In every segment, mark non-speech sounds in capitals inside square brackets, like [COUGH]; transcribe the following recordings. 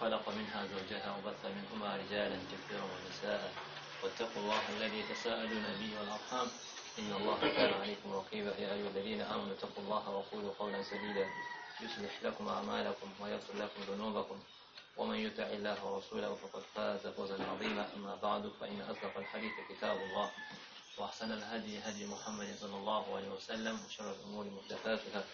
خلق منها زوجها وبث منهما رجالا كثيرا ونساء واتقوا الله الذي تساءلون به والأرحام إن الله كان عليكم رقيبا يا أيها الذين آمنوا اتقوا الله وقولوا قولا سديدا يصلح لكم أعمالكم ويغفر لكم ذنوبكم ومن يطع الله ورسوله فقد فاز فوزا عظيما أما بعد فإن أصدق الحديث كتاب الله وأحسن الهدي هدي محمد صلى الله عليه وسلم وشر الأمور محدثاتها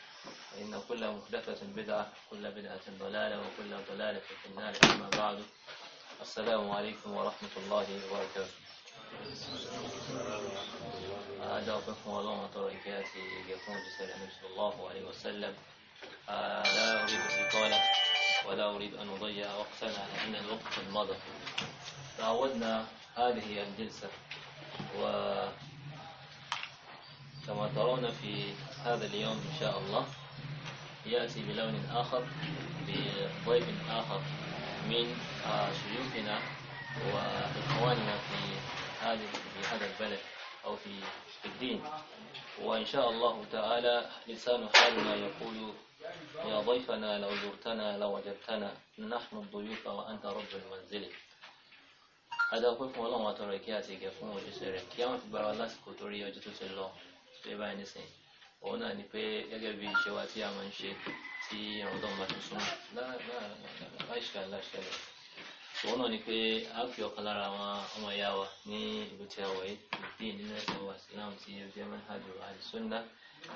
فإن كل محدثة بدعة كل بدعة ضلالة وكل ضلالة في النار أما بعد السلام عليكم ورحمة الله وبركاته أدعوكم الله وتركات يكون جسر النبي صلى الله عليه وسلم آه، لا أريد الإطالة ولا أريد أن أضيع وقتنا لأن الوقت مضى تعودنا هذه الجلسة و كما ترون في هذا اليوم إن شاء الله يأتي بلون آخر بضيف آخر من آه، شيوخنا وإخواننا في هذه في هذا البلد أو في الدين وإن شاء الله تعالى لسان حالنا يقول يا ضيفنا لو زرتنا لوجدتنا نحن الضيوف وأنت رب المنزل هذا أقول فún الله ما ìkí àti ìgẹ̀ fún òṣìṣẹ́ rẹ̀ kí àwọn الله gbára lásìkò òun náà ni pé gẹ́gẹ́ bí iṣẹ́ wa tí a máa ń ṣe tí ọ̀dọ́run bá ti súnmọ́ láìṣẹ̀lẹ̀ láìṣẹ̀lẹ̀ òun náà ni pé a fi ọ̀kan lára àwọn ọmọ ìyá wa ní ìlú tí a wọ̀ yìí ìdí nínú ẹ̀sìn wa síláàmù tí ó jẹ́ manhaj àdìsúnná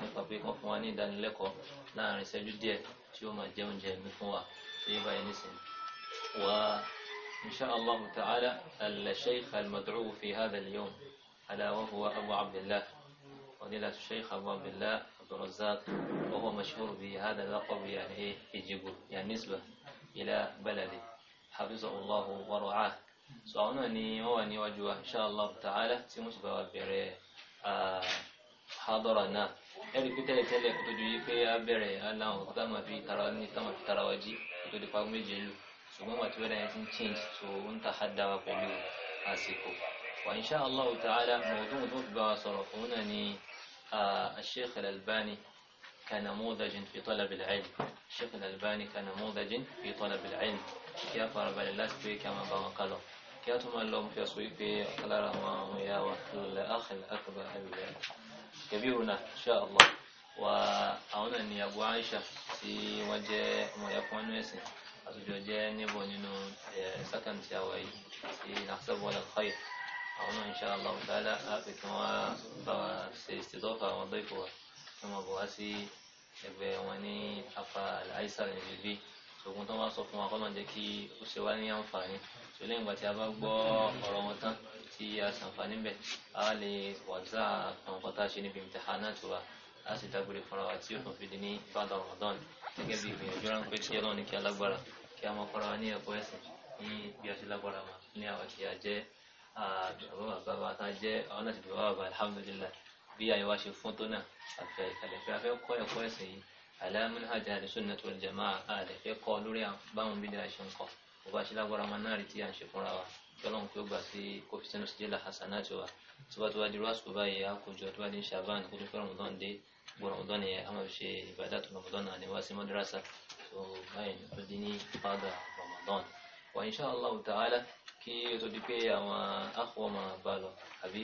nípa pé kán fún wa ní ìdánilẹ́kọ̀ọ́ láàrin ìṣẹ́jú díẹ̀ tí ó máa jẹ́ oúnjẹ mi fún wa tó yẹ báyìí nísìn wa insha Allah ta'ala al-shaykh al-mad'u fi hadha al-yawm ala wa huwa Abu Abdillah فضيلة الشيخ أبو عبد الله عبد الرزاق وهو مشهور بهذا اللقب يعني إيه في جيبور يعني نسبة إلى بلده حفظه الله ورعاه سؤالنا ني هو ني وجوه إن شاء الله تعالى سمسبة وبره آه حاضرنا ẹ̀rí pé tẹ́lẹ̀ tẹ́lẹ̀ kó tó ju yí pé a bẹ̀rẹ̀ aláwọ̀ kó táwọn fi tara ní táwọn fi tara wa jí kó tó di pa méje lù ṣùgbọ́n wà tí wẹ́n yẹn ti ń change tó ń ta hada wa pẹ̀lú àsìkò wa insha Allah ta'ala mọ̀ọ́dún tó fi bá wa sọ̀rọ̀ fún náà ni آه، الشيخ الألباني كنموذج في طلب العلم الشيخ الألباني كنموذج في طلب العلم كيا فرب الاسبي كما بما كيا ثم اللهم في صويفي وقال رحمه يا وكل أخ الأكبر كبيرنا إن شاء الله وأنا أني أبو عائشة في وجه ما يكون ويسن أتجو جاني بنينو آه، سكن سياوي نحسب ولا خير Onu insha Allah ta'ala á pè ba wọ́n bá wa ṣe ìṣètọ́fà àwọn dọ́ìfọ̀ wa kí wọ́n bọ̀ wá sí afa àìsàn ní bíbí ṣògùn tó wá sọ fún wa kọ́ náà jẹ́ kí ó ṣe wá ní àǹfààní ṣò lẹ́yìn ìgbà tí a bá gbọ́ ọ̀rọ̀ wọn tán tí a ṣàǹfààní bẹ̀ a lè wàzà àwọn kọ́tà ṣe níbi ìmìtìhánà tó wa a sì dágbére fúnra wa tí ó tún fi di ní fada Ramadan gẹ́gẹ́ bí ìgbìyànjú ránpẹ́ tí Ọlọ́run ní kí alágbára kí a máa kọ́ra wa ní ẹ̀kọ́ ẹ̀sìn ní bí a ṣe lágbára wa ní àwọn kì í jẹ́ bàbá ta jẹ́ àwọn náà ti fi bàbá alhamdulillah bí àyẹ̀wò ṣe fún tó náà àfẹ́ ìkàlẹ̀ fẹ́ afẹ́ kọ́ ẹ̀kọ́ ẹ̀sìn yìí aláàmì náà jẹ́ àdìsúnà tó lè jẹ̀má àlẹ́ fẹ́ kọ́ lórí báwọn bí dáa ṣe ń kọ́ bó bá ṣe lágbára máa náà rí tí à ń ṣe fúnra wa tọ́lọ́n kí ó gbà sí kófí sínú sílẹ̀ hasana tiwa tó bá tó bá di rásùkú báyìí àkójọ tó bá di ṣàbán kó tó fẹ́ rọmọdán dé gbọ́ rọmọdán yẹn a máa ṣe ìbàdà tó rọmọdán náà ní sí mọ́dúrásà tó báyìí tó di ní fádà rọmọdán wa inṣàlá ta'ala kí o tó di pé àwọn akọ ọmọ bá lọ àbí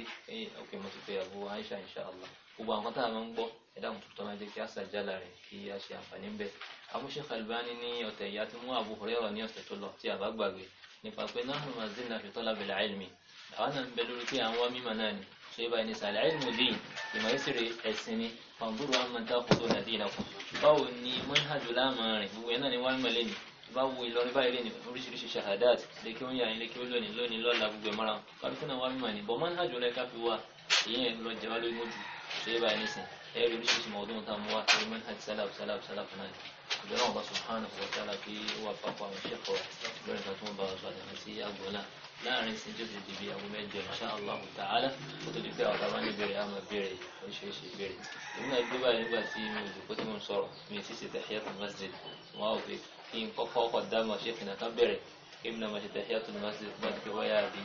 ok mo ti pe àbú Aisha inshallah gbogbo àwọn tá a máa ń gbọ́ ẹ̀dá àwọn tuntun máa jẹ́ kí a ṣàjálà rẹ̀ kí a ṣe àǹfààní ń bẹ̀. àmọ́ Sheikh Albani ní ọ̀tẹ̀ ìyá ti mú Abu Hurairah ní ọ̀sẹ̀ tó lọ tí a bá gbàgbé nípa pé nahnu ma zilna fi talabil ilmi àwọn náà ń bẹ lórí pé àwọn mímọ̀ náà ni ṣé báyìí ní sàlẹ̀ ilmu dín ìmọ̀ ìṣeré ẹ̀sìn ni fanzuru amman takhuduna dinakum báwo bá wo Ìlọrin báyìí lẹ́nu oríṣiríṣi shahadat lẹ́kẹ́ oúnjẹ àyìn lẹ́kẹ́ lónìí lónìí lọ́la gbogbo ẹ̀ mọ́ra kálukú náà wá mímọ̀ ní bọ́ mọ́nà àjọ lẹ́ka fi wá ìyẹn lọ jẹba lórí mọ́jú ṣẹ́yẹ́ báyìí nísìn ẹ̀yẹ́ lórí oríṣiríṣi mọ̀ ọdún táwọn wá ẹ̀rí mọ́nà àti sálàf sálàf sálàf náà ìjọ náà wọ́n bá subhanahu wa ta'ala kí ó wà papọ̀ àwọn ìṣẹ́kọ̀ọ́ lórí nǹkan tó ń bá wa sọ àdàmú sí àgbọ̀nà láàrin sí jésù àwọn mẹ́jọ insha Allah ta'ala ó tó di pé àwọn tàbá ní ìbéèrè àmọ́ ìbéèrè oríṣiríṣi ìbéèrè èmi náà báyìí nígbà tí mi ò dùkú tí mo ń sọ̀rọ̀ mi sì ṣe tahiyatul masjid wọn á ò fi in n kọ́kọ́ kọ̀ dá mọ̀ ṣe kìnnà kan bẹ̀rẹ̀ kí n nàmọ̀ ṣe tẹ̀síyà tó máa ṣe máa fi wáyà bí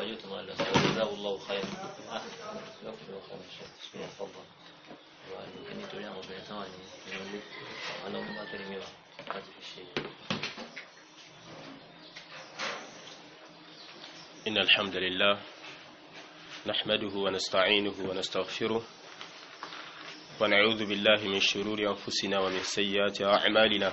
ọjọ́ tó máa lọ sí ọjọ́ ìdáwó lọ́wọ́ إن الحمد لله نحمده ونستعينه ونستغفره ونعوذ بالله من شرور أنفسنا ومن سيئات أعمالنا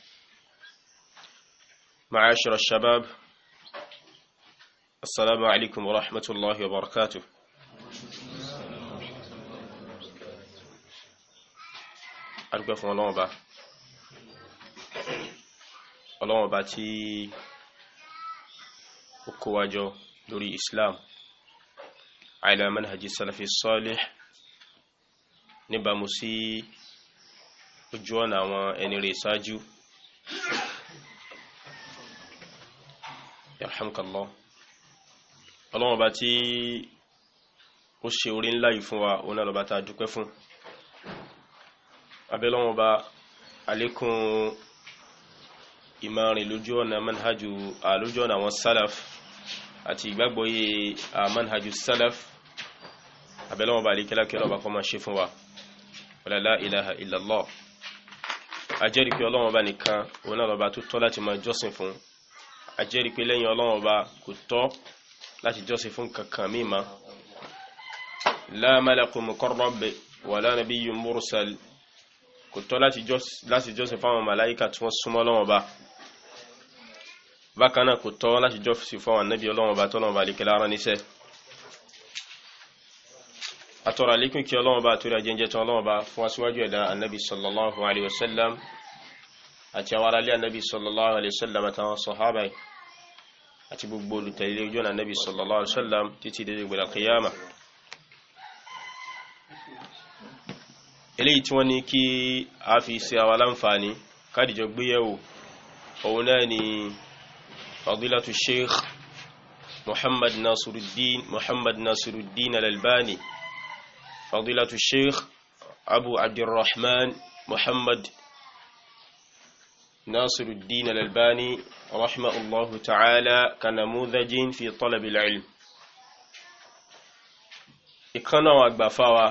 معاشر الشباب السلام عليكم ورحمة الله وبركاته أرجو فون الله با الله با تي وكواجو لوري إسلام على منهج السلف الصالح نبا مسي ojú ọ̀nà àwọn alhamdulillah ọlọ́wọ́n bá tí ó ṣe orí ńlá yìí fún wa òun náà lọ́ba tá a dúpẹ́ fún abẹ́lọ́wọ́n bá àlékún ìmọ̀rin lójú ọ̀nà manhajú àlójú ọ̀nà àwọn salaf àti ìgbàgbọ́yé manhajú salaf abẹ́lọ́wọ́n bá àlékẹ́lá kí ọlọ́ba kọ́ máa ṣe fún wa la ilaha illallah ọlọ́wọ́n bá nìkan òun náà lọ́ba tó tọ́ láti máa jọ́sìn fún àjẹ́rìí pé lẹ́yìn ọlọ́run ọba kò tọ́ láti jọ́sìn fún kankan mí ma la malakun muqarrab wala nabiyyun mursal kò tọ́ láti jọ́sìn fáwọn màláíkà tí wọ́n súnmọ́ ọlọ́run ọba bákan náà kò tọ́ láti jọ́sìn fáwọn ànábì ọlọ́run ọba tọ́lọ́run ọba lékelá rán níṣẹ́ atọ́rọ alékún kí ọlọ́run bá torí ajẹ́jẹ́ tán ọlọ́run bá fún aṣíwájú ẹ̀dá annabi sallallahu alaihi àti àwọn aráalé annabi sallallahu alaihi àtàwọn sọ̀hábà àti gbogbo olùtẹ̀lé ojú ọ̀nà nẹ́bí sallallahu alaihi wasallam títí dé ìgbèlà kìyàmà eléyìí tí wọ́n ní kí a fi ṣe àwa láǹfààní kádìjọ gbéyẹ̀wò òun náà ni fadilatu sheikh muhammad nasiruddin muhammad nasiruddin al-albani sheikh abu abdulrahman muhammad ناصر الدين الألباني رحمه الله تعالى كنموذج في طلب العلم ìkan náà àgbàfà wa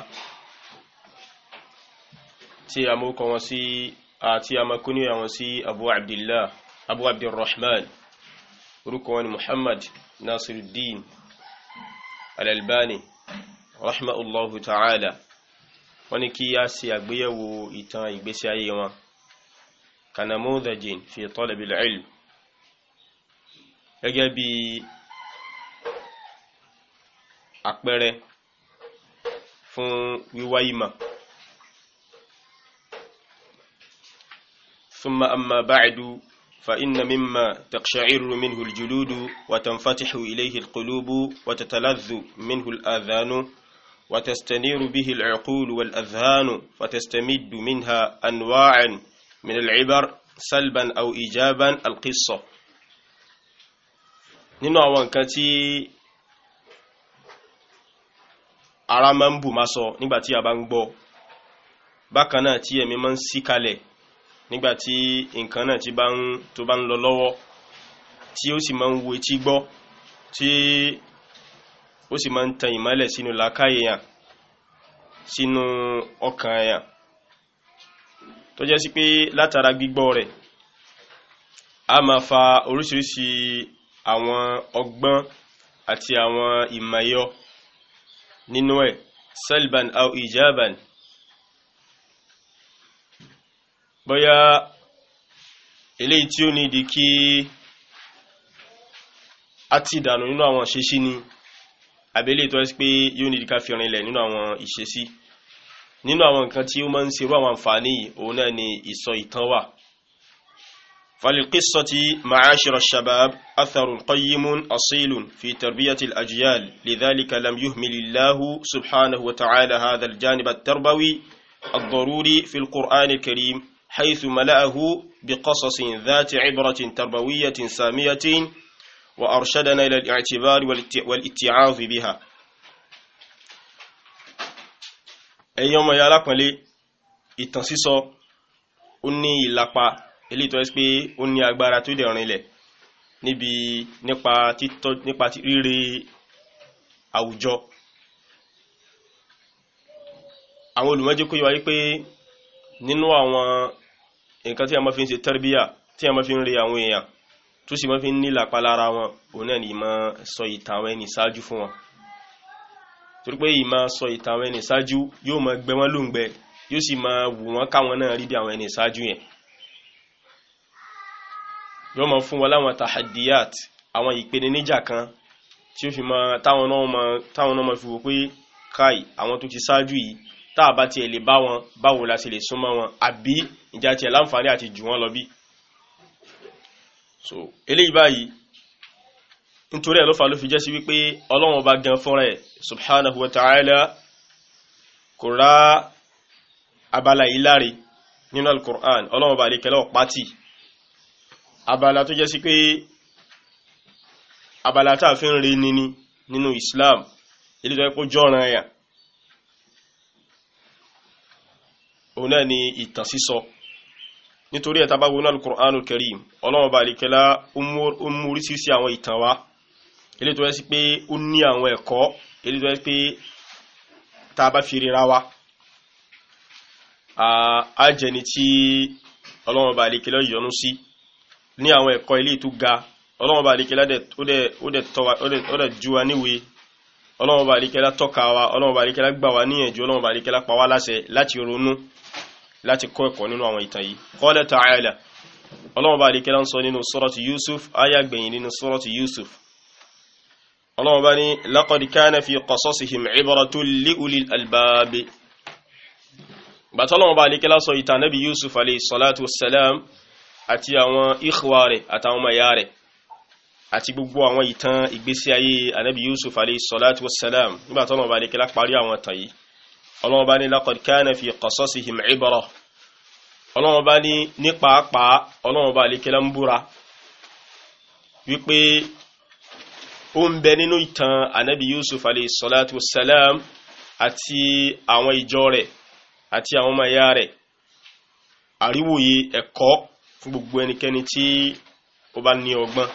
tí a mọ́kọ wọn sí àti a makúnú àwọn sí abu abdullah abu abdulrahman orúkọ wọn ni muhammad nasiruddin al-albani rahmatullahi ta'ala wọ́n ní kí a ṣe àgbéyẹ̀wò ìtàn ìgbésí ayé wọn كنموذج في طلب العلم gẹ́gẹ́ bí àpẹẹrẹ fún ثم أما بعد فإن مما تقشعر منه الجلود وتنفتح إليه القلوب وتتلذ منه الآذان وتستنير به العقول والأذهان فتستمد منها أنواعا من العبر سلبا أو إيجابا القصة nínú àwọn nǹkan tí ara máa ń bù máa sọ nígbàtí a bá ń gbọ́ bákan náà tí ẹ̀mí máa ń sí kalẹ̀ nígbàtí nǹkan náà tí tó bá ń lọ lọ́wọ́ tí ó sì máa ń wo etí gbọ́ tí ó sì máa ń tan ìmọ́lẹ̀ sínú làákàyè yàn sínú ọkàn yàn tó jẹ́ sí pé látara gbígbọ́ rẹ̀ a máa fa oríṣiríṣi àwọn ọgbọ́n àti àwọn ìmọ̀yọ nínú ẹ̀ salban au ijaban bóyá eléyìí tí ó ní ìdí kí a ti dànù nínú àwọn ìṣesí ni àbẹ́lẹ̀ tó ẹ́ sí pé yóò ní ìdí ká fi rinlẹ̀ nínú àwọn ìṣesí nínú àwọn nǹkan tí ó máa ń serú àwọn àǹfààní yìí òun náà ni ìsọ ìtàn wà فللقصة معاشر الشباب أثر قيم أصيل في تربية الأجيال لذلك لم يهمل الله سبحانه وتعالى هذا الجانب التربوي الضروري في القرآن الكريم حيث ملأه بقصص ذات عبرة تربوية سامية وأرشدنا إلى الاعتبار والاتعاظ بها ẹ̀yin ọmọ ìyá alápọ̀nlé ìtàn sísọ ó ní ìlapa eléyìí tó ẹ́ pé ó ní agbára tó dẹ̀ rinlẹ̀ níbi nípa títọ́ nípa rírè àwùjọ àwọn olùmọ́jẹ́ kó yíwáyé pé nínú àwọn nǹkan tí a máa fi ń ṣe tẹ́rbíyà tí a máa fi ń re àwọn èèyàn tó sì máa fi ń nílàpá lára wọn òun náà ni máa sọ ìtàn àwọn ẹni ṣáájú fún wọn torí pé ìmọ̀ sọ ìtàn àwọn ẹni ṣáájú yóò máa gbẹ wọ́n lóǹgbẹ yóò sì máa wù wọ́n káwọn náà rí bí àwọn ẹni ṣáájú yẹn yóò máa fún wọn láwọn tahadiyat àwọn ìpèníjà kan tí ó fi máa táwọn náà máa fi wò pé káì àwọn tó ti ṣáájú yìí tá a bá tiẹ̀ lè bá wọn báwo la ṣe lè súnmọ́ wọn àbí ìjà tiẹ̀ láǹfààní àti jù wọ́n lọ bí so eléyìí báyìí nítorí ẹ̀ ló fà ló fi jẹ́ wípé ọlọ́run ọba gan fúnra ẹ̀ subhanahu wa ta'ala kò rá abala yìí láre nínú al-Qur'an ọlọ́run ọba àríkẹ́lẹ́ ọ̀pátì abala tó jẹ́ sí pé abala tá fi ń re nini nínú Islam ilé tó yẹ kó jọ́ran ẹ̀yà òun náà ni ìtàn sísọ nítorí ẹ̀ tá bá wọnú al-Qur'anul Karim ọlọ́run ọba àríkẹ́lá àwọn ìtàn wá ilé tó yẹ sí pé ó ní àwọn ẹ̀kọ́ ilé tó yẹ pé tá a bá fi ríra wa a jẹni tí ọlọ́run bá lékelé yọ́nú sí ní àwọn ẹ̀kọ́ ilé tó ga ọlọ́run bá lékelé ó dẹ̀ ju wa níwèé ọlọ́run bá lékelé tọ́ka wa ọlọ́run bá lékelé gbà wá níyànjú ọlọ́run bá lékelé pa wá láṣẹ láti ronú láti kọ́ ẹ̀kọ́ nínú àwọn ìtàn yìí qala ta'ala ọlọ́run bá lékelé ń sọ nínú surati Yusuf ayàgbẹ̀yìn nínú surati Yusuf ọlọ́run bá ní laqad kana fi qasasihim ibratun li ulil albab bàtọ́lọ́run bá alékẹ́lá sọ ìtàn Ànábì Yusuf alayhi salatu wassalam àti àwọn ikhwa rẹ̀ àtàwọn ọmọ ìyá rẹ̀ àti gbogbo àwọn ìtàn ìgbésí ayé Ànábì Yusuf alayhi salatu wassalam nígbàtọ́lọ́run bá alékẹ́lá parí àwọn ìtàn yìí ọlọ́run bá ní laqad wípé ó ń bẹ nínú ìtàn anabi yusuf alayhi salatu wassalam àti àwọn ìjọ rẹ̀ àti àwọn ọmọ ìyá rẹ̀ àríwòye ẹ̀kọ́ fún gbogbo ẹnikẹ́ni tí ó bá ní ọgbọ́n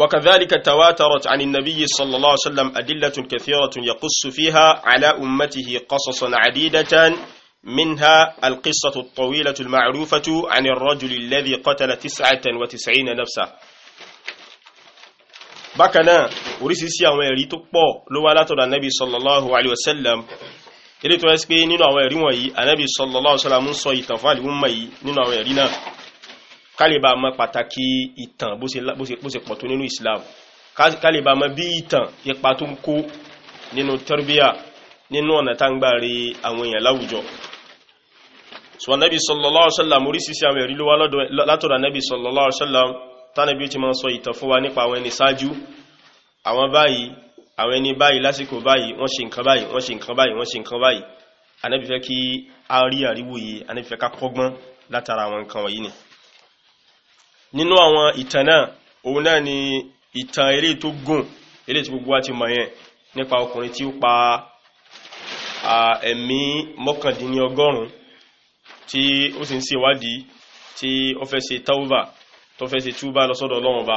وكذلك تواترت عن النبي صلى الله عليه وسلم أدلة كثيرة يقص فيها على أمته قصصا عديدة منها القصة الطويلة المعروفة عن الرجل الذي قتل تسعة وتسعين نفسه bákanáà orísìírísìí àwọn ẹ̀rí tó pọ̀ ló wá látọ̀dọ̀ anábì sallallahu alayhi wa sallam ilé tó ẹ́sì pé nínú àwọn ẹ̀rí wọ̀nyí anábì sallallahu alayhi wa sallam ń sọ ìtàn fún àlìmúmọ̀ yìí nínú àwọn ẹ̀rí náà kálíbà mọ̀ pàtàkì ìtàn bó ṣe pọ̀ tó nínú Islam kálíbà mọ̀ bí ìtàn ipa tó ń kó nínú tẹ́rbíà nínú ọ̀nà táǹgbà rí àwọn èèyàn láwùjọ so wa sallam orísìírísìí àwọn ẹ̀rí ló sallallahu sallam tánàbí ti máa sọ ìtàn fún wa nípa àwọn ẹni ṣáájú àwọn báyìí àwọn ẹni báyìí lásìkò báyìí wọ́n ṣe nǹkan báyìí wọ́n ṣe nǹkan báyìí wọ́n ṣe nǹkan báyìí Ànábì fẹ́ kí a rí àríwòye Ànábì ká kọ́gbọ́n látara àwọn nǹkan wọ̀nyí ni nínú àwọn ìtàn náà òun náà ni ìtàn eré tó gùn eré tí gbogbo wa ti mọ̀ yẹn nípa ọkùnrin tí ó pa ẹ̀mí mọ́kàndínlọ́gọ́rùn-ún tí ó sì ń ṣèwádìí tí ó fẹ́ ṣe tauba tó fẹ́ ṣe túbá lọ́sọ́dọ̀ ọlọ́run bá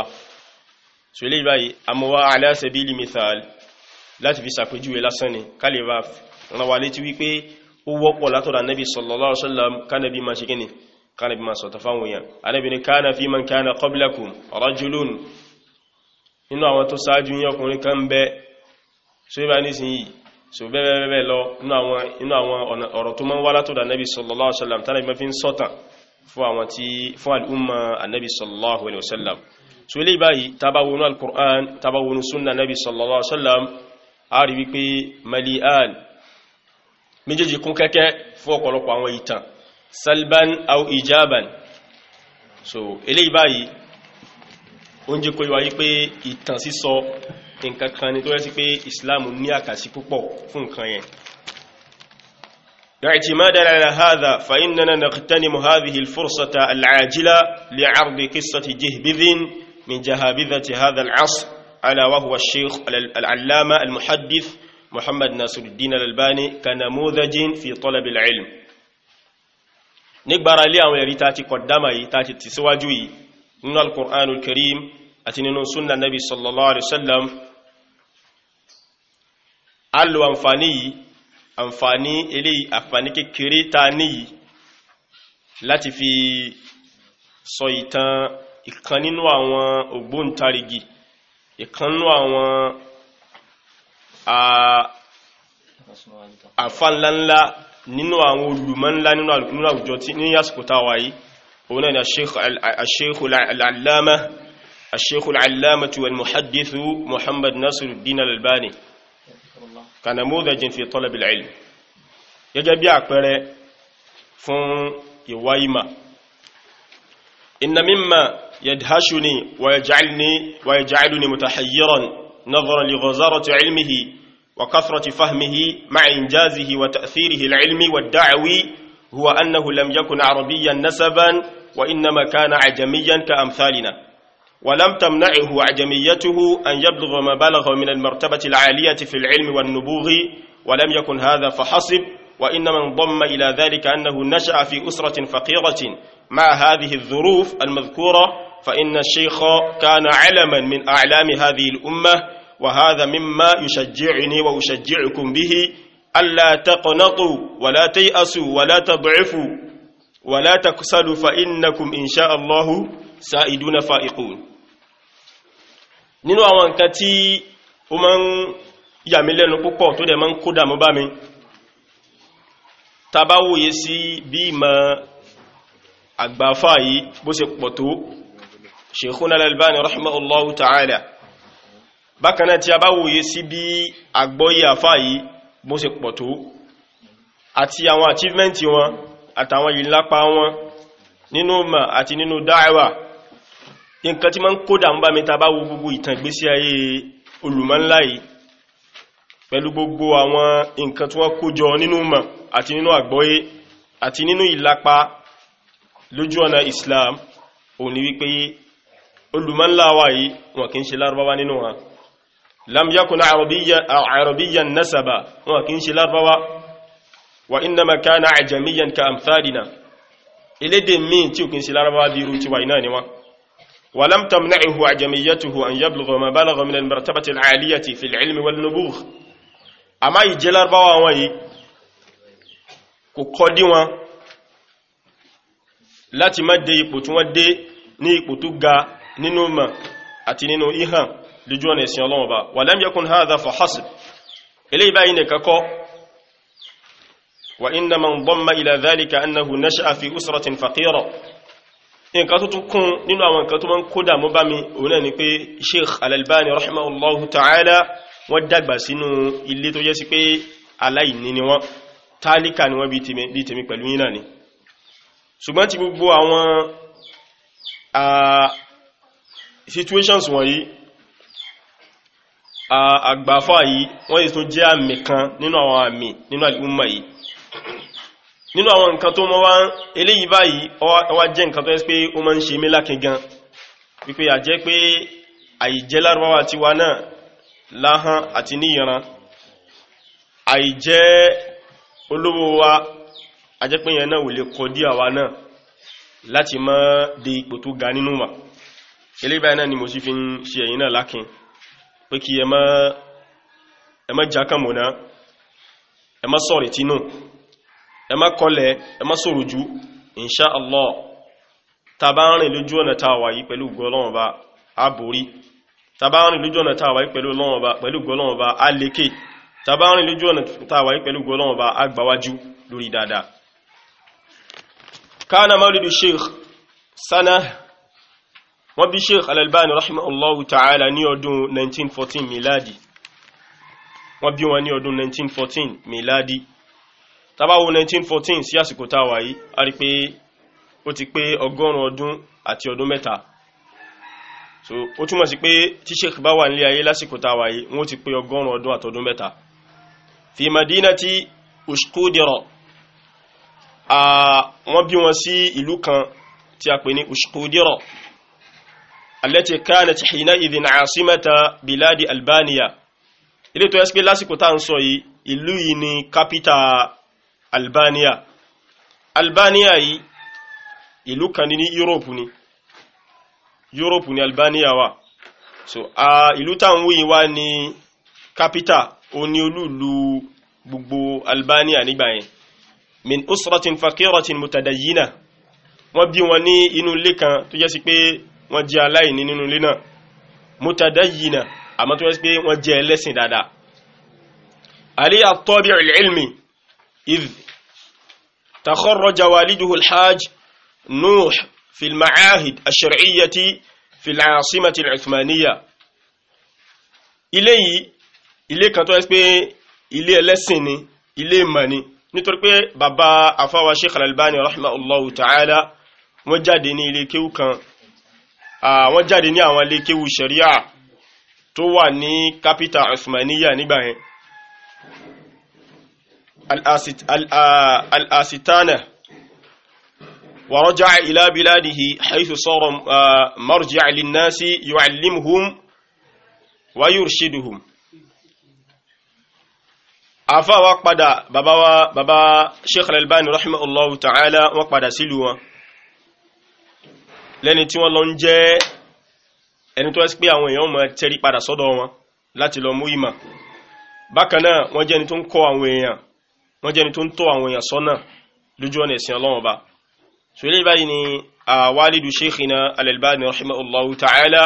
so ilé ìbáyìí amọ́wá ala sabili mithal láti fi sàpèjúwe lásán ni kálíwá ránwà létí wípé ó wọ́pọ̀ látọ̀dà nẹ́bí sallallahu alaihi wasallam kánẹ́bí ma ṣe kíni kánẹ́bí ma sọ̀tọ̀ fáwọn èèyàn anẹ́bí ni kana fi man kana qablakum rajulun nínú àwọn tó sáájú yín ọkùnrin kan bẹ so ibà nísìnyí so bẹ́ẹ̀ bẹ́ẹ̀ lọ nínú àwọn ọ̀rọ̀ tó máa ń wá látọ̀dà nẹ́bí sallallahu alaihi wasallam tánàbí ma fi ń sọ̀tàn fún àwọn tí fún al'umma annabi sallallahu alaihi wasallam so ilé báyìí tabawonu al-Qur'an tabawonu sunna annabi sallallahu alaihi wasallam a rí wípé mali'an méjèèjì kún kẹ́kẹ́ fún ọ̀pọ̀lọpọ̀ àwọn ìtàn salban au ijaban so ilé báyìí ó ń jẹ́ kó yíwa wípé ìtàn sísọ nǹkan kan ni tó rẹ́ sí pé islam ní àkàsí púpọ̀ fún nǹkan yẹn اعتمادا على هذا فإننا نغتنم هذه الفرصة العاجلة لعرض قصة جهبذ من جهابذة هذا العصر على وهو الشيخ العلامة المحدث محمد ناصر الدين الألباني كنموذج في طلب العلم نكبر لي أن يريتاتي قدامي تاتي تسواجوي من القرآن الكريم أتنين سنة النبي صلى الله عليه وسلم ألو أنفاني àǹfààní eléyìí àǹfààní kékeré ta níyìí láti fi sọ ìtàn ìkan nínú àwọn ògbóǹtarìgì ìkan nínú àwọn àfà ńláńlá nínú àwọn olùmọ̀ ńlá nínú àwùjọ tí ní àsìkò táwà yìí òun náà ni Sheikh al-Allama Sheikh al-Allama wal Muhaddith Muhammad Nasiruddin al-Albani al albani كنموذج في طلب العلم gẹ́gẹ́ bí àpẹẹrẹ fún ìwá ìmà inna mimma yadhashuni wa yaj'alni wa yaj'aluni mutahayyiran nadharan li ghazarati ilmihi wa kathrati fahmihi ma'a injazihi wa ta'thirihi al-ilmi wa ad-da'wi huwa annahu lam yakun arabiyyan nasaban wa innama kana ajamiyan ka amthalina ولم تمنعه عجميته أن يبلغ ما بلغ من المرتبة العالية في العلم والنبوغ ولم يكن هذا فحسب وإنما انضم إلى ذلك أنه نشأ في أسرة فقيرة مع هذه الظروف المذكورة فإن الشيخ كان علما من أعلام هذه الأمة وهذا مما يشجعني وأشجعكم به ألا تقنطوا ولا تيأسوا ولا تضعفوا ولا تكسلوا فإنكم إن شاء الله سائدون فائقون nínú àwọn nǹkan tí ó máa ń yà mí lẹ́nu púpọ̀ tó dẹ̀ máa ń kó dàmú bá mi tá bá wòye sí bí ìmọ̀ àgbàfà yìí bó ṣe pọ̀ tó Sheikhuna al rahimahullahu ta'ala bákan náà tí a bá wòye sí bí àgbọ́yé àfà yìí bó ṣe pọ̀ tó àti àwọn achievement wọn àtàwọn ìlápa wọn nínú ma àti nínú dáẹwàá nǹkan tí ma ń kódà ń bá mi ta bá wo gbogbo ìtàn ìgbésí ayé olùmọ́ńlá yìí pẹ̀lú gbogbo àwọn nǹkan tí wọ́n kójọ nínú mọ̀ àti nínú àgbọ́yé àti nínú ìlapa lójú ọ̀nà Islam òun ni wípé olùmọ́ńlá wa yìí wọn kì ṣe lárúbáwá nínú wọn lam yakun arabiyan nasaba wọn kì í ṣe lárúbáwá wa innama kana ajamiyan ka amthadina elédè míì tí ò kì í ṣe lárúbáwá bí irú ولم تمنعه عجميته أن يبلغ ما بلغ من المرتبة العالية في العلم والنبوغ أما يجلر بواهن وي كقودي وان لاتي مدي يبوتو ودي ني يبوتو غا نينو ما أتي نينو إيهان لجوان يسي الله با ولم يكن هذا فحصب إلي باين ككو وإن من ضم إلى ذلك أنه نشأ في أسرة فقيرة nǹkan tó tún kún nínú àwọn nǹkan tó máa ń kódà mọ́ bá mi òun náà ni pé Sheikh al rahimahullahu ta'ala wọ́n dàgbà sínú ilé tó yẹ sí pé aláìní ni wọ́n tálíkà ni wọ́n bí tèmi pẹ̀lú yín ni ṣùgbọ́n ti gbogbo àwọn situations wọ̀nyí àgbàfà yìí wọ́n yìí tún jẹ́ àmì kan nínú àwọn àmì nínú àlùmọ̀ yìí nínú àwọn nǹkan tó mọ́ wá ń eléyìí báyìí ọwá jẹ́ nǹkan tó ẹ́ pé ó máa ń ṣe mí lákin gan wípé àjẹ́ pé àìjẹ́ lárúbáwá ti wa náà láhán àti níyànran àìjẹ́ olówó wa àjẹ́ pé yẹn náà ò lè kọ náà láti mọ́ de ipò tó ga nínú wa eléyìí báyìí náà ni mo sì fi ń ṣe ẹ̀yìn náà lákin pé kí ẹ ẹ má kọlẹ̀ ẹ má sọ̀rọ̀ jù insha allah ta bá rìn lójú ọ̀nà tá a wà yìí pẹ̀lú gọlọ́wọ́n bá a borí ta bá rìn lójú ọ̀nà tá a wà yìí pẹ̀lú gọlọ́wọ́n bá a lékè ta bá rìn lójú ọ̀nà tá yìí pẹ̀lú gọlọ́wọ́n bá a lórí dáadáa kana maulidu sheikh sana wọ́n bí sheikh al-albani rahimahullahu ta'ala ní ọdún 1914 miladi wọ́n bí wọn ní ọdún 1914 miladi tabawo 1914 sí àsìkò táwà yìí a rí pé ó ti pé ọgọ́rùn ọdún àti ọdún mẹ́ta so ó túmọ̀ sí pé tí sheikh bá wà nílé ayé lásìkò táwà yìí wọ́n ti pé ọgọ́rùn ọdún àtọdún mẹ́ta fi madinati ushkudiro wọ́n bí wọn sí ìlú kan tí a pè ní ushkudiro alẹ́tì kanat hina idhin asimata biladi albania ilé tó yẹ sí pé lásìkò tá à ń sọ yìí ìlú yìí ni kápítà Albania Albania yìí ilu kan ní Europe ni Europe ni Albania wa, so a ìlú táwọn wíyìn wá ní capital ó ní olúlu gbogbo Albania nígbà yẹn min usratin fakiratin mutadayyina wọ́n bí wọn ní inú ilé kan tó jẹ́ sí pé wọ́n jẹ́ aláìní nínú ilé náà mutadayyina àmọ́ tó jẹ́ sí pé wọ́n jẹ́ ẹlẹ́sìn dáadáa alẹ́ àtọ́bí ilmi idh تخرج والده الحاج نوح في المعاهد الشرعية في العاصمة العثمانية إليه ilé kan tó ẹ́ pé ilé ẹlẹ́sìn ni ilé ìmọ̀ ni nítorí pé bàbá àfáwà Sheikh Al-Albani rahimahullahu ta'ala wọ́n jáde ní ilé kéwú kan wọ́n jáde ní àwọn ilé kéwú sharia tó wà ní kápítà Usmaniya nígbà yẹn الآستانة ورجع إلى بلاده حيث صار مرجع للناس يعلمهم ويرشدهم afa wa padà bàbá wa bàbá sheikh al-albani rahimahullahu ta'ala wọ́n padà sílùú wọn lẹ́ni tí wọ́n lọ ń jẹ́ ẹni tó ẹ́sì pé àwọn èèyàn máa tẹ́rí padà sọ́dọ̀ wọn láti lọ mú ìmọ̀ bákan wọ́n jẹ́ ẹni tó ń kọ́ àwọn èèyàn wọ́n jẹ́ni tó ń tọ́ àwọn èèyàn sọ́nà lójú ọ̀nà ẹ̀sìn ọlọ́wọ́n ba so ilé báyìí ni walidu sheikhina al-Albani rahimahullahu ta'ala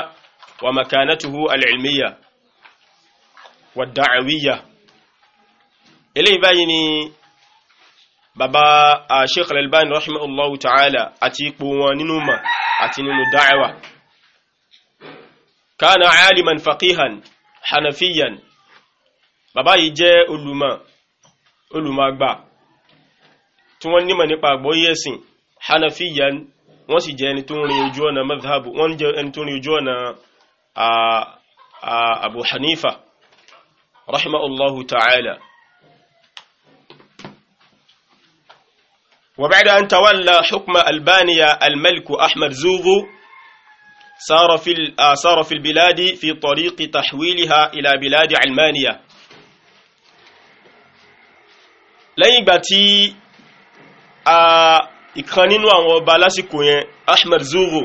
wa makanatuhu al-ilmiya wa da'awiyya ilé báyìí ni bàbá sheikh al-Albani rahimahullahu ta'ala àti ipò wọn nínú ma àti nínú da'awa olùmọ̀gbà tí wọ́n nímọ̀ nípa àgbọ́ yẹ́sìn hanafiya wọ́n sì jẹ́ ẹni tó rin ojú ọ̀nà madhhabu wọ́n jẹ́ ẹni tó rin ojú ọ̀nà abu hanifa rahimahullahu ta'ala وبعد أن تولى حكم ألبانيا الملك أحمد ahmad صار sarrafil biladi في البلاد في طريق تحويلها إلى بلاد علمانيا lẹ́yìn ìgbà tí ìkan nínú àwọn ọba lásìkò yẹn Ahmed Zogo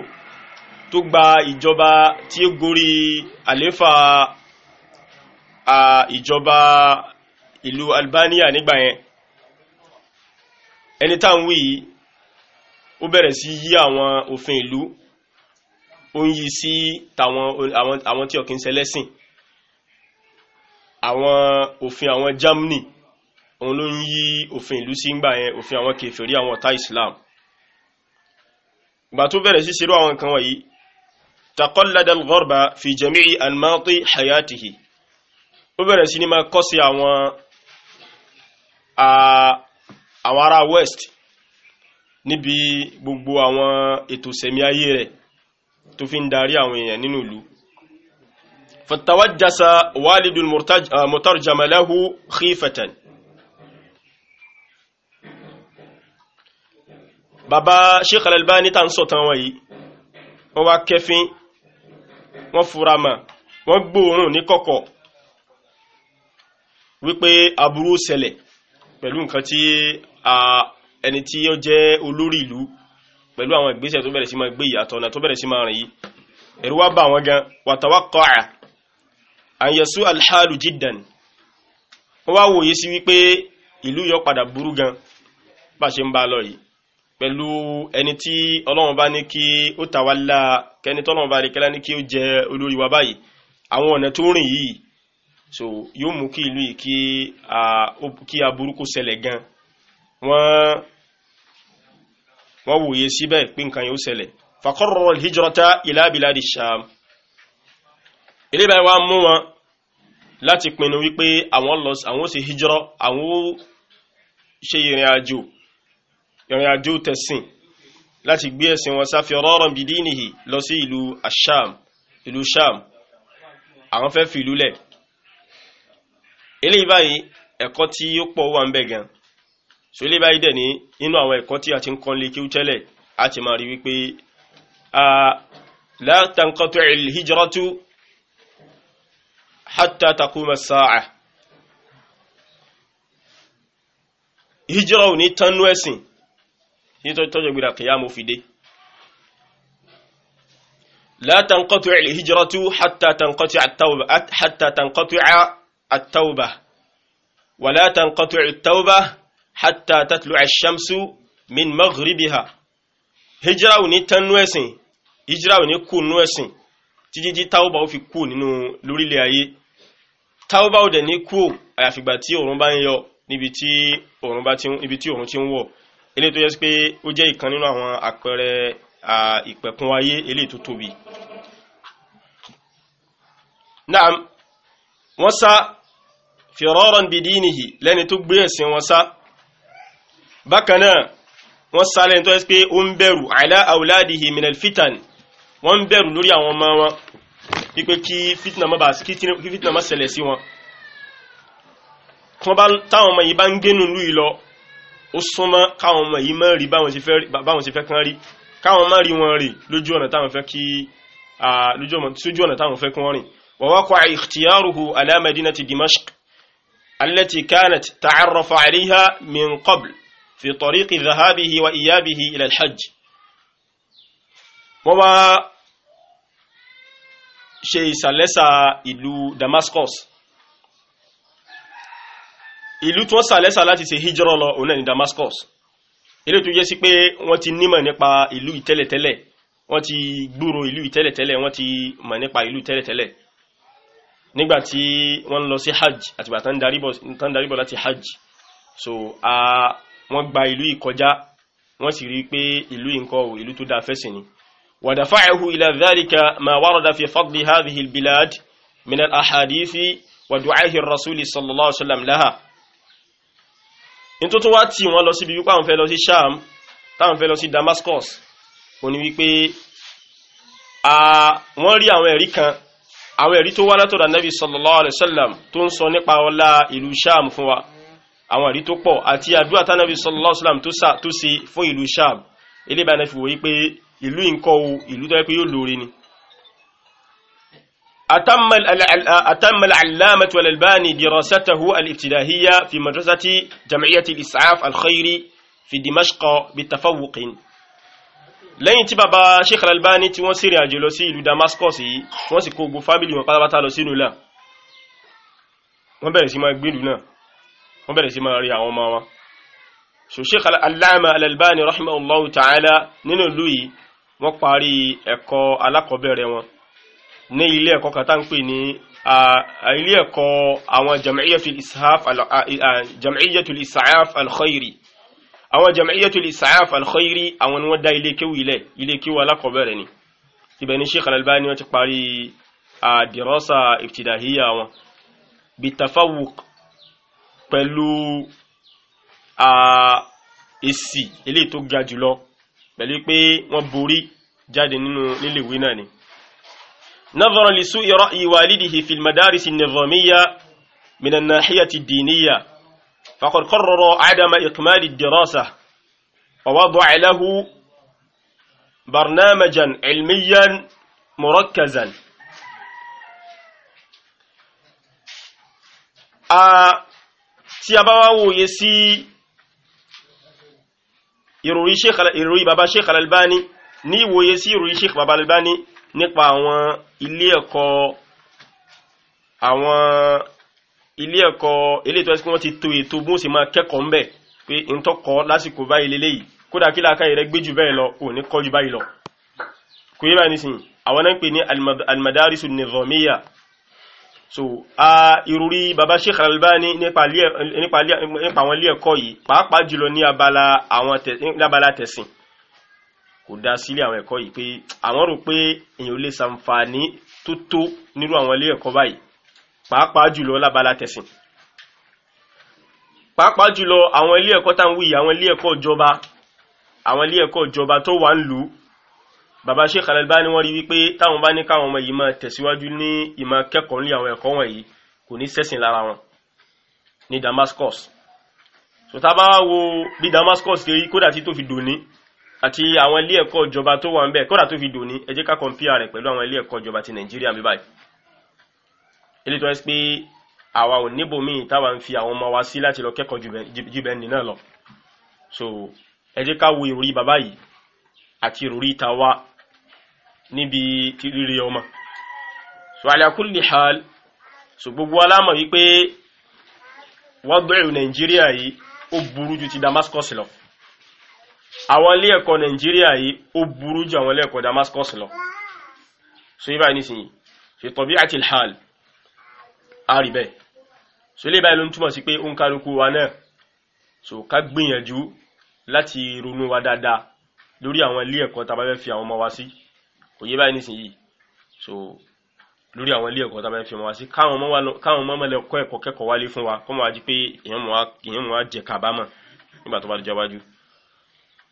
tó gba ìjọba tí ó gorí àléfà ìjọba ìlú Albania nígbà yẹn ẹni tá ń wí yìí ó bẹ̀rẹ̀ sí yí àwọn òfin ìlú ó ń yí sí àwọn tí ọ̀kìn ṣẹlẹ́sìn àwọn òfin àwọn Germany òun ló ń yí òfin ìlú sí ńgbà yẹn òfin àwọn kèfèrí àwọn ọ̀tá Islam ìgbà tó bẹ̀rẹ̀ sí ṣerú àwọn nǹkan wọ̀nyí taqallada al-ghurba fi jami'i anmati hayatihi ó bẹ̀rẹ̀ sí ní máa kọ́ sí àwọn àwọn ará west níbi gbogbo àwọn ètò sẹ̀mí ayé rẹ̀ tó fi ń darí àwọn èèyàn nínú ìlú fatawajjasa walidul mutarjama lahu khifatan bàbá Sheikh Al-Albani tá ń sọ̀tàn wọn yìí wọ́n wá kẹfín wọ́n fura mà wọ́n gbóòórùn ní kọ̀kọ̀ wípé aburú ṣẹlẹ̀ pẹ̀lú nǹkan tí ẹni tí ó jẹ́ olórí ìlú pẹ̀lú àwọn ìgbésẹ̀ tó bẹ̀rẹ̀ sí máa gbé ìyàtọ̀ ọ̀nà tó bẹ̀rẹ̀ sí máa rìn yìí ẹ̀rù wá bá wọn gan wàtàwákọ̀ọ̀à àyẹ̀sú alhálù jiddan wọ́n wá wòye sí wípé ìlú yọ padà burú gan bá ṣe ń bá lọ yìí pẹ̀lú ẹni tí ọlọ́run bá ní kí ó tàwálà kẹni tọ́lọ́run bá rí kẹ́lá ní kí ó jẹ olórí wa báyìí àwọn ọ̀nà tó rìn yìí so yóò mú kí ìlú yìí kí aburú kó ṣẹlẹ̀ gan wọ́n wọ́n wòye síbẹ̀ pé nǹkan yóò ṣẹlẹ̀ fàkọ́rọ̀ hijrata ila biladi sham ilé báyìí wá mú wọn láti pinnu wípé àwọn ó ṣe hijrọ àwọn ó ṣe ìrìn àjò ìrìn àjò tẹ̀sìn láti gbé ẹ̀sìn wọn sáfi rọ́rọ̀ bìdínìhì lọ sí ìlú asham ìlú sham àwọn fẹ́ fi ìlú lẹ̀ eléyìí báyìí ẹ̀kọ́ tí ó pọ̀ wà ń bẹ̀ gan so eléyìí báyìí dẹ̀ ní nínú àwọn ẹ̀kọ́ tí a ti ń kọ́ lé kí ó tẹ́lẹ̀ a ti máa rí wípé la tanqatu al-hijratu hatta taquma as ò ní tánú ẹ̀sìn nítorí tọ́jọ́ gbéra kìyàmù fi dé la tanqatu al-hijratu hatta tanqatu at-tawbah hatta tanqatu at-tawbah wa la tanqatu at-tawbah hatta tatlu'a ash-shamsu min maghribiha hijira ò ní tán nú ẹ̀sìn hijira ò ní kú nú ẹ̀sìn títí tí ó fi kú nínú lórílẹ̀ ayé tawba ò dẹ̀ ní kú àyàfìgbà tí òòrùn bá ń yọ níbi tí òòrùn ti ń wọ̀ eléyìí tó yẹ pé ó jẹ́ ìkan nínú àwọn àpẹẹrẹ ìpẹ̀kun ayé eléyìí tó tóbi naam wọ́n sá firaran bidinihi lẹ́ni tó gbé ẹ̀sìn wọn sá bákan náà wọ́n sá lẹ́ni tó yẹ pé ó ń bẹ̀rù ala awladihi minal fitan wọ́n ń bẹ̀rù lórí àwọn ọmọ wọn wípé kí fitna má bàá kí fitna má ṣẹlẹ̀ sí wọn táwọn ọmọ yìí bá ń gbénu lú yìí lọ ó súnmọ́ káwọn ọmọ yìí mọ́ rí báwọn ṣe fẹ́ kán rí káwọn má rí wọn rí lójú ọ̀nà táwọn fẹ́ kí lójú ọ̀nà táwọn fẹ́ kí wọ́n rìn wa waqa'a ikhtiyaruhu ala madinati dimashq allati kanat wa iyabihi ila hajj wọ́n wá ṣe ìsàlẹ́sà ìlú Damascus ìlú tí wọ́n sàlẹ́sà láti ṣe hijra lọ òun náà ní Damascus ilé tó yẹ sí pé wọ́n ti nímọ̀ nípa ìlú ìtẹ́lẹ̀tẹ́lẹ̀ wọ́n ti gbúrò ìlú ìtẹ́lẹ̀tẹ́lẹ̀ wọ́n ti mọ̀ nípa ìlú ìtẹ́lẹ̀tẹ́lẹ̀ nígbà tí wọ́n lọ sí hajj àtìgbà tán bọ̀ láti hajj so a wọ́n gba ìlú ìkọjá wọ́n sì rí pé ìlú ìǹkọ́ ò ìlú tó dáa fẹ́sìn ni ودفعه إلى ذلك ما ورد في فضل هذه البلاد من الأحاديث ودعاه الرسول صلى الله عليه وسلم لها ní tó tún wá tì wọ́n lọ síbi wípé àwọn fẹ́ lọ sí sham táwọn fẹ́ lọ sí damascus ó ní wípé wọ́n rí àwọn ẹ̀rí kan àwọn ẹ̀rí tó wá látọ̀dọ̀ nabi sallallahu alayhi wa sallam tó ń sọ nípa ọlá ìlú sham fún wa àwọn ẹ̀rí tó pọ̀ àti àdúrà tánàbí sallallahu alayhi sallam tó ṣe fún ìlú sham eléyìí bá náà fi wòye pé ìlú nǹkan o ìlú tó yẹ pé yóò lóore ni أتم أتم العلامة الألباني دراسته الابتدائية في مدرسة جمعية الإسعاف الخيري في دمشق بتفوق lẹ́yìn tí bàbá Sheikh Al-Albani tí wọ́n sì rìn àjò lọ sí ìlú Damascus yìí wọ́n sì kó gbogbo fámìlì wọn pátápátá lọ sínú ilá wọ́n bẹ̀rẹ̀ sí máa gbèlú náà wọ́n bẹ̀rẹ̀ sí máa rí àwọn ọmọ wọn so Sheikh Al-Allama Al-Albani rahimahullahu ta'ala nínú ìlú yìí wọ́n parí ẹ̀kọ́ alákọ̀ọ́bẹ̀rẹ̀ wọn ní ilé ẹ̀kọ́ kan tá ń pè ní ilé ẹ̀kọ́ àwọn jam'iyyatul isaaf al-khairi àwọn jam'iyyatul isaaf al-khairi àwọn ni wọ́n dá ilé kéwù ilẹ̀ ilé kéwù alákọ̀ọ́bẹ̀rẹ̀ ni ibẹ̀ ni Sheikh Al-Albani wọ́n ti parí àdìrọ́sà ibtidahiya wọn bitafawuq pẹ̀lú èsì ilé tó ga jùlọ pẹ̀lú pé wọ́n borí jáde nínú níléèwé náà ni نظرا لسوء رأي والده في المدارس النظامية من الناحية الدينية فقد قرر عدم إكمال الدراسة ووضع له برنامجا علميا مركزا آه، سيابا وو يسي يروي شيخ sí ìròrí bàbá Sheikh Al-Albani ní يروي شيخ بابا الألباني nípa àwọn ilé ẹ̀kọ́ àwọn ilé ẹ̀kọ́ ilé ìtọ́jú pé wọ́n ti to ètò bó ṣe máa kẹ́kọ̀ọ́ ńbẹ̀ pé n tó kọ́ lásìkò báyìí lélẹ́yìí kódà kí làákàyè rẹ gbé jù bẹ́ẹ̀ lọ ò ní kọ́ jù báyìí lọ kò yé báyìí nísìnyí àwọn náà ń pè ní almadarisu nizamiya so a ìrúrí baba sheikh albani nípa àwọn ilé ẹ̀kọ́ yìí pàápàá jùlọ ní abala tẹ̀sìn kò dá sílẹ̀ àwọn ẹ̀kọ́ yìí pé àwọn rò pé èèyàn ò lè ṣàǹfààní tó tó nírú àwọn ilé ẹ̀kọ́ báyìí pàápàá jùlọ lábala tẹ̀sìn pàápàá jùlọ àwọn ilé ẹ̀kọ́ tá ń wí àwọn ilé ẹ̀kọ́ ìjọba àwọn ilé ẹ̀kọ́ ìjọba tó wà ń lù ú bàbá Sheikh Al-Albani wọ́n rí wípé táwọn bá ní káwọn ọmọ yìí máa tẹ̀síwájú ní ìmọ̀ kẹ́kọ̀ọ́ ní àwọn ẹ̀kọ́ wọ̀nyí kò ní sẹ́sìn lára wọn ní Damascus so tá a bá wo bí Damascus ṣe rí kódà tí tó fi dòní àti àwọn ilé ẹ̀kọ́ ìjọba tó wà ń bẹ̀ kọ́dà tó fi dòní ẹ jẹ́ ká kọ̀ǹpìà rẹ̀ pẹ̀lú àwọn ilé ẹ̀kọ́ ìjọba ti nàìjíríà bí báyìí ilé tó ẹ́ pé àwa ò níbò míì táwa ń fi àwọn ọmọ wa sí láti lọ kẹ́kọ̀ọ́ jùbẹ̀ ní náà lọ so ẹ jẹ́ ká wo ìròrí bàbá yìí àti ìròrí tàwa níbi rírẹ ọmọ so ala kulli hal so gbogbo alámọ̀ wípé wọ́n gbẹ̀rù nàìjíríà yìí ó burú ju ti Damascus lọ àwọn ilé ẹ̀kọ́ nàìjíríà yìí ó burú ju àwọn ilé ẹ̀kọ́ Damascus lọ so yí báyìí nísìnyí fi tọ̀bí àti hal àrí bẹ́ẹ̀ so ilé báyìí ló ń túmọ̀ sí pé ó ń kálukú wa náà so ká gbìyànjú láti ronú wa dáadáa lórí àwọn ilé ẹ̀kọ́ tá a bá fẹ́ fi àwọn ọmọ wa sí kò yé báyìí nísìnyí so lórí àwọn ilé ẹ̀kọ́ tá a bá fẹ́ fi ọmọ wa sí káwọn ọmọ ọmọ lè kọ́ ẹ̀kọ́ kẹ́kọ̀ọ́ wálé fún wa kọ́mọ wa di kábàámọ̀ nígbà tó bá dọjọ́ wájú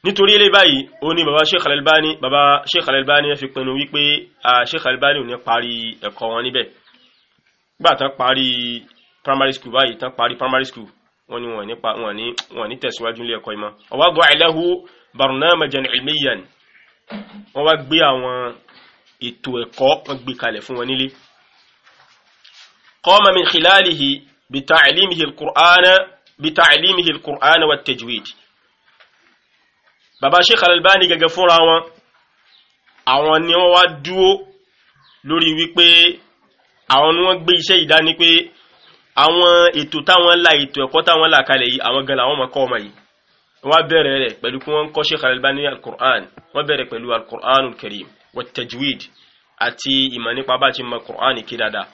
nítorí ilé báyìí ó ní baba Sheikh Al-Albani baba Sheikh Al-Albani fi pinnu wípé Sheikh Al-Albani ò ní parí ẹ̀kọ́ wọn níbẹ̀ gbà tán parí primary school báyìí tán parí primary school wọn ni wọn ní wọn ní wọn ní tẹ̀síwájú ilé ẹ̀kọ́ ìmọ̀ ọwọ́ gbọ́ àìlẹ́hu barnamajan ilmiyan wọn wá gbé àwọn ètò ẹ̀kọ́ wọn gbé kalẹ̀ fún wọn nílé qama min khilalihi bita'limihi al-Qur'ana bita'limihi al bàbá Sheikh Al-Albani gẹ́gẹ́ fúnra wọn àwọn ni wọ́n wá dúó lórí wípé àwọn ni wọ́n gbé iṣẹ́ ìdání pé àwọn ètò táwọn la ètò ẹ̀kọ́ táwọn là kalẹ̀ yìí àwọn gan làwọn máa kọ́ ọmọ yìí wọ́n bẹ̀rẹ̀ rẹ̀ pẹ̀lú kí wọ́n kọ́ Sheikh Al-Albani al-Qur'an wọ́n bẹ̀rẹ̀ pẹ̀lú al-Qur'an al-Karim wa tajwid àti ìmọ̀ nípa bá ti mọ Qur'an kí dáadáa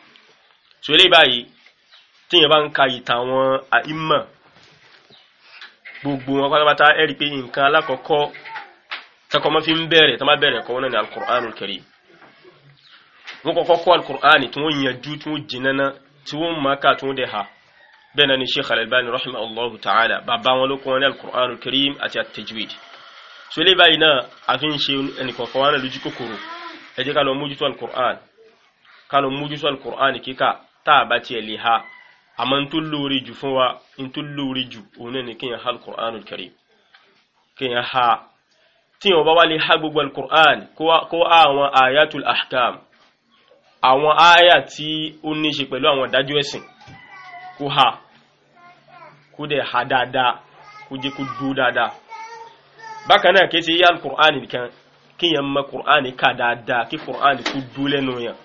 so eléyìí báyìí tíyẹn bá ń ka ìtàn àwọn àìmọ̀ gbogbo wọn pátápátá ẹ̀rí pé nǹkan alákọ̀ọ́kọ́ tọkọmọ fi ń bẹ̀rẹ̀ tó má bẹ̀rẹ̀ kọ́ wọn náà ní alukur'an karim wọn kọ́kọ́ kọ́ alukur'an tí wọ́n yanjú tí wọ́n jìnnà tí wọ́n máa tí wọ́n dẹ̀ ha bẹ́ẹ̀ náà ni sheikh al-albani rahimahullahu ta'ala bàbá wọn ló kọ́ wọn ní alukur'an karim àti at-tajwid so ilé báyìí náà a fi ń ṣe ẹnìkọ̀ọ̀kan wọn náà lójú kòkòrò ẹ ká lọ mójútó alukur'an ká lọ mójútó alukur'an kíkà tá a bá tiẹ̀ lè ha àmọ́ n tó lóore jù fún wa n tó lóore jù òun náà ni kéèyàn ha alukur'an karim kéèyàn ha tíyàn bá wá lè ha gbogbo alukur'an kó àwọn ayatul ahkam àwọn aya tí ó ní ṣe pẹ̀lú àwọn ìdájọ́ ẹ̀sìn kó ha kó dẹ̀ ha dáadáa kó jẹ́ kó dúró dáadáa bákan náà kìí ṣe yá alukur'an nìkan kéèyàn mọ̀ kur'an ká dáadáa kí kur'an kó dúró lẹ́nu yẹn.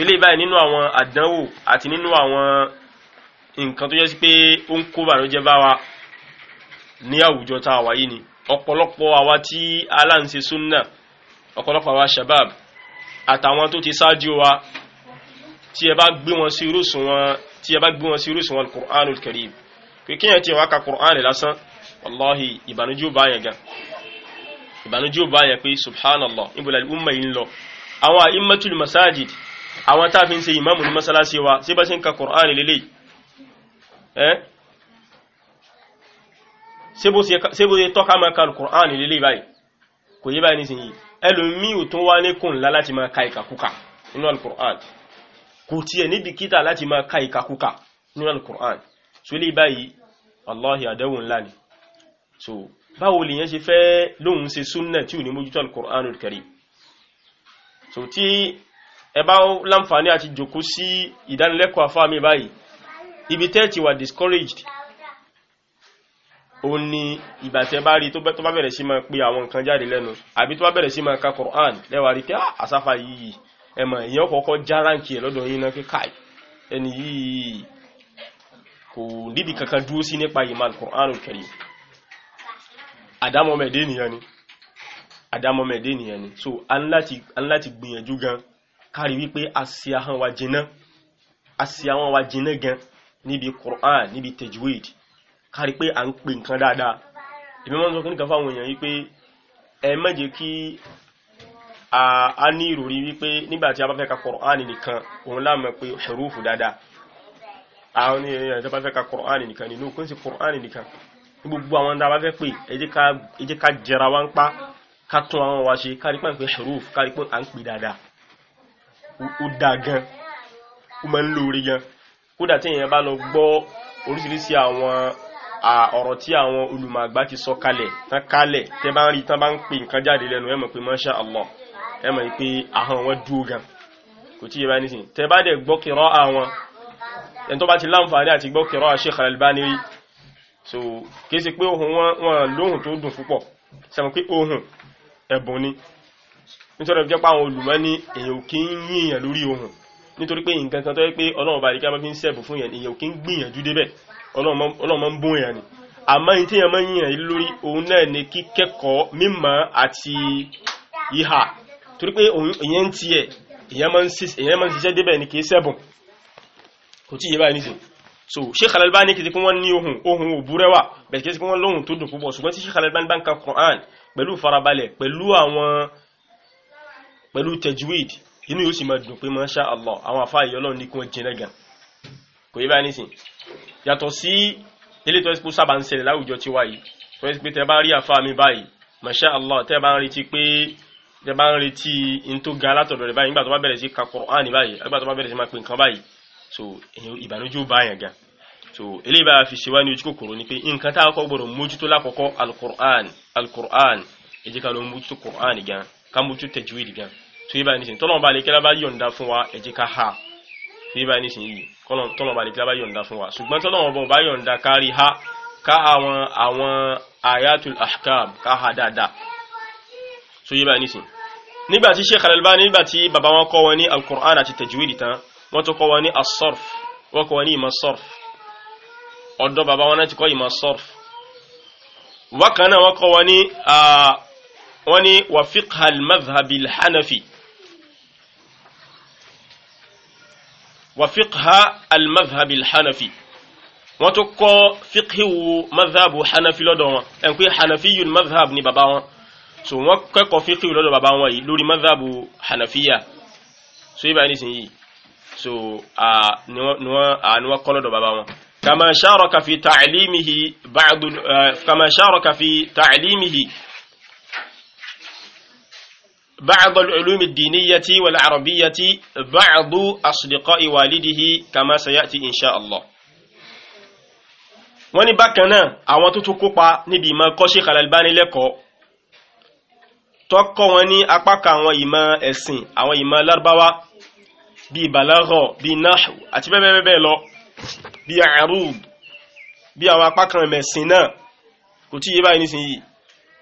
ilé báyìí nínú àwọn àdánwò àti nínú àwọn nǹkan tó yẹ sí pé ó ń kó bànújẹ́ bá wa ní àwùjọ tá a wà yìí ni ọ̀pọ̀lọpọ̀ àwa tí aláǹṣe súnà ọ̀pọ̀lọpọ̀ àwa shabab àtàwọn tó ti ṣáájú wa tí ẹ bá gbé wọn sí irúsùn wọn tí ẹ bá gbé wọn sí irúsùn wọn Qur'anul Karim pé kéèyàn ti wá ka Qur'an lásán wallahi ìbànújẹ́ ò bá yẹn gan ìbànújẹ́ ò bá yẹn pé subhanallah ibùdó umma yìí ń lọ àwọn a'immatul masajid àwọn tá a fi ń ṣe ìmáàmù ní masalasi wa ṣé bá ṣe ń ka Qur'an lélẹ́yìí ẹ́ eh? ṣé bó ṣe tọ́ka máa ka alukur'an lélé báyìí kò yé báyìí nísìnyí ẹlòmíì ò tún wá ní kùn lá láti máa ka ìkàkúkà nínú alukur'an kò tiẹ̀ níbi kíta láti máa ka ìkàkúkà nínú alukur'an so lè báyìí wallahi àdẹ́wò ńlá ni so báwo lèyàn ṣe fẹ́ lóhun ṣe súnnà tí ò ní mójútó alukur'anul karim so tí e bá láǹfààní àti jòkó sí ìdánilẹ́kọ̀ọ́ afá mi báyìí ibi tẹ́ ti wà discouraged ó ní ìgbà tẹ́ bá rí tó bá bẹ̀rẹ̀ sí máa pe àwọn nǹkan jáde lẹ́nu àbí tó bá bẹ̀rẹ̀ sí máa ka Quran lẹ́wàá rí pé ah, àsáfà yìí ẹ̀mọ̀ èèyàn kọ́kọ́ já ráǹkì ẹ̀ lọ́dọ̀ yín náà pé káì ẹni yìí kò níbi kankan dúró sí nípa ìmọ̀ Quran Karim àdámọ́mẹ̀dé nìyẹn ni àdámọ́mẹ̀dé nìyẹn ni so a ń láti gbìyànjú gan kárí wípé àsì ahọ́n wa jìnnà àsì ahọ́n wa jìnnà gan níbi Qur'an níbi tajwid kárí pé à ń pè nǹkan dáadáa èmi máa ń sọ kíníkan fáwọn èèyàn wípé ẹ má kí a ní ìròrí wípé nígbà a bá fẹ́ ka Qur'an nìkan òun la mọ̀ pé hurufu dáadáa àwọn èèyàn tó bá fẹ́ ka Qur'an nìkan nínú kò sí Qur'an nìkan gbogbo àwọn tá a bá fẹ́ pè ẹ jẹ́ ká jẹra wá ń pa ká tún àwọn wa ṣe kárí pé huruf kárí pé à ń pè dáadáa ó dáa gan ó máa ń lóore gan kódà tí èèyàn bá lọ gbọ́ oríṣiríṣi àwọn ọ̀rọ̀ tí àwọn olùmọ̀gbà ti sọ kalẹ̀ tán kalẹ̀ tẹ́ bá ń rí tán bá ń pè nǹkan jáde lẹ́nu ẹ mọ̀ pé masha Allah ẹ mọ̀ pé ahọ́n wọn dúró gan kò tí yẹ bá nísìn tẹ́ bá dẹ̀ gbọ́ kìrọ́ àwọn ẹni tó bá ti láǹfààní àti gbọ́ kìrọ́ Sheikh Al-Albani rí so kìí ṣe pé ohun wọn lóhùn tó dùn púpọ̀ sẹ́mọ̀ pé ohun ẹ̀bùn ni nítorí jẹ́ pé àwọn olùmọ̀ ní èèyàn kì í yíyàn lórí ohun nítorí pé nǹkan kan tó yẹ pé ọlọ́run bá ìdíkà máa fi ń sẹ́ẹ̀bù fún yẹn ìyẹn kí ń gbìyànjú débẹ̀ ọlọ́run máa ń bó yẹn ni àmọ́ yìí tí yẹn máa ń yàn yìí lórí òun náà ni kíkẹ́kọ̀ọ́ mímọ̀ àti ìhà torí pé ìyẹn ń tiẹ̀ ìyẹn máa ń ṣiṣẹ́ débẹ̀ ni kì í sẹ́ẹ̀bù kò tí yẹ báyìí nísìnyí so sheikh al-albani kìí kí wọ́n ní ohun ohun òbúrẹ́wà bẹ̀rẹ̀ kìí kí wọ́n lóhun tó dùn púpọ̀ ṣùgbọ́n tí sheikh al-albani bá ń ka quran pẹ̀lú farabalẹ̀ inú yóò sì máa dùn pé masha Allah àwọn afá yìí ọlọ́run ní kí wọ́n jẹrẹ gan kò yẹ báyìí nísìn yàtọ̀ sí ilé tó ẹsìpó sábà ń ṣẹlẹ̀ láwùjọ tí wáyé tó ẹsìpé tẹ bá rí afá mi báyìí masha Allah tẹ bá ń retí pé tẹ bá ń retí n tó ga látọ̀dọ̀ rẹ̀ báyìí nígbà tó bá bẹ̀rẹ̀ sí ka Kùránì báyìí nígbà tó bá bẹ̀rẹ̀ sí máa pè nǹkan báyìí so ìbànújẹ́ bá yàn gan so eléyìí bá fi ṣe wá ní ojú kòkòrò ni pé nǹkan tá a kọ́ gbọ́dọ̀ mójútó lákọ̀ọ́kọ́ al-Qur'an al-Qur'an mójútó Qur'an gan ká mójútó tajwid gan so yí báyìí nísìnyí tọ́lọ́mọ bá lè kí lábá yọ̀ǹda fún wa ẹ jẹ́ ká ha so yí báyìí nísìnyí tọ́lọ́mọ bá lè kí lábá yọ̀ǹda fún wa ṣùgbọ́n tọ́lọ́mọ bá yọ̀ǹda kárí ha ká àwọn àwọn ayatul ahkam ká ha dáadáa so yí báyìí Sheikh Al-Albani nígbà wọn kọ́ wọn ní al-Qur'an tajwid tán wọ́n tó kọ́ wọn ní as-sarf wọ́n wọn ní ìmọ̀ sarf ọ̀dọ̀ bàbá wọn ti kọ́ ìmọ̀ sarf wákan náà wọ́n wọn ní ah, wọ́n ní wa fiqh al-madhhab al-hanafi wa fiqha al-madhhab al-hanafi wọ́n tó kọ́ fiqhiwu madhabu hanafi lọ́dọ̀ wọn ẹ̀ ń pé hanafiyun madhab ni bàbá wọn so wọ́n kẹ́kọ̀ọ́ fiqhiwu lọ́dọ̀ bàbá wọn yìí lórí madhabu hanafiya so yìí báyìí nísìnyí so ni wọ́n kọ́ lọ́dọ̀ bàbá wọn. kama sharaka fi ta'limihi ba'du kama sharaka fi ta'limihi بعض العلوم الدينية والعربية بعض أصدقاء والده كما سيأتي إن شاء الله wọ́n ní àwọn tó tún kópa níbi ìmọ̀ kọ́ṣe al tọ́kọ́ wọn ní apá kan àwọn ìmọ̀ ẹ̀sìn àwọn ìmọ̀ lárúbáwá bíi balagha bíi nahwu àti bẹ́ẹ̀ lọ bíi arud bíi àwọn apá kan ẹ̀mẹ̀sìn náà kò tí yé báyìí nísìnyí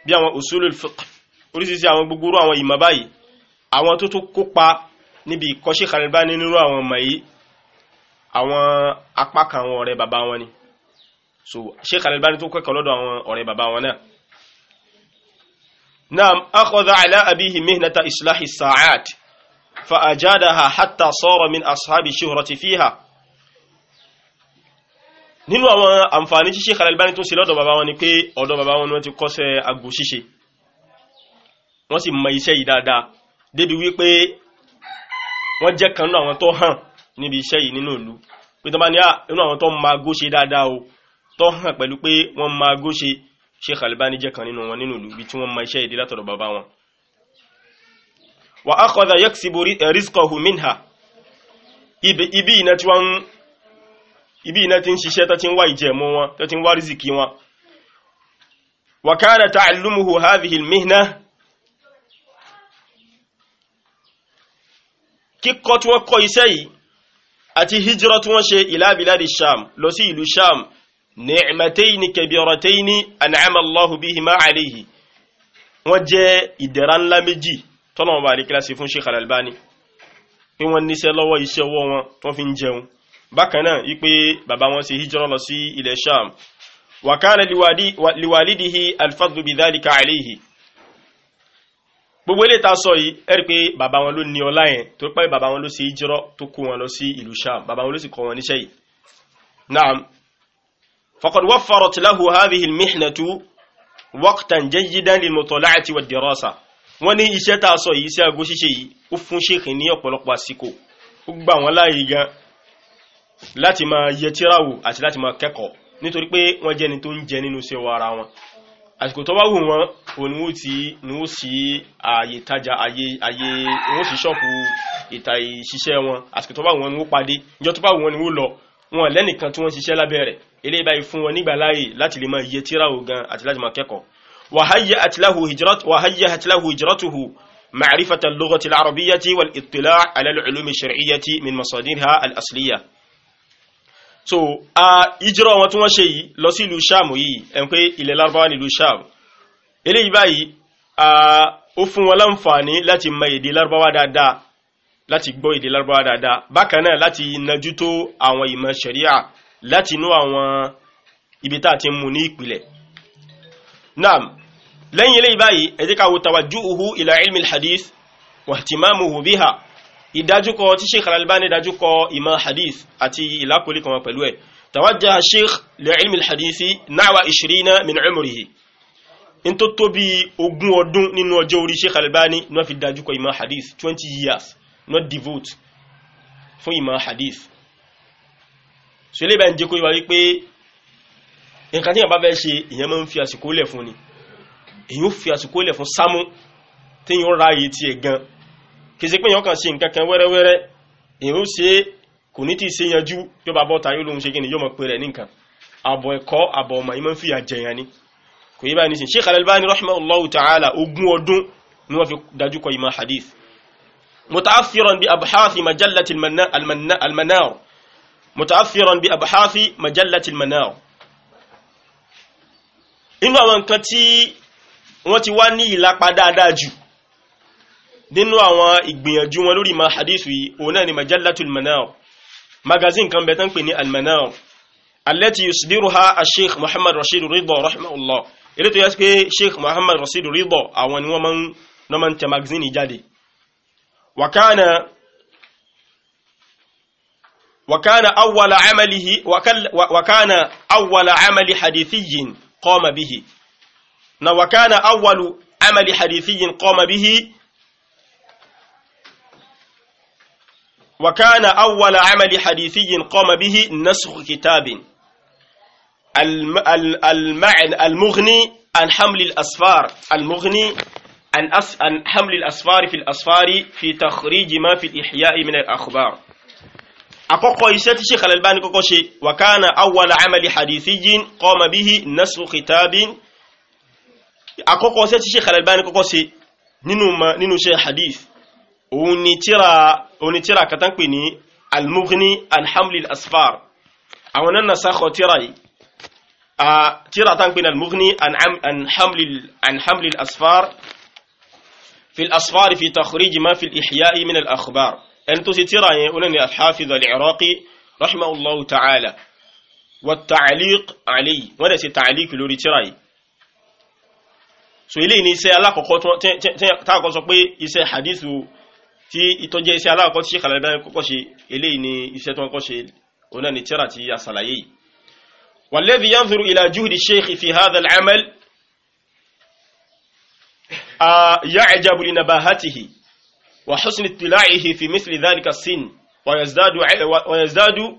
bíi àwọn usulul fiqh oríṣiríṣi àwọn gbogbo àwọn ìmọ̀ báyìí àwọn tó tó kópa níbi ìkọ́ṣẹ́ Al-Albani nínú àwọn ọmọ yìí àwọn apá kan àwọn ọ̀rẹ́ bàbá wọn ni so Sheikh Al-Albani tó kẹ́kọ̀ọ́ lọ́dọ̀ àwọn ọ̀rẹ́ bàbá wọn náà naam akhadha ala abihi mihnata islahi sa'at fa ajadaha hatta sara min ashabi shuhrati fiha nínú àwọn àǹfààní tí Sheikh Al-Albani tó ṣe lọ́dọ̀ bàbá wọn ni pé ọ̀dọ̀ bàbá wọn ni wọ́n ti kọ́ṣẹ́ wọ́n sì mọ iṣẹ́ yìí dáadáa débi wípé wọ́n jẹ́ kan nínú àwọn tó hàn níbi iṣẹ́ yìí nínú ìlú pé tó bá ní inú àwọn tó máa góṣe dáadáa o tó hàn pẹ̀lú pé wọ́n máa góṣe Sheikh Albani jẹ́ kan nínú wọn nínú ìlú ibi tí wọ́n mọ iṣẹ́ yìí látọ̀dọ̀ bàbá wọn. wa akhadha yaksibu eh, rizqahu minha ibi iná tí wọ́n ibi iná ti ń ṣiṣẹ́ tó ti ń wá ìjẹ̀mú wọn tó ti ń wá rìzìkì wọn. wa kana kíkọ́ tí wọ́n kọ́ iṣẹ́ yìí àti hijira tí wọ́n ṣe ila biladi sham lọ sí ìlú sham ni'matayni kabiratayni an'ama Allahu bihima alayhi wọ́n jẹ́ ìdẹ̀ra ńlá méjì tọ́nà wọn bá rí kíláàsì fún Sheikh Al-Albani pé wọ́n níṣẹ́ lọ́wọ́ iṣẹ́ ọwọ́ wọn tó fi ń jẹun bákan náà gbogbo ilé ta sọ yìí ẹ rí i pé bàbá wọn ló ní ọlá yẹn tó pẹ́ bàbá wọn ló ṣe ìjírọ́ tó kó wọn lọ sí ìlú Sham bàbá wọn ló sì kọ́ wọn níṣẹ́ yìí naam faqad waffarat lahu hadhihi al-mihnatu waqtan jayyidan lil-mutala'ati wad-dirasa wọ́n ní iṣẹ́ tá sọ yìí sí aago ṣíṣe yìí ó fún Sheikh ní ọ̀pọ̀lọpọ̀ àsìkò ó gbà wọ́n láàyè gan láti máa yẹ àti láti máa kẹ́kọ̀ọ́ nítorí pé wọ́n jẹ́ni tó ń jẹ nínú sí ara wọn àsìkò tó bá wù wọn òun ni wọ́n ti ni wọ́n sì ààyè tajà ààyè ààyè wọ́n sì ṣọ́ọ̀pù ìta ìṣiṣẹ́ wọn àsìkò tó bá wù wọn ni wọ́n pàdé ìjọ tó bá wù wọn ni wọ́n lọ wọn lẹ́nìkan tí wọ́n ṣiṣẹ́ lábẹ́ rẹ̀ eléyìí báyìí fún wọn nígbà láàyè láti lè máa yẹ tíra ògan àti láti máa kẹ́kọ̀ọ́ wàháyà àtìláhù hijratuhu ma'rifatan lughati al-arabiyyati wal ittila' ala al-ulum al so ìjírọ̀ wọn tí wọ́n ṣe yìí lọ sí ìlú Ṣáàmù yìí ẹn pé ilẹ̀ Lárúbáwá nílùú Ṣáàmù eléyìí báyìí ó fún wọn láǹfààní láti mọ èdè Lárúbáwá dáadáa láti gbọ́ èdè Lárúbáwá dáadáa bákan náà láti najú tó àwọn ìmọ̀ ṣẹ̀ríà láti inú àwọn ibi tá a ti mú ní ìpìlẹ̀ naam lẹ́yìn eléyìí báyìí ẹ ká wo tawajjuhu ila ilmi al-hadith wa ihtimamuhu biha ìdájúkọ tí sheikh al-albani dájúkọ ìmọ̀ hadith àti ìlàkùlì kan pẹ̀lú ẹ̀ tawajja sheikh li'ilmi al-hadithi na'wa ishirina min umrihi in tó tó bí ogún ọdún nínú ọjọ́ orí sheikh al-albani fi dájúkọ ìmọ̀ hadith 20 years not devote fún ìmọ̀ hadith so ilé bá ń jẹ́ kó ìwà wípé nǹkan tí ìyàmbá fẹ́ ṣe ìyẹn máa ń fi àsìkò lẹ̀ kìsí pé èèyàn kàn ṣe nǹkan kan wẹ́rẹ́wẹ́rẹ́ èèyàn ó ṣe kò ní tí ì ṣe yanjú yóò bá bọ́ta yóò lóun ṣe kí ni yóò mọ̀ pé rẹ̀ nìkan àbọ̀ ẹ̀kọ́ àbọ̀ ọmọ ìmọ̀ ń fìyà jẹyàn ni kò yí báyìí nísìnyí Sheikh Al-Albani rahimahullahu ta'ala ogún ọdún ni wọ́n fi dájú kọ ìmọ̀ hadith متأثرا بأبحاث مجلة المنار متأثرا بأبحاث مجلة المنار inú àwọn nǹkan tí wọ́n ti wá ní ìlapa dáadáa jù nínú àwọn ìgbìyànjú wọn lórí ma hadithu yìí òun náà ni majallatul manar magazine kan bẹ̀tán pè ní almanar allati yusdiruha sheikh muhammad rashid ridha rahimahullah ilé tó yẹ pé sheikh muhammad rashid ridha àwọn ni wọ́n máa ń tẹ magazine jáde wakana wakana awwala amalihi wakana awwala amali hadithiyin qama bihi na wakana awwalu amali hadithiyin qama bihi وكان أول عمل حديثي قام به نسخ كتاب المعن المغني عن حمل الأسفار المغني عن, حمل الأسفار في الأسفار في تخريج ما في الإحياء من الأخبار أقوى يسات الشيخ الألباني كوكوشي وكان أول عمل حديثي قام به نسخ كتاب أقوى يسات الشيخ الألباني كوكوشي نينو ما نينو شيخ حديث òun ni tíra òun tíra kàtà ń pè ní al-mughni an hamli al-asfar àwọn náà nasakọ tíra yìí a tíra tá ń pè ní al-mughni an hamli al-asfar fi al-asfar fi takhrij ma fi al-ihya'i min al-akhbar ẹni tó sì tíra yẹn òun ni al-hafiz al-iraqi ta'ala wa ta'liq alayhi wọ́n dẹ̀ sí ta'liq lórí tíra so ilé ní iṣẹ́ alákọ̀ọ́kọ́ tí a kọ́ sọ hadithu tí ìtọ́jẹ́ iṣẹ́ aláàkọ́ tí Sheikh Al-Albani kọ́kọ́ ṣe eléyìí ni iṣẹ́ tó kọ́kọ́ ṣe òun náà ni tíra ti itoje ise alaako ti sheikh al albani koko se ele ni yìí walladhi yanzuru ila juhdi Sheikh fi hadha al-amal ya'jabu li nabahatihi wa husni ittila'ihi fi mithli dhalika sin wa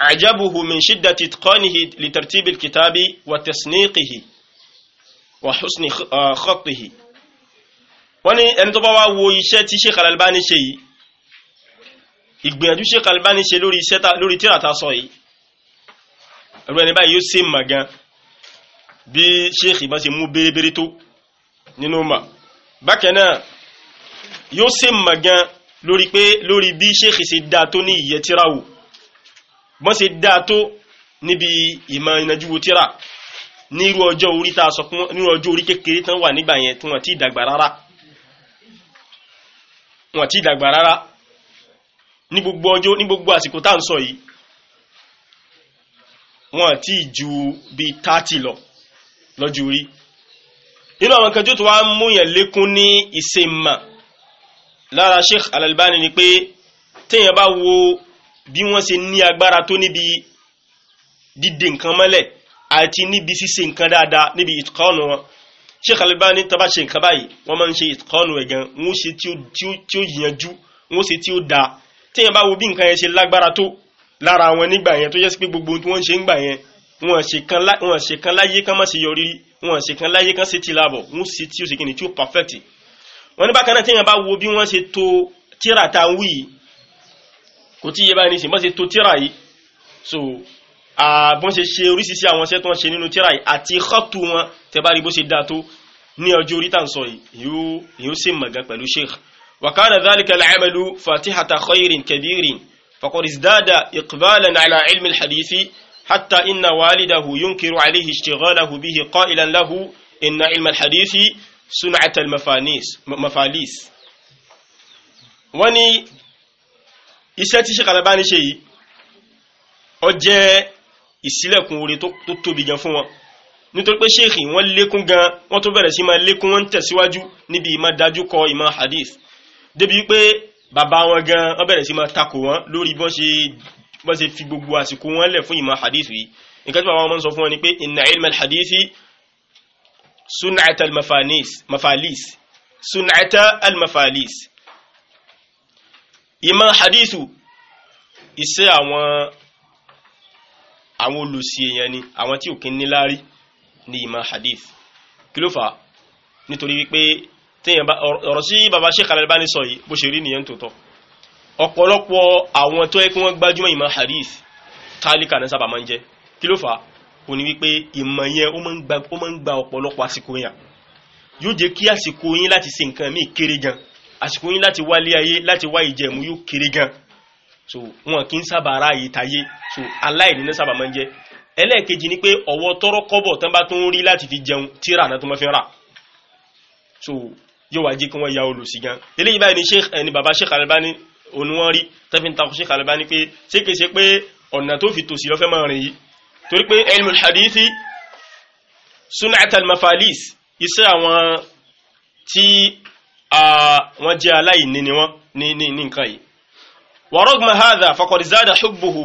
أعجبه من شدة إتقانه لترتيب الكتاب وتسنيقه وحسن خطه wọ́n ní ẹni tó bá wá wo iṣẹ́ tí Sheikh Al-Albani ṣe yìí ìgbìyànjú Sheikh Al-Albani ṣe lórí iṣẹ́ ta lórí tíra ta sọ yìí ẹ̀rọ ẹni báyìí yóò ṣe mà gan bí Sheikh bá ṣe mú bérebére tó nínú mà bákan náà yóò ṣe mà gan lórí pé lórí bí Sheikh ṣe dáa tó ní ìyẹ́ tíra wò bọ́n ṣe dáa tó níbi ìmọ̀ ìnajúwo tíra ní irú ọjọ́ orí kékeré tán wà nígbà yẹn tí wọ́n ti dàgbà rárá wọn ti dàgbà rárá ní gbogbo ọjọ́ ní gbogbo àsìkò tá à ń sọ yìí wọn ti ju bíi tààtì lọ lọ́jọ́ orí nínú àwọn kan tó tó wá mú yẹn lékún ní ìsèmà lára Sheikh Al-Albani ni pé téèyàn bá wo bí wọ́n ṣe ní agbára tó níbi dídè nǹkan mọ́lẹ̀ àti níbi ṣíṣe nǹkan dáadáa níbi ìtọ́nù wọn Sheikh Albani tó bá ṣe nǹkan báyìí wọ́n máa ń ṣe ìkọ́nù ẹ̀gàn wọ́n ṣe tí ó yànjú wọ́n ṣe tí ó da tí yẹn bá wo bí nǹkan yẹn ṣe lágbára tó lára wọn nígbà yẹn tó jẹ́ sí pé gbogbo tí wọ́n ṣe ń gbà yẹn wọ́n ṣe kan láyé kán má ṣe yọrí wọ́n ṣe kan láyé kán ṣe ti láàbọ̀ wọ́n ṣe tí ó ṣe kìnnì tí ó perfect wọ́n ní bákan náà tí yẹn bá wo bí wọ́n ṣe to tíra tá a wí yìí kò tí yẹ báyìí nísìnyí bọ́n to tíra yìí so bọ́n ṣe ṣe oríṣiríṣi àwọn iṣẹ́ tó ń ṣe nínú tíra yìí àti xọ́tù wọn tẹ́ bá rí bó ṣe dáa tó ní ọjọ́ orí tàn sọ yìí yóò sì mọ̀gá pẹ̀lú sheikh wakana dhalika al'amalu fatihata khairin kabirin faqad izdada iqbalan ala ilmi alhadisi hatta inna walidahu yunkiru alayhi ishtighalahu bihi qailan lahu inna ilma alhadisi sun'at almafanis mafalis wani iṣẹ́ tí sheikh Albani ṣe yìí ó jẹ́ ìṣílẹ̀kùn oore tó tóbi gan fún wọn nítorí pé sheikh wọ́n lékún gan wọ́n tó bẹ̀rẹ̀ sí máa lékún wọ́n ń tẹ̀síwájú níbi ìmọ̀ dájú kọ ìmọ̀ hadith débi pé bàbá wọn gan wọ́n bẹ̀rẹ̀ sí máa takò wọ́n lórí bọ́n ṣe bọ́n ṣe fi gbogbo àsìkò wọn lẹ̀ fún ìmọ̀ hadith yìí nǹkan tí bàbá wọn sọ fún wọn ni pé inna ilma al-hadith sun'ata al-mafalis mafalis sun'ata al-mafalis ìmọ̀ hadith iṣẹ́ àwọn olùsí èèyàn ni àwọn tí òkè níláárí Ni ìmọ̀ hadith kí ló fà á nítorí wípé téèyàn bá ọ̀rọ̀ sí baba Sheikh Al-Albani sọ yìí bó ṣe rí nìyẹn tòótọ́ ọ̀pọ̀lọpọ̀ àwọn tó yẹ kí wọ́n gbájúmọ̀ ìmọ̀ hadith tálíkà náà sábà máa ń jẹ́ kí ló fà á ó ní wípé ìmọ̀ yẹn ó máa ń gba ọ̀pọ̀lọpọ̀ àsìkò yẹn yóò jẹ́ kí àsìkò yín láti ṣe nǹkan míì kéré gan àsìkò yín láti wálé ayé láti wá ìjẹ̀mú yóò kéré gan so wọn kì í sábà ráàyè táyé so aláìní náà sábà máa ń jẹ́ ẹlẹ́ẹ̀kejì ni pé ọ̀wọ́ tọrọ kọ́bọ̀ tán bá tó ń rí láti fi jẹun tíra náà tó mọ́ fi rà so yóò wá jẹ́ kí wọ́n ya olùsí gan eléyìí báyìí ni sheikh ẹni eh, baba sheikh Albani oníwọ́n rí tẹ́fí ń takò sheikh Albani pé ṣé kìí ṣe pé ọ̀nà tó fi tòsí lọ́fẹ́ máa rìn yìí torí pé ilmul hadithi sunat mafalis iṣẹ́ àwọn tí wọ́n jẹ́ aláìní ni wọ́n ní nǹkan yìí wa rogma hadha faqad zada hubbuhu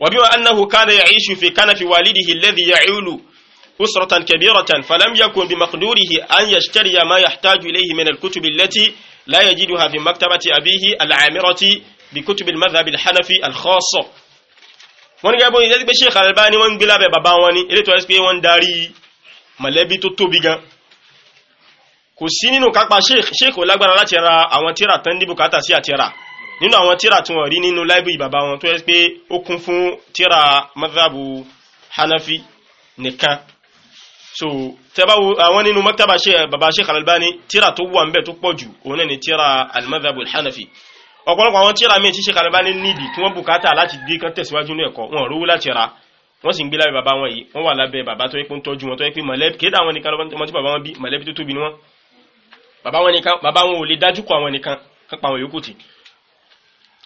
وبما أنه كان يعيش في كنف والده الذي يعول أسرة كبيرة فلم يكن بمقدوره أن يشتري ما يحتاج إليه من الكتب التي لا يجدها في مكتبة أبيه العامرة بكتب المذهب الحنفي الخاصة wọ́n gẹ́gẹ́ bóyí lẹ́gbẹ́ Sheikh Albani wọ́n ń gbé lábẹ́ bàbá wọn ní elétò ẹ́sì pé wọ́n ń darí mọ̀lẹ́bí tó tóbi gan kò sí nínú kápá Sheikh Sheikh lágbára láti ra àwọn tíra tán ní bùkátà sí àti ra nínú àwọn tíra tí wọ́n rí nínú láìbírì bàbá wọn tó yẹ pé ó kún fún tíra madhabu hanafi nìkan so tẹ́báwo àwọn nínú maktaba ṣe bàbá Sheikh Al-Albani tíra tó wà ńbẹ̀ tó pọ̀ jù òun náà tíra al hanafi ọ̀pọ̀lọpọ̀ àwọn tíra míì tí Sheikh Al-Albani nídìí tí wọ́n bùkátà láti gbé kan tẹ̀síwájú ní ẹ̀kọ́ wọn rówó láti ra wọ́n sì ń gbé lábẹ́ bàbá wọn yìí wọ́n wà lábẹ́ bàbá tó yẹ pé ń tọ́jú wọn tó yẹ pé mọ̀lẹ́bí kéde àwọn nìkan ọmọ tí bàbá wọn bí mọ̀lẹ́bí tó tóbi ni wọ́n bàbá wọn ò lè dájú kọ àwọn nìkan kápá àwọn yòókù tì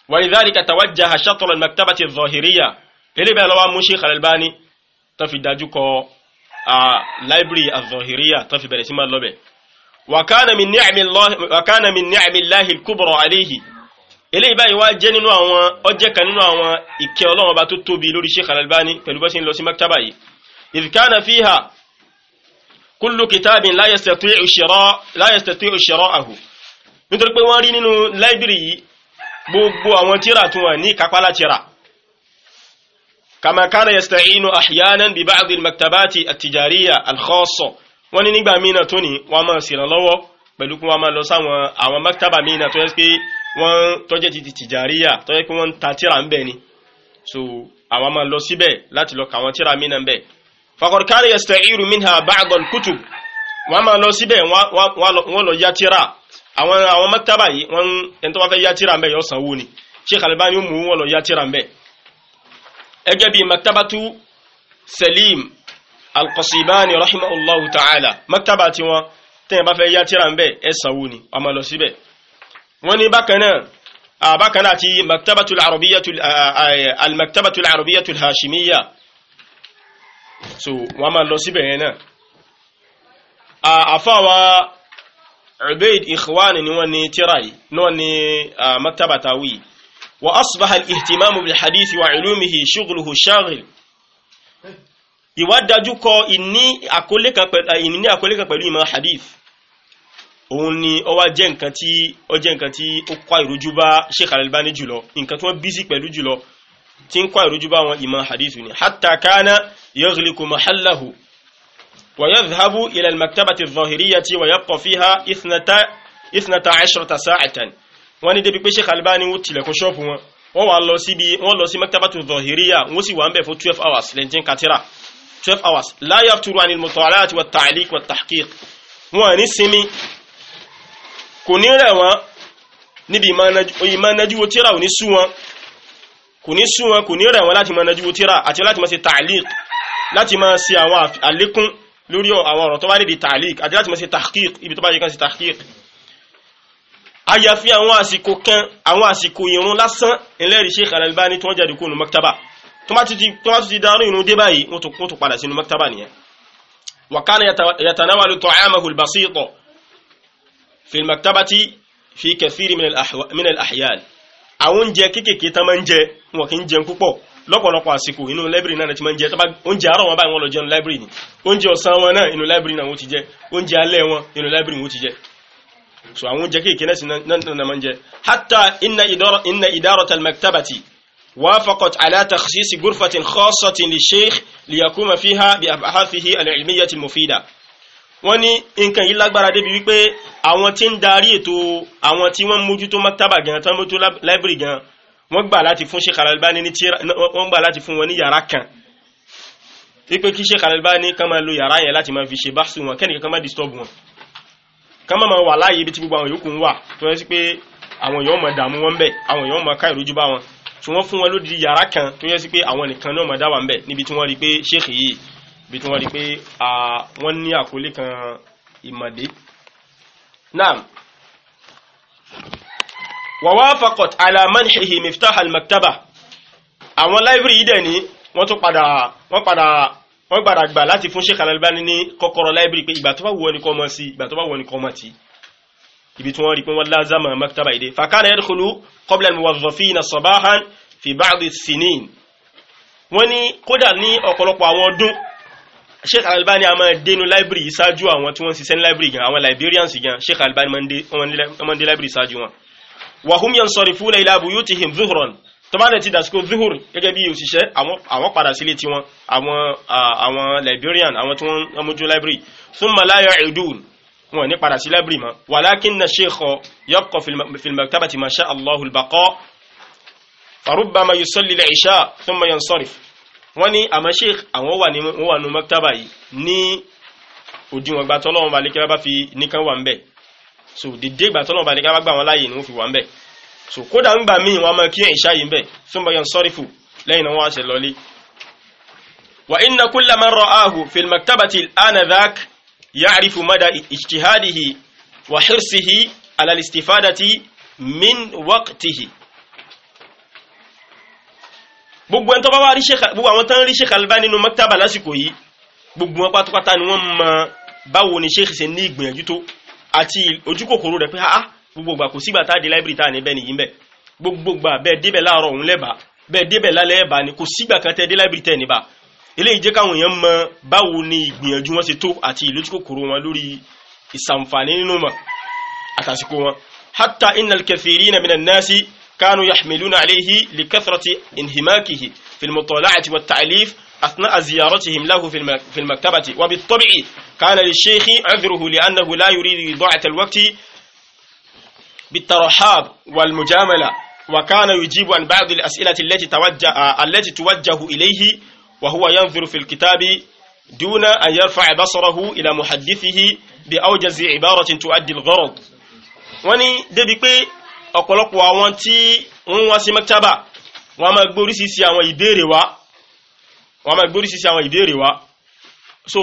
ولذلك توجه شطر المكتبة الظاهرية إلي بألوا موشي خلالباني تفي داجوكو لايبري الظاهرية تفي برسيما اللوبي وكان من نعم الله وكان من نعم الله الكبرى عليه إلي باي واجه نينو àwọn oje kan nínú àwọn ìkẹ́ Ọlọ́run ba tó tóbi lórí Sheikh Al-Albani إذ كان فيها كل كتاب لا يستطيع شراء لا يستطيع شراءه nítorí pé wọ́n rí gbogbo àwọn tíra tún wà ní kápá láti rà kama kana yasta'inu ahyanan bi ba'd al-maktabati at-tijariyya al-khassa wọ́n ní nígbà míì náà tó ní wọ́n máa ṣèrànlọ́wọ́ pẹ̀lú kí wọ́n máa lọ sáwọn àwọn maktaba míì náà tó yẹ pé wọ́n tọ́jẹ́ ti tìjàríyà tó yẹ pé wọ́n ń ta tíra ń bẹ̀ ni so àwọn máa lọ síbẹ̀ láti lọ kàwọn tíra míì bẹ̀ faqad kana yasta'iru minha ba'd al-kutub wọ́n máa lọ síbẹ̀ wọ́n lọ yá tíra àwọn àwọn mẹ́tàbà yìí wọ́n ẹni tó wá fẹ́ yátìrà mẹ́ yọ sanwó ni Sheikh Albani mú wọn lọ yátìrà mẹ́ ẹgẹ́ bíi maktabatu Salim Al-Qasibani rahimahullahu ta'ala mẹ́tàbà tí wọ́n tẹ́yìn bá fẹ́ yátìrà mẹ́ ẹ sanwó ni ọmọ lọ síbẹ̀ wọ́n ní bákan náà bákan náà ti maktabatu al-Arabiyyatu al so wọ́n máa lọ síbẹ̀ yẹn náà àfọwọ́ ubaid إخوان نواني تراي نواني مكتبة تاوي وأصبح الاهتمام بالحديث وعلومه شغله asbaha al-ihtimamu إني hadithi wa ulumihi shughluhu shaghil ìwádàájú kọ ìní àkọlé kan pẹ̀lú ìmọ̀ hadith òun ni ó wá jẹ́ nǹkan tí ó jẹ́ nǹkan tí ó kọ́ ìrújú bá Sheikh Al-Albani jùlọ nǹkan tí wọ́n bízí pẹ̀lú jùlọ tí ń kọ́ ìrújú bá hadith ni hatta kana yaghliqu mahallahu ويذهب إلى المكتبة الظاهرية ويبقى فيها إثنتا عشرة ساعة wọ́n ní débi pé Sheikh Albani wọ́n tilẹ̀kùn ṣọ́ọ̀pù wọn wọ́n wá lọ síbi wọ́n lọ sí maktabatu zahiriya wọ́n sì wà ń bẹ̀ fún twelve hours lẹ́ntín katira twelve hours la yafturu anil mutalaati wa ta'liq wa tahqiq wọn ní sinmi kò ní rẹ̀ wọ́n níbi ìmọ̀nájúwò tíra ò ní sú wọn kò ní sú wọn kò ní rẹ̀ wọ́n láti mọ̀nájúwò tíra àti láti máa ṣe ta'liq láti máa ṣe àwọn àlékún lórí àwọn ọ̀rọ̀ tó bá nídi tààlík àti láti mọ́ sí tàkík ibi tó bá yẹ kan sí tàkík àyàfi àwọn àsìkò kan àwọn àsìkò ìrun lásán ìlẹ́rìí Sheikh Al-Albani tí wọ́n jáde kó nu maktaba tó bá tún ti dárú ìrun dé báyìí wọ́n tún padà sínú maktaba nìyẹn wa kana yatanawalu ta'amahu al-basita fi al-maktabati fi kathiri min al àwọn oúnjẹ kéékèèké tán máa ń jẹ wọn kì í jẹun púpọ̀ lọ́pọ̀lọpọ̀ àsìkò inú library náà ti máa ń jẹ oúnjẹ àárọ̀ wọn báyìí wọ́n lọ jẹun library ni oúnjẹ ọ̀sán wọn náà inú library náà wọ́n ti jẹ oúnjẹ alẹ́ wọn inú library wọ́n ti jẹ so àwọn oúnjẹ kéèké náà sì náà máa ń jẹ hatta inna idarata al وافقت على تخصيص غرفة خاصة للشيخ ليقوم فيها بأبحاثه العلمية المفيدة wọ́n ní nǹkan yìí lágbára débi wípé àwọn tí ń darí ètò àwọn tí wọ́n wọ́n gbà láti fún Sheikh Al-Albani ní tíra wọ́n gbà láti fún wọn ní yàrá kan wípé kí Sheikh Al-Albani kan máa lo yàrá yẹn láti máa fi ṣe báṣu wọn kẹ́nìkan kan máa disturb wọn kan máa wà láàyè ibi tí gbogbo àwọn yòókù ń wà tó yẹ sí pé àwọn èèyàn máa dààmú wọn bẹ̀ àwọn èèyàn máa ká ìrújú bá wọn tí wọ́n fún wọn lódìdí yàrá kan tó yẹ sí pé àwọn nìkan náà máa dá wà ń níbi tí wọ́n rí pé Sheikh yìí ibi tí wọ́n rí pé wọ́n ní àkólé kan ìmọ̀dé náà wàwáfàkọ̀t alamanhihi miftah almaktaba àwọn láìbírì yìí dẹ̀ ní wọ́n tún padà wọ́n padà wọ́n padà gbà láti fún Sheikh Al-Albani ní kọ́kọ́rọ́ láìbírì pé ìgbà tó bá wọ́n ní kọ́ mọ́ sí ìgbà tó bá wọ́n ní kọ́ mọ́ tí ibi tí wọ́n rí pé wọ́n lázàmà maktaba ìdè fàkánà yadkhulu qabla al-muwazzafina sabahan fi ba'd as wọ́n ní kódà ní ọ̀pọ̀lọpọ̀ àwọn ọdún Sheikh al a máa dénú láìbírì yìí ṣáájú àwọn tí wọ́n ń ṣiṣẹ́ ní láìbírì gan àwọn librarians gan Sheikh al máa ń dé láìbírì ṣáájú wọn wàhùn yẹn sọ̀rọ̀ fúnlẹ̀ ilá buyutihim zuhran tó bá dẹ̀ ti dàsíkò zuhur gẹ́gẹ́ bí òṣìṣẹ́ àwọn padà sílé tiwọn àwọn librarian àwọn tí wọ́n mójú library thumma la ya'udun wọn ní padà sí library mọ́ walakinna sheikho yabqa fil maktabati ma sha Allahul baqa farubbama yusalli al-isha thumma yansarif wọ́n ní àmọ́ sheikh àwọn wà nínú maktaba yìí ní òdiwọ̀n gbàtọ́ lọ́wọ́n balẹ̀ fi nìkan wà ń bẹ̀ so dìde ìgbà tọ́lọ́mọba ní kábàgbà wọn láàyè ni wọ́n fi wà ń bẹ̀ so kódà ń gbà míì wọn máa kí ìṣá yìí ń bẹ̀ súnmọ́ yẹn sọ́rí fù lẹ́yìn náà wọ́n ṣe lọ́lé. wa inna kulla man ra'ahu fil maktabati anadhak ya'rifu mada ijtihadihi wa hirsihi ala al-istifadati min waqtihi gbogbo ẹni tó bá wá rí Sheikh gbogbo àwọn tán rí Sheikh Albani nínú maktaba lásìkò yìí gbogbo wọn pátápátá ni wọ́n mọ báwo ni Sheikh ṣe ní ìgbìyànjú tó àti ojúkòkòrò rẹ̀ pé ah, ah gbogbo kò sígbà tá a dé library tá a ní bẹ́ẹ̀ nìyí bẹ́ẹ̀ gbogbo bẹ́ẹ̀ débẹ̀ láàárọ̀ òun lẹ́bàá bẹ́ẹ̀ débẹ̀ lálẹ́ ẹ̀bà ni kò sígbà kan tẹ́ dé library tẹ́ níbà eléyìí jẹ́ káwọn èèyàn mọ báwo ni ìgbìyànjú wọn ṣe tó àti ìlójúkòkòrò wọn lórí ìsànfàní nínú mọ̀ àtàsìkò wọn hatta innal kathirina minan nasi كانوا يحملون عليه لكثرة انهماكه في المطالعة والتعليف أثناء زيارتهم له في المكتبة وبالطبع كان للشيخ عذره لأنه لا يريد إضاعة الوقت بالترحاب والمجاملة وكان يجيب عن بعض الأسئلة التي توجه, التي توجه إليه وهو ينظر في الكتاب دون أن يرفع بصره إلى محدثه بأوجز عبارة تؤدي الغرض wani débi pé ọ̀pọ̀lọpọ̀ àwọn tí wọ́n wá sí maktaba wọ́n máa gbóríṣiríṣi àwọn ìbéèrè àwọn ìbéèrè wá so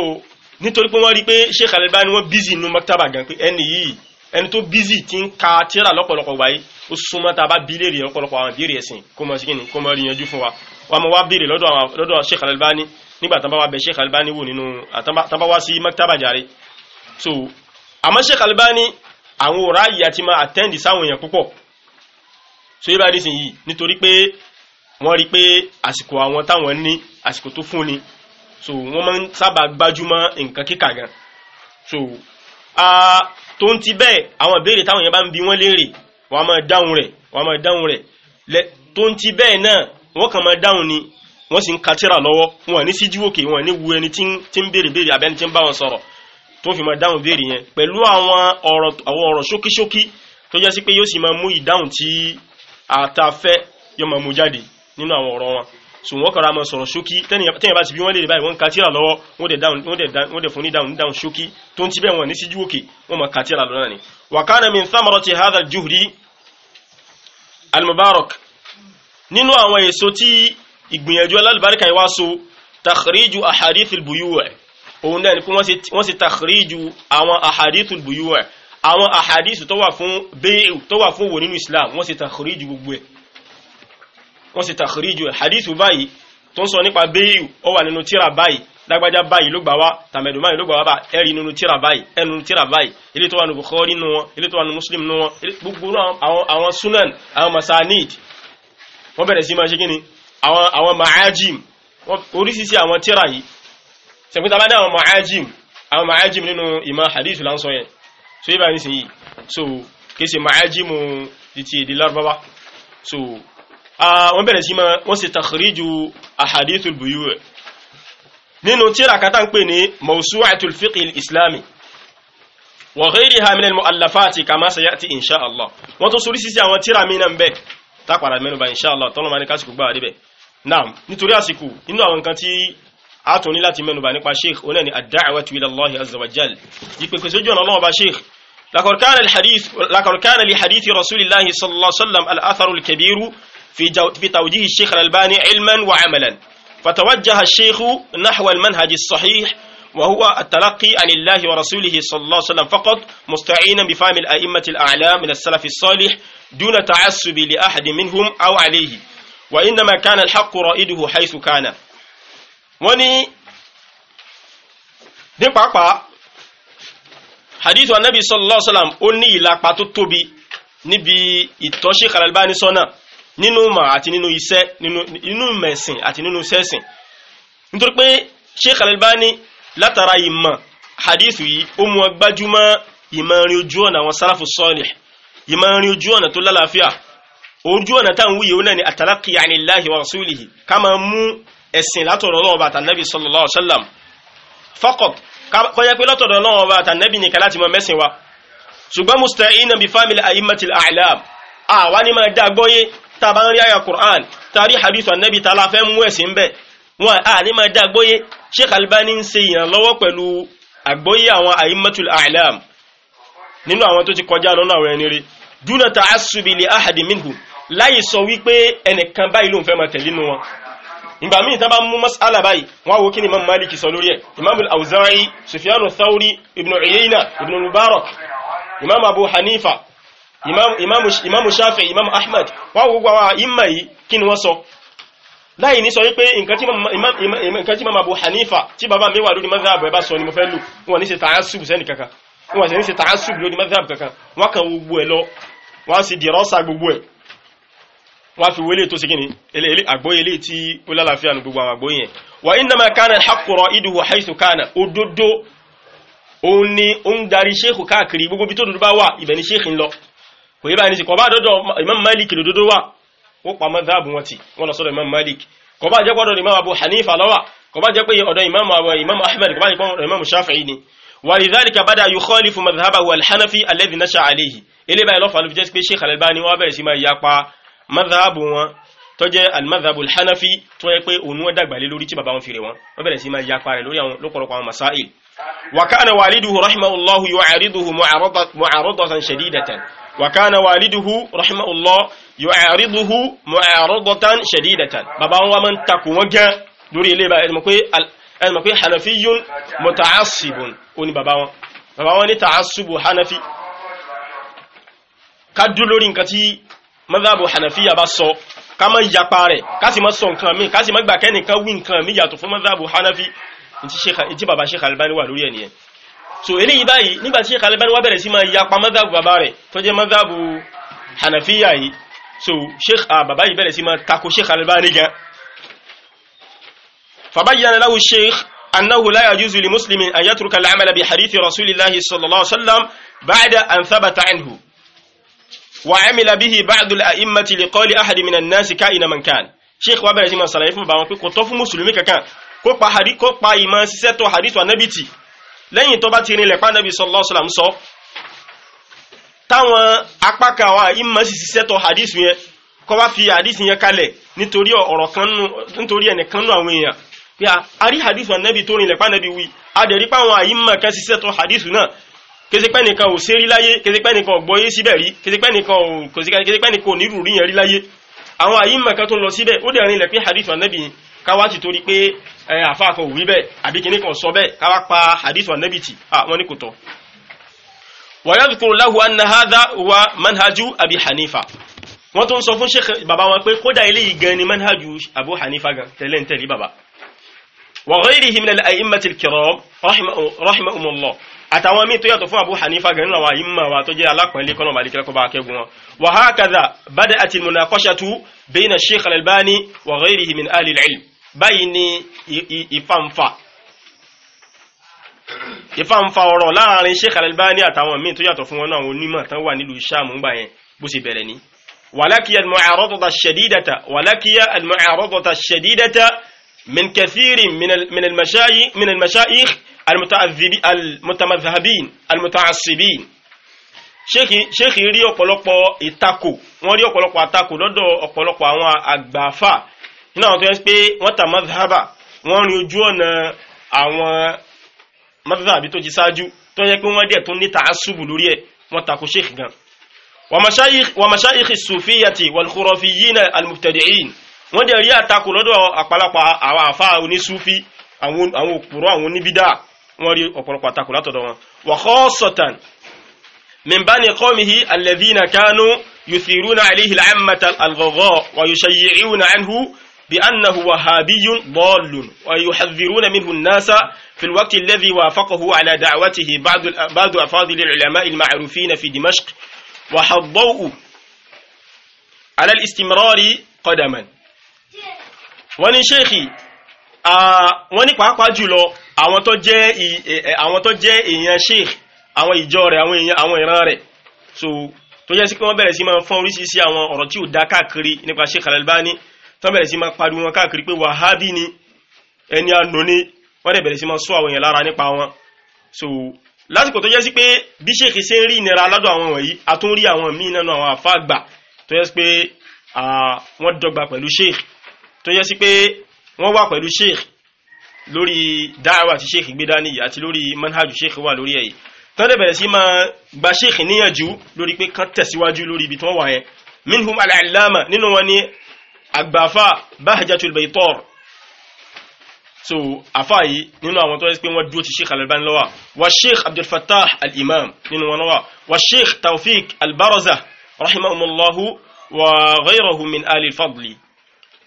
nítorí pé wọ́n rí pé Sheikh Albani wọ́n bízì nínú maktaba gan pé ẹni yìí ẹni tó bízì ti ń ka tíra lọ́pọ̀lọpọ̀ wáyé ó súnmọ́ tá a bá bí léèrè lọ́pọ̀lọpọ̀ àwọn ìbéèrè ẹ̀sìn kó mọ̀ sí kí ni kó mọ̀ rí yanjú fún wa wọ́n mọ̀ wá béèrè lọ́dọ̀ Sheikh Albani nígbà tán bá wá bẹ Sheikh Albani wò nínú tán bá wá sí maktaba jàre so àmọ́ Sheikh Albani àwọn òrá yìí àti máa àtẹ́ǹdì sáwọn èèyàn púpọ̀ so yí bá dé sìn yìí nítorí pé wọ́n rí pé àsìkò àwọn táwọn ní àsìkò tó fún ni so wọ́n máa ń sábà gbájúmọ́ nǹkan kíkà gan so tó ń ti bẹ́ẹ̀ àwọn ìbéèrè táwọn yẹn bá ń bi wọ́n léèrè wọ́n á máa dáhùn rẹ̀ wọ́n á máa dáhùn rẹ̀ tó ń ti bẹ́ẹ̀ náà wọ́n kàn máa dáhùn ni wọ́n sì ń ka tírà lọ́wọ́ wọn ní síjú òkè wọn ní wu ẹni tí ń béèrè béèrè àbẹ́ni tí ń bá wọn sọ̀rọ̀ tó fi máa dáhùn béèrè yẹn pẹ̀lú àwọn ọ̀rọ̀ ṣókíṣókí tó jẹ́ sí pé yóò sì máa mú ìdáhùn tí àtàfẹ́ yóò máa mú jáde nínú àwọn ọ̀rọ̀ wọn so wọ́n kọ́ra mọ́ sọ̀rọ̀ ṣókí tẹ́yìn bá ti bí wọ́n lè báyìí wọ́n ka tíra lọ́wọ́ wọ́n dẹ̀ fún ní dáhùn dáhùn ṣókí tó ń ti bẹ́ẹ̀ wọ́n ní síjú òkè wọ́n mọ̀ ka tíra ni wa kana min thamarati hadha al-juhdi mubarak nínú àwọn èso tí ìgbìyànjú alálùbáríkà yìí wá so takhriju ahadith al-buyu' òun náà ni pé wọ́n sì takhriju àwọn ahadith al-buyu' àwọn ahadith tó wà fún bẹ́ẹ̀ tó wà fún wò nínú Islam wọ́n sì takhriju gbogbo ẹ̀ wọ́n sì tàkìríjù hadithu báyìí tó ń sọ nípa béèyù ó wà nínú tíra báyìí lágbájá báyìí ló gbà wá tàmẹ̀dù báyìí ló gbà wá bá ẹ̀rí nínú tíra báyìí ẹnu tíra báyìí ilé tó wà ní Bukhari nínú wọn ilé tó wà ní Muslim nínú wọn gbogbo àwọn sunan àwọn masanid wọ́n bẹ̀rẹ̀ sí máa ṣe kíni àwọn ma'ajim oríṣiríṣi àwọn tíra yìí sẹ̀kúta bá dá àwọn ma'ajim àwọn ma'ajim nínú ìmọ̀ hadithu lánsọ yẹn so yíba nísìnyí so kìí ṣe ma'ajimu ti ti èdè so Ah, wọ́n bẹ̀rẹ̀ sí ma wọ́n sì takhriju ahadithul buyu' nínú tíra kata ń pè ní mawsu'atul fiqh al-islami wa ghayriha min al-mu'allafati kama sayati insha Allah wọ́n tó sórí sísí àwọn tíra mi náà bẹ́ tápàdà mẹ́nu bá insha Allah tọ́lọ́ ma ní kásìkò gbáà débẹ̀ naam nítorí àsìkò inú àwọn nǹkan tí a tó ní láti mẹ́nu nípa sheikh onáni ad-da'watu ila Allah azza wa sójú ọ̀nà ọlọ́wọ́ bá sheikh لقد كان الحديث لقد كان لحديث رسول الله صلى الله عليه وسلم الأثر الكبير في جو في توجيه الشيخ الألباني علما وعملا فتوجه الشيخ نحو المنهج الصحيح وهو التلقي عن الله ورسوله صلى الله عليه وسلم فقط مستعينا بفهم الأئمة الأعلام من السلف الصالح دون تعسب لأحد منهم أو عليه وإنما كان الحق رائده حيث كان وني دي بابا حديث النبي صلى الله عليه وسلم أني لا ìlapa tó نبي níbi الألباني Sheikh nínú mà àti nínú iṣẹ́ nínú mẹ̀sìn àti nínú sẹ́sìn nítorí pé Sheikh Al-Albani látara ìmọ̀ hadithu yìí ó mú agbájúmọ́ ìmọ̀rin ojú ọ̀nà àwọn sáràfù sọ́ọ̀lì ìmọ̀rin ojú ọ̀nà tó lálàáfíà ojú ọ̀nà táwọn wúyẹ̀ ó náà ni àtàlákì anillahi wa rasulihi ká máa mú ẹ̀sìn látọ̀dọ̀ Ọlọ́run bá tànàbí sallallahu alaihi wasallam faqat kọjá pé látọ̀dọ̀ Ọlọ́run bá tànàbí nìkan láti mọ mẹ́sìn wa ṣùgbọ́n musta'ina bi family a'immatil a'lam àwa ni máa dá gbọ́yé tàbá ń rí àyà Qur'an tàrí hadith anabi tàlà fẹ́ mú ẹ̀sìn bẹ́ẹ̀ wọn à ní máa dá àgbóyé Sheikh Albani ń ṣe ìrànlọ́wọ́ pẹ̀lú àgbóyé àwọn àyímọ́tul a'lam nínú àwọn tó ti kọjá lọ́nà àwọn ẹni rí dúnà ta asubi li ahadi minhu láyé sọ wípé ẹnìkan báyìí ló ń fẹ́ máa tẹ̀lé nínú wọn ìgbà míì tán mú mas'ala báyìí wọ́n wo kí ni imam maliki sọ lórí ẹ̀ imam al-awza'i sufyanu thawri ibn uyayna ibn mubarak imam abu hanifa imamu shafi imamu ahmad wọ́n gbogbo àwọn ìmọ̀ yìí kí ni wọ́n sọ láì ní sọ wípé nǹkan tí mamu abu hanifa tí bàbá mi wà lórí mazhab ẹ̀bá sọ ni mo fẹ́ lù wọ́n ní ṣe tààsùbù sẹ́nì kankan wọ́n sì ní ṣe tààsùbù lórí mazhab kankan wọ́n kan gbogbo ẹ̀ lọ wọ́n sì dìrọ́sà gbogbo ẹ̀ wọ́n fi wọlé tó sí gini tí ó lálàáfíà ní gbogbo àwọn àgbóyé kana al-haqqu iduhu haythu kana òdodo òun ni ó ń darí ṣéèkù káàkiri gbogbo bí tó dúdú bá wà ibẹ̀ ni ń lọ kò yí báyìí ní sí kọ̀bá àdọ́dọ̀ imam malik lòdòdó wà ó pa madhab wọn ti wọ́n lọ sọ́dọ̀ imam malik kọ̀bá jẹ́ pọ́dọ̀ imam abu hanifa lọ́wà kọ̀bá jẹ́ pé ọ̀dọ̀ imam imam ahmed kọ̀bá jẹ́ pọ́dọ̀ imam shafi'i ni wa lidhalika bada yukhalifu madhhabahu al-hanafi alladhi nasha alayhi ele báyìí lọ́fà ló fi jẹ́ pé sheikh al-albani wọ́n bẹ̀rẹ̀ sí máa yapa madhhab wọn tó jẹ́ وكان والده رحمه الله يعارضه معارضة, معارضة شديدة وكان والده رحمه الله يعارضه معارضة شديدة بابا هو من تكون دوري لي بقى المكوي حنفي متعصب وني بابا هو bàbá wọn ní tààsùbù hanafi ká dú lórí nǹkan tí madhabu hanafiya bá sọ ká má yapa rẹ̀ ká sì má sọ nǹkan mi ká sì má gbà kẹ́nìkan wí nǹkan mi yàtọ̀ fún madhabu hanafi tí bàbá Sheikh Albani wà lórí ẹ̀ nìyẹn so eléyìí báyìí nígbà tí Sheikh Albani wá bẹ̀rẹ̀ sí máa yapa madhabu bàbá rẹ̀ tó jẹ́ madhabu hanafiya yìí so sheikh ah, bàbá yìí bẹ̀rẹ̀ sí máa tako Sheikh Albani gan fabayyana lahu sheikh annahu la yajuzu li muslimin an yatruka al-amala bi hadithi rasulillahi sallallahu alaihi وعمل به بعض الأئمة لقول أحد من الناس كائن من كان sheikh wa bẹ̀rẹ̀ sí máa sàlàyé fún bàwọn kó pa hadith kó ìmọ̀ ṣiṣẹ́ tó hadith wa nẹ́bì tì lẹ́yìn tó bá ti rinlẹ̀ pa nẹ́bì sallallahu alaihi wasallam sọ táwọn apákan àwọn ìmọ̀ ṣiṣẹ́ tó hadith yẹn kó wá fi hadith yẹn kalẹ̀ nítorí ọ̀rọ̀ kan nù nítorí ẹnìkan nù àwọn èèyàn pé a rí hadith wa nẹ́bì tó rinlẹ̀ pa nẹ́bì wí adẹ̀rí pa àwọn àyímọ̀ kan ṣiṣẹ́ tó hadith náà kesepẹ́ nìkan ò ṣe rí láyé kesepẹ́ nìkan ò gbọ́yé síbẹ̀ rí kesepẹ́ nìkan ò kesepẹ́ nìkan ò nírú rí yẹn rí láyé àwọn àyímọ̀ kan tó lọ síbẹ̀ ó dẹ̀ rinlẹ̀ pé hadith wa nẹ́bì káwá ti torí pé ẹ àfáàkọ òwí bẹ́ẹ̀ àbí kìíní kan sọ bẹ́ẹ̀ káwá pa hadith wa nabi ti àwọn ní kò tọ́. wa yadhkuru lahu anna hadha wa manhaju abi hanifa wọ́n tó sọ fún sheikh bàbá wọn pé kódà eléyìí gan ni manhaju abu hanifa gan tẹ̀lé ń tẹ̀lé bàbá. wa ghayrihi min al-a'immati al-kiram àtàwọn míì tó yàtọ̀ fún abu hanifa gan nínú àwọn àyíma wa tó jẹ́ alápọ̀nlé kọ́nà màlíkẹ́ kọ́ bá kẹ́gun wọn wa hakadha bada'at al-munaqashatu bayna sheikh al-albani wa ghayrihi min ahli al-ilm báyìí ni ìfàǹfà ìfàǹfà ọ̀rọ̀ láàrin Sheikh Al-Albani àtàwọn míì tó yàtọ̀ fún wọn náà onímọ̀ tán wà nílùú Ṣáàmù ńgbà yẹn bó ṣe bẹ̀rẹ̀ ni walakiya al-mu'aradata ash-shadidata walakiya al-mu'aradata ash-shadidata min kathirin min al-mashayikh min al-mashayikh al-mutamadhhabin al rí ọ̀pọ̀lọpọ̀ ìtakò wọ́n rí ọ̀pọ̀lọpọ̀ àtakò lọ́dọ̀ ọ̀pọ̀lọpọ̀ àwọn àgbàfà nínú àwọn tó yẹ pé wọ́n ta mazhaba wọ́n rin ojú ọ̀nà àwọn mazhabi tó ti ṣáájú tó yẹ pé wọ́n dẹ̀ tún ní tàásùbù lórí ẹ̀ wọ́n takò sheikh gan wa mashayikhi sufiyati wal khurafiyina al mubtadi'in wọ́n dẹ̀ rí àtakò lọ́dọ̀ àpàlàpà àwọn àfa onísúfí àwọn òpùrọ̀ àwọn oníbídà wọ́n rí ọ̀pọ̀lọpọ̀ àtakò látọ̀dọ̀ wọn wa khassatan min bani qawmihi alladhina kanu yuthiruna alayhi al-ammata al-ghagha wa yushayyi'una anhu بأنه وهابي ضال ويحذرون منه الناس في الوقت الذي وافقه على دعوته بعض بعض أفاضل العلماء المعروفين في دمشق وحضوا على الاستمرار قدما wọ́n ní ṣéèkì wọ́n ní àwọn tó jẹ́ àwọn tó jẹ́ èèyàn ṣéèkì àwọn ìjọ rẹ̀ àwọn èèyàn àwọn ìran rẹ̀ tó jẹ́ sí pé wọ́n bẹ̀rẹ̀ sí máa fọ́n oríṣiríṣi àwọn ọ̀rọ̀ tí ò dá káàkiri nípa ṣéèkì al tán bẹ̀rẹ̀ sí máa pariwo wọn káàkiri pé wàhábí ni ẹni ànú ni wọ́n dẹ̀ bẹ̀rẹ̀ sí máa sọ àwọn èèyàn lára nípa wọn so lásìkò tó jẹ́ sí pé bí ṣèkì ṣe ń rí ìnira lọ́dọ̀ àwọn wọ̀nyí a tún rí àwọn míì nínú àwọn àfa àgbà tó jẹ́ sí pé wọ́n dọ́gba pẹ̀lú sheikh tó jẹ́ sí pé wọ́n wà pẹ̀lú sheikh lórí dáhàwá tí sheikh gbé dání àti lórí manhajù sheikh wà lórí èyí tán dẹ̀ bẹ̀rẹ̀ sí máa gba sheikh níyànjú lórí pé kán tẹ̀síwájú lórí ibi tí wà yẹn minhum al-allama nínú wọn ni àgbàfà Bahjatul Baytar so afa yìí nínú àwọn tó yẹ pé wọ́n dúró ti sheikh Al-Albani lọ́wọ́ wa sheikh Abdul Fattah al-Imam nínú wọn lọ́wọ́ wa sheikh Tawfiq al-Barazah rahimahumullahu wa ghayruhu min ali al-fadli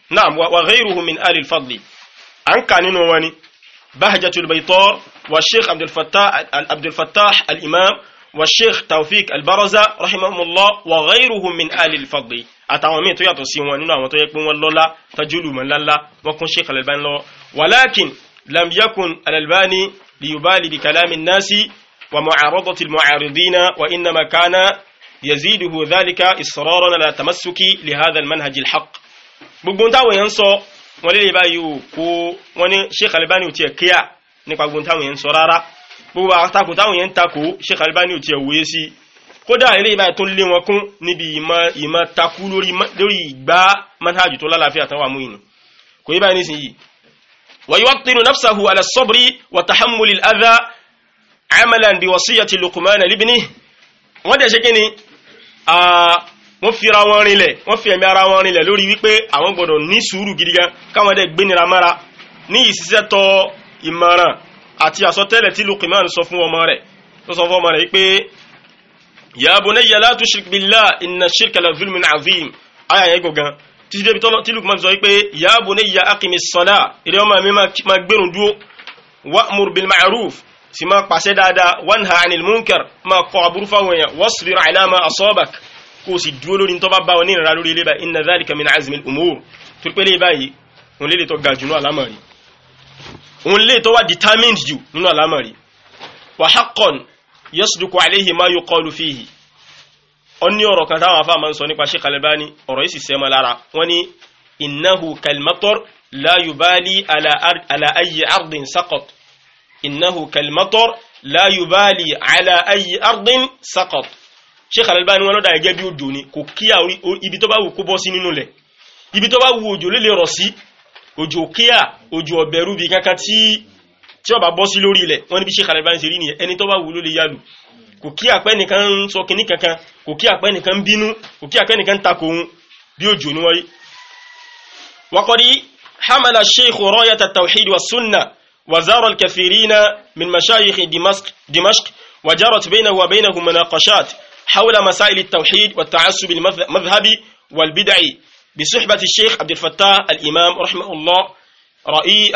naam wa ghayruhu min ali al-fadli an ka nínú wọn ni Bahjatul wa sheikh Abdul Fattah al-Imam والشيخ توفيق البرزة رحمه الله وغيرهم من آل الفضل أتعامي تويا تسيوان نوع وتيكون والله تجلو من لله وكن شيخ الألباني لو ولكن لم يكن الألباني ليبالي بكلام الناس ومعارضة المعارضين وإنما كان يزيده ذلك إصرارا على تمسك لهذا المنهج الحق gbogbo táwọn èèyàn sọ wọn lè báyìí kó wọn ní sheikh albani ò tiẹ̀ gbogbo àtakùn táwọn yẹn ń takò Sheikh Albani ò tiẹ̀ wòye sí kódà ilé ìbáyìí tó lé wọn kún níbi ìmọ̀ ìmọ̀ takú lórí ìgbà manhajù tó lálàáfíà tán wà mú ìnù kò yí báyìí nísìnyí wa yuwattiru nafsahu ala sabri wa tahammuli al-adha amalan bi wasiyati Luqman libnihi wọ́n dẹ̀ ṣe kí ni wọ́n fi ara wọn rinlẹ̀ wọ́n fi ẹ̀mí ara wọn rinlẹ̀ lórí wípé àwọn gbọ́dọ̀ ní sùúrù gidi káwọn dẹ̀ gbénira mára ní ìṣiṣẹ́ tọ àti àsọtẹ́lẹ̀ tí Luqman sọ fún ọmọ rẹ̀ tó sọ fún ọmọ rẹ̀ pé ya bunayya la tushrik billah inna shirka la zulmun azim ayà yẹn gọ̀gán títí débi tí Luqman sọ pé ya bunayya aqimis salah ìrẹ́ ọmọ mi máa gbẹ̀rùn dúó wa'mur bil ma'ruf sì máa pàṣẹ dáadáa wanha anil munkar máa kọ àbúrú fáwọn èèyàn wasbir ala ma asabak kó sì dúó lórí tó bá bá wọn ní ìrara òun lè tó wà determined jù nínú àlámọ̀rí wa haqqan yasduku alayhi ma yuqalu fihi ó ní ọ̀rọ̀ kan táwọn afáàmà ń sọ nípa Sheikh Albani ọ̀rọ̀ yìí sì sẹ́mọ́ lára wọ́n ní innahu kalmatar la yubali ala ayi ardin saqat innahu kalmatar la yubali ala ayi ardin saqat Sheikh Albani wọn lọ́dà ẹgẹ́ bí òjò ni kò kí ibi tó bá wù kó bọ́ sí nínú lẹ̀ ibi tó bá wù òjò lè rọ̀ sí ojú òkèà ojú ọ̀bẹ̀rú bí kankan tí tí ọba bọ́ sí lórí ilẹ̀ wọ́n níbi ṣe kàlẹ̀báyìn sí rí nìyẹn ẹni tó bá wù ló lè yálù kò kí àpẹ́ nìkan ń sọ kìíní kankan kò kí àpẹ́ nìkan ń bínú kò kí àpẹ́ nìkan ń takò òun bí òjò ni wọ́n rí. wakọ̀dí hamala sheikh rọ́yàtà tawhid wa sunna wa zaro alkafirina min mashayikh dimashq wa jarat bayna wa bayna humanaqashat hawla masail tawhid wa ta'assub al wal bid'i بصحبة الشيخ عبد الفتاح الإمام رحمه الله رئي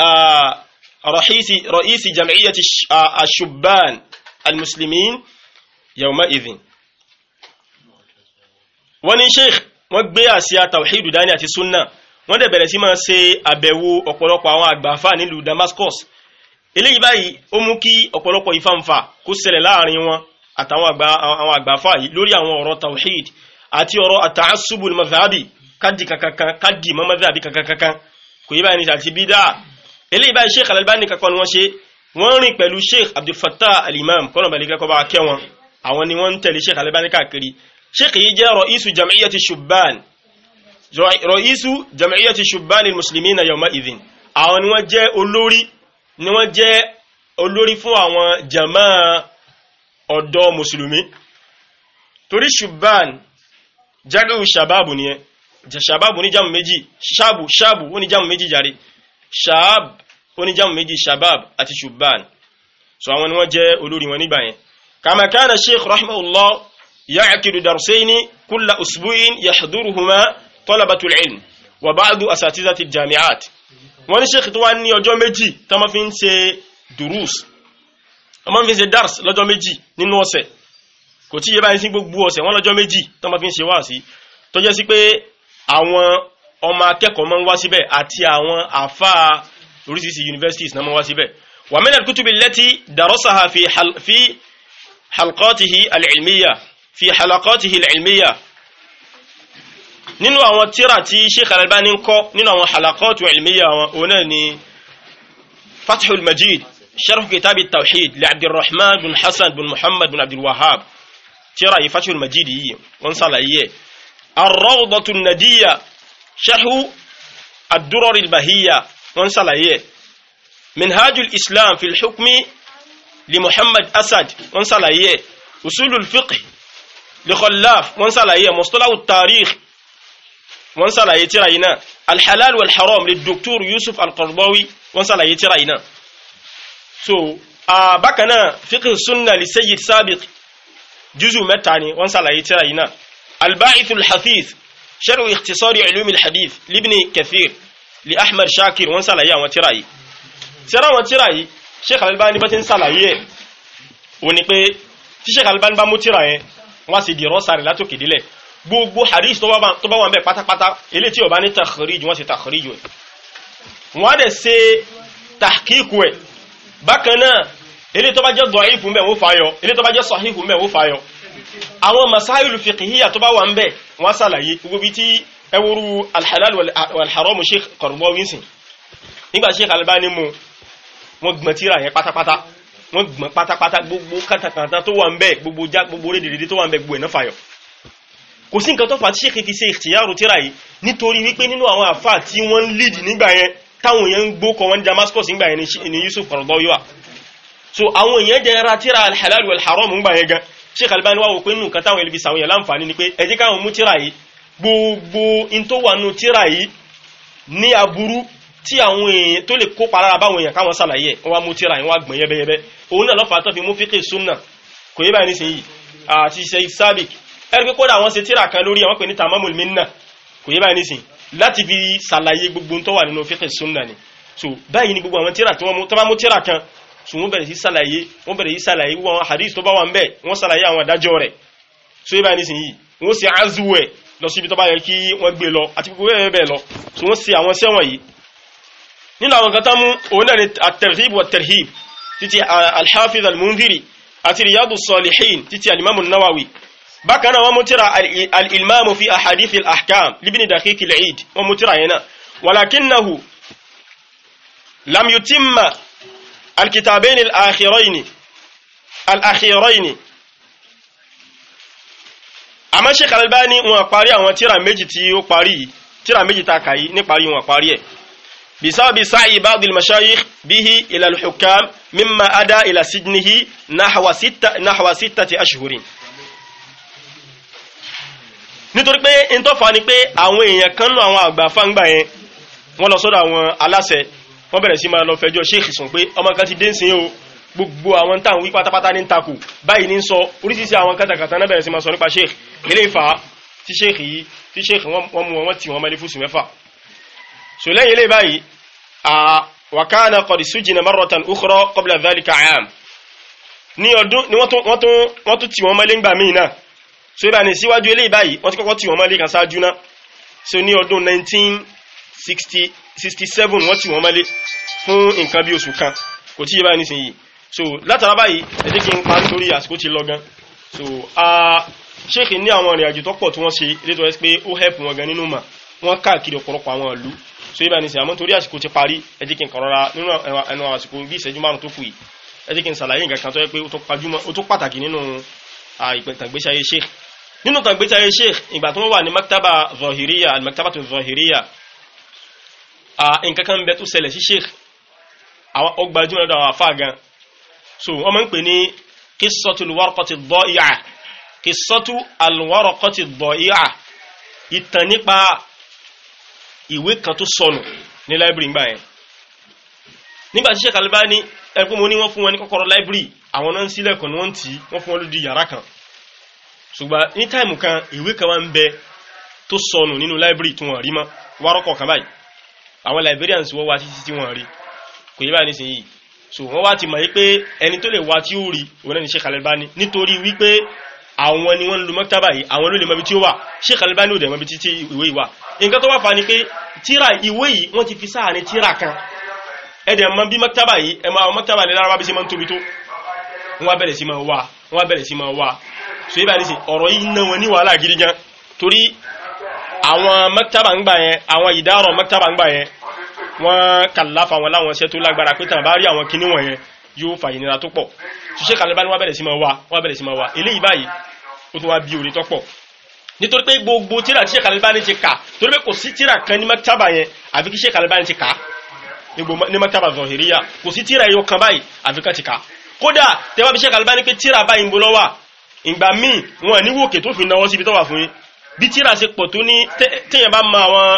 رئيس رئيس جمعية الشبان المسلمين يومئذ wọ́n ní sheikh wọ́n gbé àsíá tawhidu dání àti sunna wọ́n dẹ̀ bẹ̀rẹ̀ sí máa ṣe àbẹ̀wò ọ̀pọ̀lọpọ̀ àwọn àgbàfà nílùú Damascus eléyìí báyìí ó mú kí ọ̀pọ̀lọpọ̀ ìfàǹfà kó ṣẹlẹ̀ láàrin wọn àtàwọn àgbàfà yìí lórí àwọn ọ̀rọ̀ tawhid àti ọ̀rọ̀ àtàásùbùl madhabi kádì kankan kádì mọ́mọ́dé àbí kankan kò yí báyìí àti bídà eléyìí báyìí sheikh al-Albani kankan ni wọ́n ṣe wọ́n rìn pẹ̀lú sheikh Abdul Fattah al-Imam kọ́nà balẹ̀ kẹ́kọ̀ọ́ bá kẹ́ wọn àwọn ni wọ́n ń tẹ̀lé sheikh al-Albani káàkiri sheikh yìí jẹ́ ra'isu jam'iyyati shubban ra'isu jam'iyyati shubban al-muslimina yawma idhin àwọn ni wọ́n jẹ́ olórí ni wọ́n jẹ́ olórí fún àwọn jama ọ̀dọ́ mùsùlùmí torí shubban jagu shababu nìyẹn ṣàbábù ní jámù méjì ṣàbù ṣàbù ó ní jámù méjì jàre ṣàb ó ní jámù méjì ṣàbáb àti ṣùbán so àwọn ni wọ́n jẹ́ olórí wọn nígbà yẹn kama kana sheikh rahimahullah ya'qidu darsaini kulla usbu'in yahduruhuma talabatul ilm wa ba'du asatizati jami'at wọ́n ní sheikh tó wá ní ọjọ́ méjì tó máa fi ń ṣe durus wọ́n máa fi ń ṣe dars lọ́jọ́ méjì nínú ọ̀sẹ̀ kò tí yẹ báyìí sí gbogbo ọ̀sẹ̀ wọ́n lọ́jọ́ méjì tó máa fi ń ṣe wáàsí tó jẹ́ sí pé àwọn ọmọ akẹ́kọ̀ọ́ máa ń wá síbẹ̀ àti àwọn àfáà oríṣiríṣi universities náà máa ń wá síbẹ̀ wa min al-kutubi allati darasaha fi halqatihi al-ilmiya fi halaqatihi al-ilmiya nínú àwọn tíra tí Sheikh Al-Albani kọ́ nínú àwọn halaqatu ilmiya wọn òun náà ni Fathul Majid sharh kitab at-tawhid li Abdurrahman bin Hasan bin Muhammad bin Abdul tíra yìí Fathul Majid yìí wọ́n sàlàyé الروضة الندية شرح الدرر البهية وانسلاية منهاج الإسلام في الحكم لمحمد أسد وانسلاية أصول الفقه لخلاف وانسلاية مصطلح التاريخ وانسلاية تراينا الحلال والحرام للدكتور يوسف القرضاوي وانسلاية تراينا so a bákan náà fiqh sunna li sayyid sabiq juzu mẹ́ta ni wọ́n ṣàlàyé الباعث الحثيث شرع اختصار علوم الحديث لابن كثير لأحمد شاكر وان سالايا وتراي ترى وتراي Sheikh Al-Albani bá ti ń sàlàyé wọ́n ní pé tí Sheikh Al-Albani bá mú tírà yẹn wọ́n sì dìrọ́ sáré látòkè délẹ̀ gbogbo hadith tó bá wà ń bẹ̀ pátápátá ilé tí ó bá ní takhrij wọ́n sì takhrij ẹ̀ wọ́n á dẹ̀ ṣe tahqiq ẹ̀ bákan náà ilé tó bá jẹ́ da'if ń bẹ̀ wọ́n fàyọ ilé tó bá jẹ́ sahih ń bẹ̀ wọ́n fàyọ àwọn masáìlù fiqhiyya tó bá wà ń bẹ̀ wọ́n sàlàyé gbogbo tí ẹwúrú alhalal walharamu sheikh Qaradawi sin nígbà sheikh Albani mu wọ́n gbọ́n tíra yẹn pátápátá wọ́n gbọ́n pátápátá gbogbo kátàkátà tó wà ń bẹ̀ gbogbo já gbogbo rédèrèdè tó wà ń bẹ̀ gbogbo ẹ̀ náà fàyọ̀ kò sí nǹkan tó fà tí sheikh ti ṣe ikhtiyaru tíra yìí nítorí wípé nínú àwọn àfà tí wọ́n ń lead nígbà yẹn ni Yusuf Qaradawi wà so àwọn èèyàn jẹ́ ra tíra alhalal walharamu nígbà yẹn gan Sheikh Albani wá wò pé nǹkan táwọn ẹlẹ́bí sàwọn yẹn láǹfààní ni pé ẹ jẹ́ káwọn mú tíra yìí gbogbo in tó wà nù tíra yìí ní aburú tí àwọn èèyàn tó lè kópa lára báwọn èèyàn káwọn sàlàyé wọn wá mú tíra yìí wọn wá gbọ̀n yẹbẹyẹbẹ òun náà lọ́fà tó fi mú fíkì súnà kò yé báyìí nísìnyí àti ṣe sábìk ẹni pé kódà wọn ṣe tíra kan lórí àwọn pè ní tamamul kò yé báyìí nísìnyí láti ni so báyìí ni gbogbo àwọn tíra tí wọn so wọ́n bẹ̀rẹ̀ sí sàlàyé wọ́n bẹ̀rẹ̀ sí sàlàyé wọ́n hadith tó bá wà ń bẹ̀ wọ́n sàlàyé àwọn adájọ́ rẹ̀ so yíba nísìnyí wọ́n sì azu ẹ̀ lọ síbi tó bá yẹ kí wọ́n gbé lọ àti gbogbo bẹ́ẹ̀ bẹ́ẹ̀ lọ so wọ́n sì àwọn sẹ́wọ̀n yìí nínú àwọn kan tán mú òun náà ni at-targhib wa at-tarhib títí al-hafiz al-mundhiri àti riyadu salihin títí al-imam an-nawawi bákan náà wọ́n mú tírà al-ilmamu fi ahadith al-ahkam libni daqiq al-eid wọ́n mú tírà yẹn náà walakinnahu lam الكتابين الآخرين الأخيرين àmọ́ Sheikh Albani wọn parí àwọn tíra méjì tí ó parí tíra méjì ta kàyí ní parí wọn parí ẹ̀ bisabi sa'i ba'd al-mashayikh bihi ila al-hukam mimma ada ila sijnihi nahwa sita nahwa sittati ashhurin nítorí pé in tó fa ni pé àwọn èèyàn kan nù àwọn àgbà fáńgbà yẹn wọ́n lọ sọ́dọ̀ àwọn aláṣẹ wọ́n bẹ̀rẹ̀ sí máa lọ fẹjọ́ sheikh sùn pé ọmọ kan ti dé sí o gbogbo àwọn táwọn wí pátápátá ní takò báyìí ní sọ oríṣiríṣi àwọn kátàkátà náà bẹ̀rẹ̀ sí máa sọ nípa sheikh ilé ìfà tí sheikh yìí tí sheikh wọ́n mú wọn tí wọ́n mẹ́lí fúsù mẹ́fà so lẹ́yìn ilé báyìí wàkánà qad sujina marratan ukhra qabla dhalika aam ní ọdún ni wọ́n tún tí wọ́n mẹ́lé ń gbà míì náà so ìbáni síwájú ilé báyìí wọ́n ti kọ́kọ́ tí wọ́n mẹ́lé sixty sixty seven wọ́n tì wọ́n mọ́lé fún nǹkan bí oṣù kan kò tí ì báyìí nísìnyí so látara báyìí ẹ jẹ́ kí n pa nítorí àsìkò ti lọ gan so ṣéèkì ní àwọn ìrìn àjò tó pọ̀ tí wọ́n ṣe létò ẹ́ pé ó help wọn gan nínú mà wọ́n káàkiri ọ̀pọ̀lọpọ̀ àwọn ìlú so ibà nísìnyí àmọ́ nítorí àsìkò ti parí ẹ jẹ́ kí n kàn rọra nínú ẹnu àsìkò bí ìṣẹ́jú márùn tó kù yìí ẹ jẹ́ kí n ṣàlàyé nǹkan kan tó yẹ pé ó tó pàtàkì nínú ìtàgbésí ayé ṣéèkì nínú tàgbésí ayé sheikh ìgbà tó wà ní maktaba zahiriya al-maktabatu zahiriya nǹkan kan bẹ tó ṣẹlẹ̀ sí sheikh ọgbà jùlọ dọ̀ àwọn afá so wọ́n máa ń pè ní qissatu al-warqati ad-da'i'a qissatu al-warqati ad-da'i'a ìtàn nípa ìwé kan tó sọnù ní library ńgbà yẹn nígbà tí sheikh Albani ẹgbẹ́ mo ní wọ́n fún wọn ní kọ́kọ́rọ́ library àwọn náà ń sílẹ̀kùn ní wọ́n ti wọ́n fún wọn lódì yàrá kan ṣùgbọ́n ní táìmù kan ìwé kan wá ń bẹ tó sọnù nínú library tí wọ́n rí mọ́ wárọ́kọ̀ kan àwọn Liberians wọ́n wá títí tí wọ́n rí kò yí bá ní sìn yìí so wọ́n wá ti mọ̀ wípé ẹni tó lè wá tí ó rí òun náà ni Sheikh Albani nítorí wípé àwọn ni wọ́n lu mọ́kítàbà yìí àwọn ló lè mọbi tí ó wà Sheikh Albani ò dẹ̀ mọbi títí ìwé ìwà nǹkan tó wà fa ni pé tíra ìwé yìí wọ́n ti fi sáàrin tíra kan ẹ̀dẹ̀ mọ bí mọ́kítàbà yìí ẹ̀ máa mọ́kítàbà ní lárabá bí sí máa ń tóbi tó wọ́n bẹ̀rẹ̀ bẹ̀rẹ̀ sí máa wà so yíba ní sè ọ̀rọ̀ yìí ná wọn ní wàhálà gidi gan torí àwọn mọ́kítàbà ń gbà yẹn àwọn ìdárọ̀ mọ́kítàbà ń gbà yẹn wọ́n kàláfà wọn láwọn iṣẹ́ tó lágbára pé tàn bá rí àwọn kinní wọ̀nyẹn yóò fà ìnira tó pọ̀ ṣiṣẹ́ kalẹ́bá ni wọ́n bẹ̀rẹ̀ sí máa wá wọ́n bẹ̀rẹ̀ sí máa wá eléyìí báyìí ó tún wá bí orí tó nítorí pé gbogbo tíra tí Sheikh al ti kà torí pé kò sí tíra kan ní maktaba yẹn àbí kí Sheikh Al-Albani ti kà ní maktaba zọhìríyà kò sí tíra yóò kan báyìí àbí kan ti kà kódà tẹ́wọ́ bí Sheikh Al-Albani pé tíra báyìí ń bọ́ lọ́wọ́ pọ̀ tó ní téèyàn bá mọ àwọn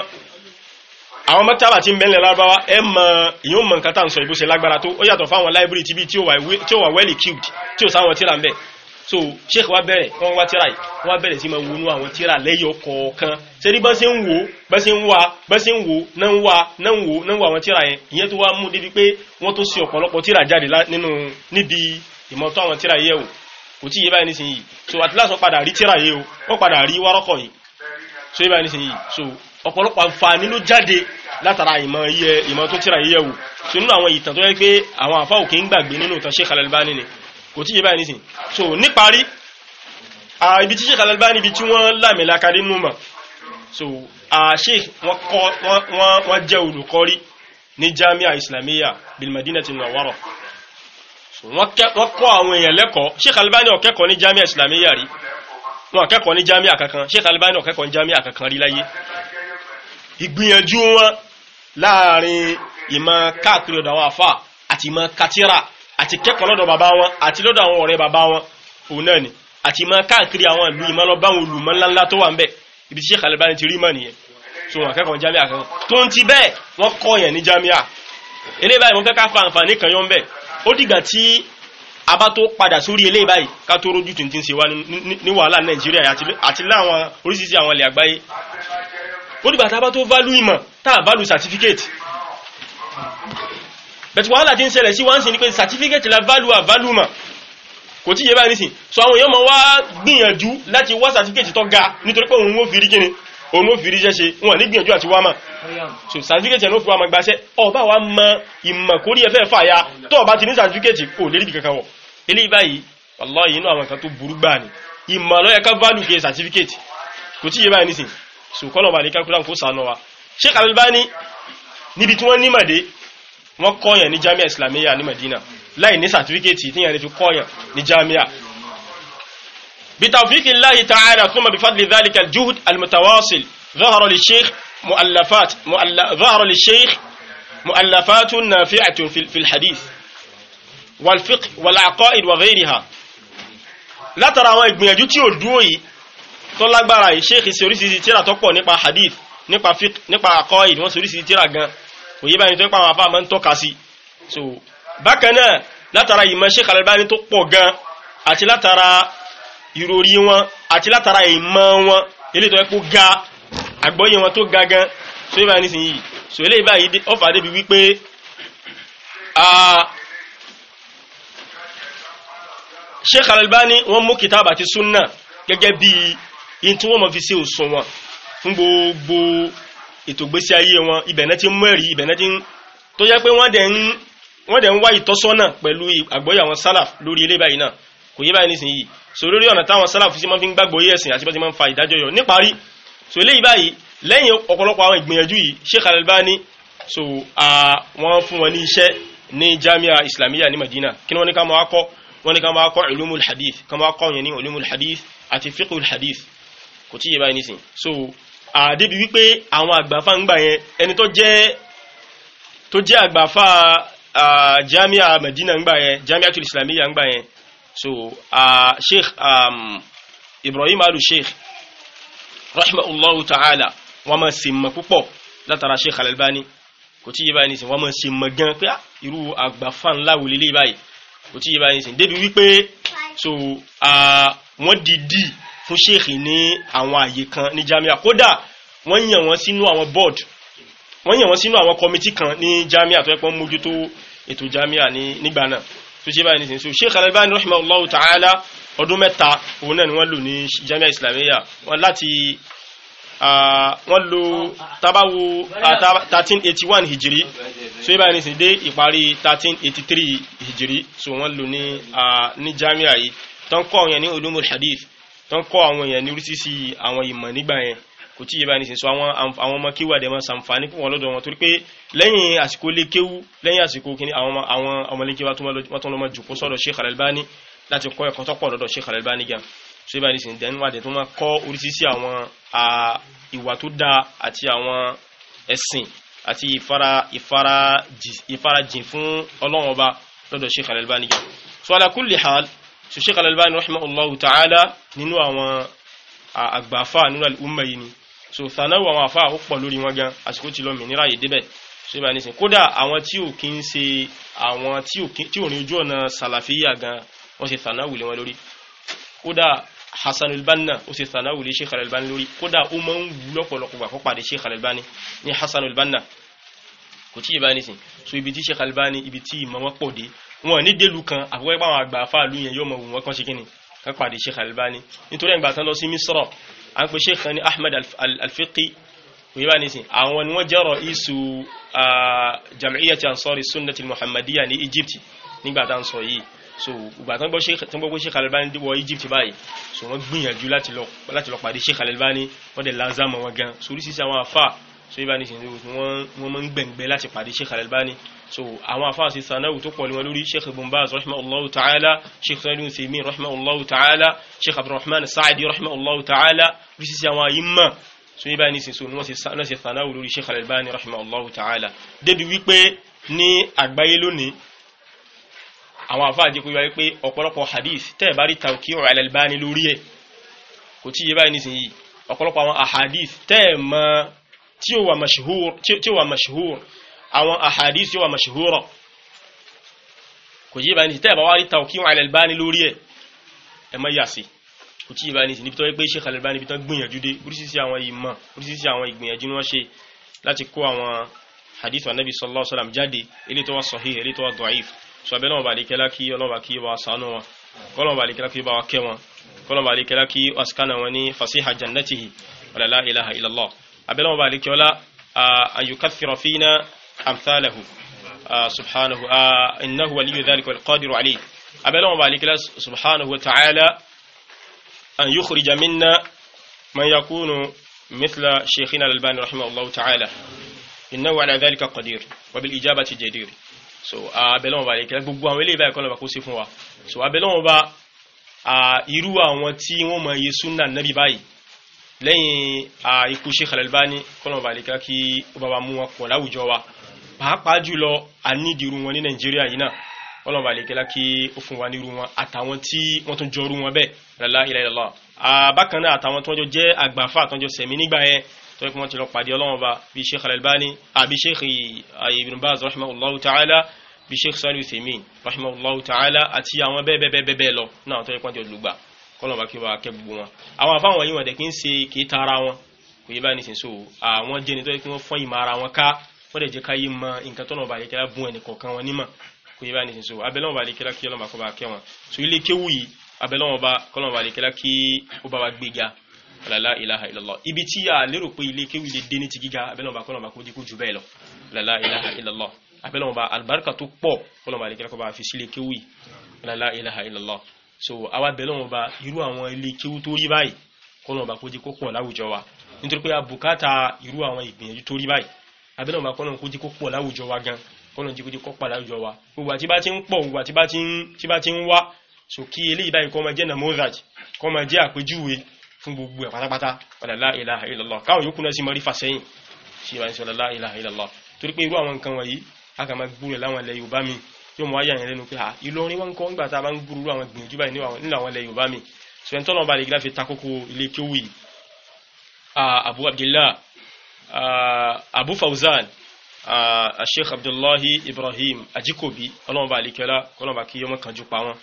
àwọn mẹ́tàbà tí ń bẹ́ẹ̀lẹ̀ lárúbáwá ẹ mọ̀ ìyún mọ̀ nǹkan tá à ń sọ ìbúṣe lágbára tó ó yàtọ̀ fáwọn library tí bí tí ó wà well equipped tí ó sáwọn tíra ń so sheikh wa bẹ̀rẹ̀ wọ́n wá tíra yìí wọ́n bẹ̀rẹ̀ sí máa wọnú àwọn tíra lẹ́yọ kọ̀ọ̀kan ṣe rí bá ṣe ń wò bá ṣe ń wà bá ṣe ń wò náà ń wà náà ń wò náà ń wà àwọn tíra yẹn ìyẹn tó wá mú débi pé wọ́n tó ṣe ọ̀pọ̀lọpọ̀ tíra jáde nínú níbi ìmọ̀tọ́ àwọn tíra yẹ̀ wò kò tí yé báyìí nísìnyí so àti láti wọ́n padà rí tíra yìí o wọ́n padà rí wárọ́kọ̀ yìí so yé báyìí nísìnyí so ọ̀pọ̀lọpọ̀ àǹfààní ló jáde látara ìmọ̀ iye ìmọ̀ tó tíra iye wù so nínú àwọn ìtàn tó yẹ pé àwọn àfáwò kì í gbàgbé nínú ìtàn Sheikh Al-Albani ni kò tíye báyìí nísìn so níparí ibi tí Sheikh Al-Albani ibi tí wọ́n lámìlá kárí nù mọ̀ so Sheikh wọ́n jẹ́ olùkọ́rí ní Jami'a Islamiyya bilmadina ti Munawwara so wọ́n kọ́ àwọn èèyàn lẹ́kọ̀ọ́ Sheikh Al-Albani ní Jami'a Islamiyya rí wọn ò ní Jami'a kankan Sheikh Al-Albani ní Jami'a kankan rí láyé ìgbìyànjú wọn láàrin ìmọ̀ káàkiri ọ̀dọ̀ àwọn àfà àti ìmọ̀ katira àti kẹ́kọ̀ọ́ lọ́dọ̀ bàbá wọn àti lọ́dọ̀ àwọn ọ̀rẹ́ bàbá wọn òun náà ni àti ìmọ̀ káàkiri àwọn ìlú ìmọ̀ lọ báwọn olùmọ̀ ńláńlá tó wà ń bẹ̀ ibi tí Sheikh Albani ti rí mọ̀ nìyẹn so wọn kẹ́kọ̀ọ́ jamia kan tó ń ti bẹ́ẹ̀ wọ́n kọ́ yẹn ní jamia eléyìí báyìí mo fẹ́ ká fa àǹfààní kan yọ ń bẹ̀ ó dìgbà tí a bá tó padà sórí eléyìí báyìí ká tó rójú tuntun ṣe wá ní wàhálà Nàìjíríà àti láwọn oríṣiríṣi àwọn ilẹ̀ àgbáyé ó dìgbà tàbá tó válù ìmọ̀ tàà válù certificate bẹ̀tí wàhálà tí ń ṣẹlẹ̀ sí wáńsí ní pé certificate la válù à válù mọ̀ kò tí yẹ bá nísìn so àwọn èèyàn mọ̀ wá gbìyànjú láti wá certificate tó ga nítorí pé òun ó fi rí kíni òun ó fi rí ṣẹ́ṣe wọn ní gbìyànjú àti wá mọ̀ so certificate ẹ̀nà ó fi wá mọ̀ gbaṣẹ́ ọba wa mọ ìmọ̀ kórí ẹfẹ́ fàya tó ọba ti ní certificate kò lérí bí kankan wọ̀ eléyìí báyìí wallahi inú àwọn kan tó burú gbà ní ìmọ̀ ló yẹ ká kí certificate kò tí yẹ bá nísìn sùkọ́lọ̀ wà ní kákúrán kó sànú wa Sheikh ni níbi tí wọ́n ní màdé wọ́n kọ́yàn ní jami'a islamiyya ní Madina láì ní sàtífíkẹ́tì tí yàn ní fi kọ́yàn ní jami'a bí tàfíkì láì tààrà kuma bí fadli dhalika juhud almutawasil zahara li sheikh mu'allafat tó lágbára yìí sheikh ṣe oríṣiríṣi tíra tó pọ̀ nípa hadith nípa fiqh nípa aqaid wọ́n ṣe oríṣiríṣi tíra gan kò yé báyìí tó pa àwọn afáàmọ́ ń tọ́ka sí so bákan náà látara ìmọ̀ sheikh Al-Albani tó pọ̀ gan àti látara ìròrí wọn àti látara ìmọ̀ wọn ilé tó yẹ kó ga àgbọ́yé wọn tó ga gan so yé báyìí nísìnyí so ilé ìbáyìí ọ̀fà débi wípé sheikh Al-Albani wọ́n mú kìtàbà àti sunna gẹ́gẹ́ bíi yìí tí wọ́n mọ̀ fi ṣe òṣùwọ̀n fún gbogbo ètò gbésí ayé wọn ibẹ̀ náà ti mú ẹ̀rí ibẹ̀ náà ti ń tó jẹ́ pé wọ́n dẹ̀ ń wọ́n dẹ̀ ń wá ìtọ́sọ́nà pẹ̀lú àgbọ́yé àwọn sálàf lórí ilé báyìí náà kò yé báyìí nísìnyí so lórí ọ̀nà táwọn sálàf sí máa fi ń gbàgbọ́ yé àti bá ti máa ń fa ìdájọ́ yọ níparí so eléyìí báyìí lẹ́yìn ọ̀pọ̀lọpọ̀ àwọn ìgbìyànjú yìí Sheikh Al-Albani so wọ́n fún wọn ní iṣẹ́ ní Jamia Islamiyya ní Madina kí wọ́n ní ká máa kọ́ wọ́n ní ká máa kọ́ ulumul hadith ká máa kọ́ ní ulumul hadith àti fiqhul hadith kò tí yé báyìí nísìn so àdébi wípé àwọn àgbàfà ń gbà yẹn ẹni tó jẹ́ tó jẹ́ àgbàfà jamia medina ń gbà yẹn jamia tul islamiyya ń gbà yẹn so uh, sheikh um, ibrahim alu sheikh rahimahullahu ta'ala wọ́n máa ṣe mọ̀ púpọ̀ látara sheikh al-albani kò tí yé báyìí nísìn wọ́n máa ṣe mọ̀ gan pé ah, irú àgbàfà ńlá wò lélẹ́yìí báyìí kò tí yé báyìí nísìn débi wípé so wọ́n dìídì fún ṣéèkì ní àwọn àyè kan ní jamia kódà wọ́n yàn wọ́n sínú àwọn board wọ́n yàn wọ́n sínú àwọn committee kan ní jamia tó yẹ pọ́n mójútó ètò jamia nígbà náà tó ṣe báyìí nísinsìnyí so Sheikh Al-Albani rahimahullahu ta'ala ọdún mẹ́ta òun náà ni wọ́n lò ní jamia islamiyya wọ́n láti wọ́n lò tabawo 1381 hijiri so báyìí nísinsìnyí dé ìparí 1383 hijiri so wọ́n lò ní jamia yìí tó ń kọ́ yẹn ní ulumul hadith wọ́n kọ́ àwọn èèyàn ní oríṣiríṣi àwọn ìmọ̀ nígbà yẹn kò tí yẹba ní sin so àwọn ọmọ kéwú àdẹ̀mọ́ sàǹfààní fún wọn lọ́dọ̀ wọn torí pé lẹ́yìn àsìkò lé kéwú lẹ́yìn àsìkò kíní àwọn ọmọléke wọn tó lọ́mọ jòkó sọ́dọ̀ Sheikh Al-Albani láti kọ́ ẹ̀kọ́ tọ́pọ̀ lọ́dọ̀ Sheikh Al-Albani gan so yẹba ní sin dẹ́nu wàdẹ̀ tó máa kọ́ oríṣiríṣi àwọn ìwà tó dáa so ala kulli hal Sheikh Al-Albani rahimahullahu ta'ala nínú àwọn àgbàfà nínú al'umma yìí ni so sanawu àwọn àfà ó pọ̀ lórí wọn gan àsìkò tí lọ mìíràn yìí débẹ̀ so ìbá nísìn kódà àwọn tí ò kí ń ṣe àwọn tí ò ní ojú ọ̀nà sàlàfíyà gan wọ́n ṣe sanawu lé wọn lórí kódà Hassan al-Banna ó ṣe sanawu lé Sheikh Al-Albani lórí kódà ó máa ń wù lọ́pọ̀lọpọ̀ gbà fọ́pàdé Sheikh Al-Albani Hassan al-Banna kò tí ìbá so ibi tí Sheikh al ibi tí ìmọ̀ wọn pọ̀ dé wọn ní délù kan àkọ́kọ́ pé àwọn àgbà afáàlú yẹn yóò mọ̀ wù wọ́n kan ṣe kíni kan Sheikh Albani nítorí ẹ̀gbà tán lọ sí Misra à ń pe Sheikh kan Ahmed Al-Fiqi òye bá nísìn àwọn ni wọ́n jẹ́rọ isu Jam'iyyat Ansari Sunnati Muhammadiyya ní Egypt nígbà tá ń sọ yìí so ìgbà tán gbọ́ Sheikh Albani wọ Egypt báyìí so wọ́n gbìyànjú láti lọ pàdé Sheikh Albani wọ́n dẹ̀ lázàmọ̀ wọn gan so oríṣiríṣi àwọn afá so yìí bá nísìn wọ́n máa ń gbẹ̀ngbẹ́ láti pàdé Sheikh Albani so àwọn afáàsì sanáwù tó pọ̀ níwọ̀n lórí sheikh ibn baz rahimahullahu ta'ala sheikh salim seimin rahimahullahu ta'ala sheikh abdulrahman sa'adi rahimahullahu ta'ala rísísí àwọn àyíma so yí báyìí nísìn so ni wọ́n ṣe sanáwù lórí sheikh al-albani rahimahullahu ta'ala débi wípé ní àgbáyé lónìí àwọn afáàjẹ́ kó yọ wípé ọ̀pọ̀lọpọ̀ hadith tẹ́ẹ̀ bá rí tawqi' al-albani lórí ẹ̀ kò tí yí báyìí nísìn ọ̀pọ̀lọpọ̀ àwọn ahadith tẹ́ẹ̀ àwọn àhàdísì wà mashhura kò yí bá ní tẹ́ bá wá rí tawqīʿ ʿalā Albani lórí ẹ̀ ẹ má yà sí kò tí ì bá ní sí níbi tó yẹ pé Sheikh Albani níbi tó gbìyànjú dé oríṣiríṣi àwọn ìmọ̀ oríṣiríṣi àwọn ìgbìyànjú ni wọ́n ṣe láti kó àwọn hadith wa nabi sallallahu alaihi wasallam jáde ilé tó wà sahih ilé tó wà da'if so abẹ́ náà bàlíkẹ́lá kí ọlọ́ba kí wa sànú wọn kọ́lọ̀ bàlíkẹ́lá kí bá wa kẹ́ wọn kọ́lọ̀ bàlíkẹ́lá kí askana wọn ní fasiha jannatihi wa la ilaha illallah abẹ́ náà bàlíkẹ́lá ayukathira fina amthalahu ah, subhanahu ah, innahu waliyu dhalika wal qadiru alayhi abẹ́lẹ́wọ̀n bá alikila subhanahu wa ta'ala an yukhrija minna man yakunu mithla sheikhina al-albani rahimahullahu ta'ala innahu ala dhalika qadir wa bil ijabati jadir so ah, abẹ́lẹ́wọ̀n bá alikila gbogbo àwọn eléyìí báyìí kọ́ lọ́ba kó sí fún wa so abẹ́lẹ́wọ̀n bá irú àwọn tí wọ́n mọ̀ yé sunna nabi báyìí lẹ́yìn ikú sheikh al-albani kọ́ lọ́ba alikila kí ó mú wọn kọ̀ láwùjọ wa pàápàá jùlọ ànídìrú wọn ní nàìjíríà yìí náà ọlọ́run bá lè kẹ́lá kí ó fún wa nírú wọn àtàwọn tí wọ́n tún jọrú wọn bẹ́ẹ̀ lọ́lá ilẹ̀ ìlọ́lá bákan náà àtàwọn tí wọ́n jọ jẹ́ àgbàfà àtọ́jọ sẹ̀mí nígbà yẹn tó yẹ kí wọ́n ti lọ pàdé ọlọ́run bá sheikh al àbí sheikh ibn baz ta'ala bí sheikh saliu sèmi rahimahullahu ta'ala àti àwọn bẹ́ẹ̀ bẹ́ẹ̀ bẹ́ẹ̀ lọ náà tó yẹ kí wọ́n ti lùgbà wọ́n dẹ̀ jẹ́ ká yí ma nǹkan tọ́nà ọba àlekẹ́lá bún ẹnì kọ̀ọ̀kan wọn nímọ̀ kò yẹ bá ní sísọ abẹ́lẹ́wọ̀n ọba àlekẹ́lá kí ọlọ́mọ akọ́ba kẹ́ wọn so ilé kéwù yìí abẹ́lẹ́wọ̀n ọba kọ́lọ́mọ àlekẹ́lá kí ó bá wa gbé ga lala ilaha illallah ibi tí a lérò pé ilé kéwù lè dé ní ti gíga abẹ́lẹ́wọ̀n ọba kọ́lọ́mọ akọ́dí kó jù bẹ́ẹ̀ lọ lala ilaha illallah abẹ́lẹ́wọ̀n ọba alibarika tó pọ̀ kọ́lọ́mọ àlekẹ́lá kọ́ bá fi sílé kéwù yìí lala ilaha illallah so àwa abẹ́lẹ́wọ̀n ọba irú àwọn ilé kéwù tó rí báyìí kọ́lọ́mọ ọba kó jẹ́ kó pọ̀ láwùjọ wa nítorí pé a bùkátà irú àwọn ìgbìyànjú tó rí báyìí abẹ́rẹ́ ọba kọ́nà kó jí kó pọ̀ láwùjọ wa gan kọ́nà jí kó jí kó pọ̀ láwùjọ wa òwà tí bá ti ń pọ̀ òwà tí bá ti ń wá so kí eléyìí báyìí kọ́ máa jẹ́ namoraj kọ́ máa jẹ́ àpèjúwe fún gbogbo ẹ̀ pátápátá ọ̀làlá ilaha illallah káwọn yòókù náà sì mọ́ rí fàsẹ́yìn sí ìbáyìí sọ ọ̀làlá ilaha illallah torí pé irú àwọn nǹkan wọ̀nyí a kà máa gbúrò láwọn ilẹ̀ Yorùbá mi yóò mọ ayé àyẹ̀lẹ́nu pé Ìlọrin wọn kọ́ ńgbà tá a máa ń gbúrò àwọn gbìyànjú báyìí nínú àwọn ilẹ̀ Yorùbá mi sọ̀rọ̀ tọ́lọ́ Abu Fawzan Sheikh Abdullahi Ibrahim Ajikobi ọlọ́run bá àlekẹ́lá kọ́lọ́run bá kí ọmọ kan jù pa wọn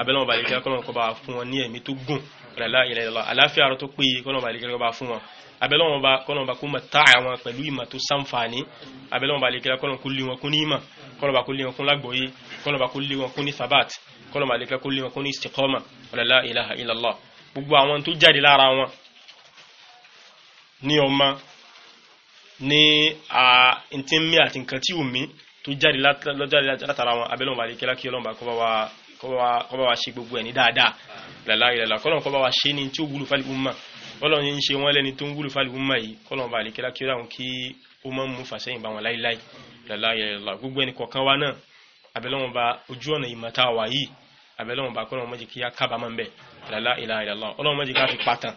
abẹ́lọ́run bá àlekẹ́lá kọ́lọ́run kọ́ bá fún wọn ní ẹ̀mí tó gùn la ilaha illallah àláfíà àrọ́ tó péye kọ́lọ́run bá àlekẹ́lá kọ́ bá fún wọn abẹ́lọ́run bá kọ́lọ́run bá kó mọ̀ tá àwọn pẹ̀lú ìmọ̀ tó sàǹfààní abẹ́lọ́run bá àlekẹ́lá kọ́lọ́run kó lé wọn kún ní ìmọ̀ kọ́lọ́run bá kó lé wọn kún lágbọ̀ọ́yé kọ́lọ́run bá kó lé wọn kún ní thabat kọ́lọ́run bá àlekẹ́lá kó lé wọn kún ní istiqama la ilaha illallah gbogbo àwọn tó jáde lára wọn ní ọmọ ní ntí ń mí àti nǹkan tí ò mí tó jáde látara wọn abẹ́lẹ́ ọba àdékẹ́lá kí ọlọ́mọba kọ́ bá wa kọ́ bá wa ṣe gbogbo ẹ̀ ní dáadáa làlá ìlàlá kọ́lọ́n kọ́ bá wa ṣe ní tí ó wúlò fálíkù mọ́ kọ́lọ́n yìí ń ṣe wọ́n lẹ́ni tó ń wúlò fálíkù mọ́ yìí kọ́lọ́n ọba àdékẹ́lá kí ọlọ́run kí ó mọ́ mú fàṣẹyìn bá wọn láíláí làlá ìlàlá gbogbo ẹni kọ̀ọ̀kan wa náà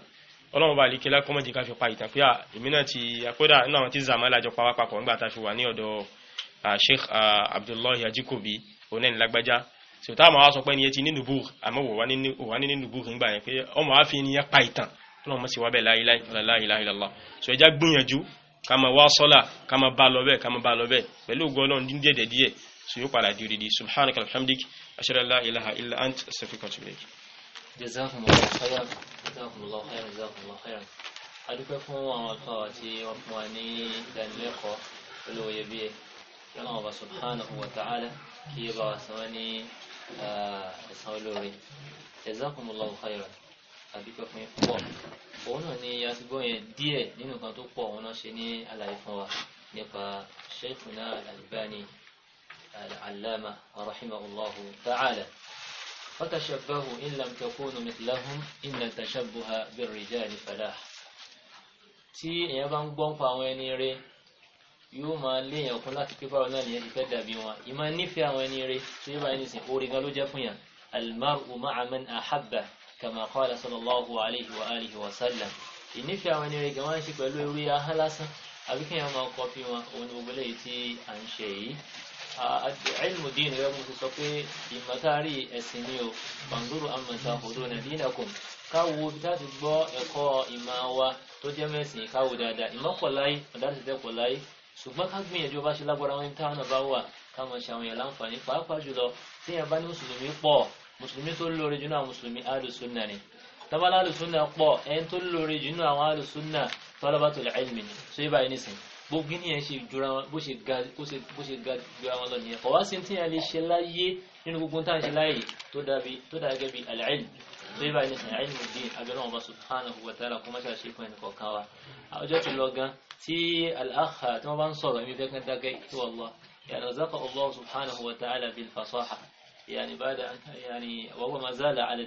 ọlọ́run bá líkẹ́ lákọ́mọ́jì ká fi pa ìtàn pé èmi náà ti àkódà náà àwọn tí zama lájọ pa wápapọ̀ nígbà tá a fi wà ní ọ̀dọ̀ Sheikh Abdullahi Ajikobi onáni lágbájá so tá a máa wá sọ pé ẹni yẹn ti ní nùbù àmọ́ wò wá ní nùbù nígbà yẹn pé ọmọ wa fi ẹniyẹn pa ìtàn ọlọ́run mọ̀ sí wa bẹ́ẹ̀ la ilaha illallah so ẹja gbìyànjú ká máa wá sọ́là ká máa bá lọ bẹ́ẹ̀ ká máa bá lọ bẹ́ẹ̀ pẹ̀lú ògo ọlọ́run di odidi subhanaka alhamdik ashhadu an جزاكم الله jazakumullahu جزاكم الله khairan adúpẹ́ fún àwọn akọ́wà tí wọ́n fún wa ní ìdánilẹ́kọ̀ọ́ olówó iyebíye lọ́nà ọba subhanahu wa ta'ala kí yẹ bá wa san wọ́n ní ẹ̀san olóore jazakumullahu khairan adúpẹ́ fún yín púpọ̀ òun náà ni a ti gbọ́ yẹn díẹ̀ nínú kan tó pọ̀ òun náà ṣe ní àlàyé fún wa nípa shaykhuna al-albani al-allama ta'ala. فتشبهوا إن لم تكونوا مثلهم إن التشبه بالرجال فلاح tí èèyàn bá ń gbọ́n pa àwọn ẹni rẹ yóò máa léèyàn kún láti pé báwo náà nìyẹn ti fẹ́ dàbí wọn ìmọ̀ nífẹ̀ẹ́ àwọn ẹni rẹ tí ó bá ẹni sìn orí gan ló jẹ́ fún yàn almaru ma'a man ahabba kama qala sallallahu alayhi wa alihi wa sallam ìnífẹ̀ẹ́ àwọn ẹni rẹ gan wọ́n ṣe pẹ̀lú ewé ahán àbíkẹ́yàn máa kọ́ fi wọn òun ni gbogbo lẹ́yìn tí à ń ṣe yìí ilmu dín rẹ̀ mú sọ pé ìmọ̀tárì ẹ̀sìn ni o bàǹdùrù àmọ̀tà òdò nàdínàkùn káwo bí táti gbọ́ ẹ̀kọ́ ìmọ̀ wa tó jẹ́ mẹ́sìn káwo dáadáa ìmọ̀ pọ̀ láyé ọ̀dá ti tẹ́ pọ̀ láyé ṣùgbọ́n ká gbìyànjú bá ṣe lágbára wọn tá àná bá wà ká ṣe àwọn èèyàn láǹfààní pàápàá jùlọ tí èèyàn bá ní mùsùlùmí pọ̀ mùsùlùmí tó lóore jù náà mùsùlùmí alùsùnà ni tọ́bálá alùsùnà pọ̀ ẹni tó lóore jù àwọn alùsùnà talabatul ilmi ni ṣé báyìí nìsín gbogbo ní ẹ ṣe jura wọn bó ṣe ga jura wọn lọ nìyẹn kọ̀wá sí tí a lè ṣe láyé nínú gbogbo tá à ń ṣe láyé tó dàbí tó dàbí gẹ́gẹ́ bí al-ilm tó yẹ báyìí nìyẹn mi dín abẹ́rẹ́ wọn bá subhanahu wa kó má ṣe àṣekún ẹnì kọ̀ọ̀kan wa ọjọ́ ti lọ gan tí al tí wọ́n bá ń sọ̀rọ̀ ẹ̀mí fẹ́ kan dákẹ́ tó Allah yàrá zaka Allah subhanahu wa ta'ala bil fasaha yàní bada yàní wa huwa ma zala ala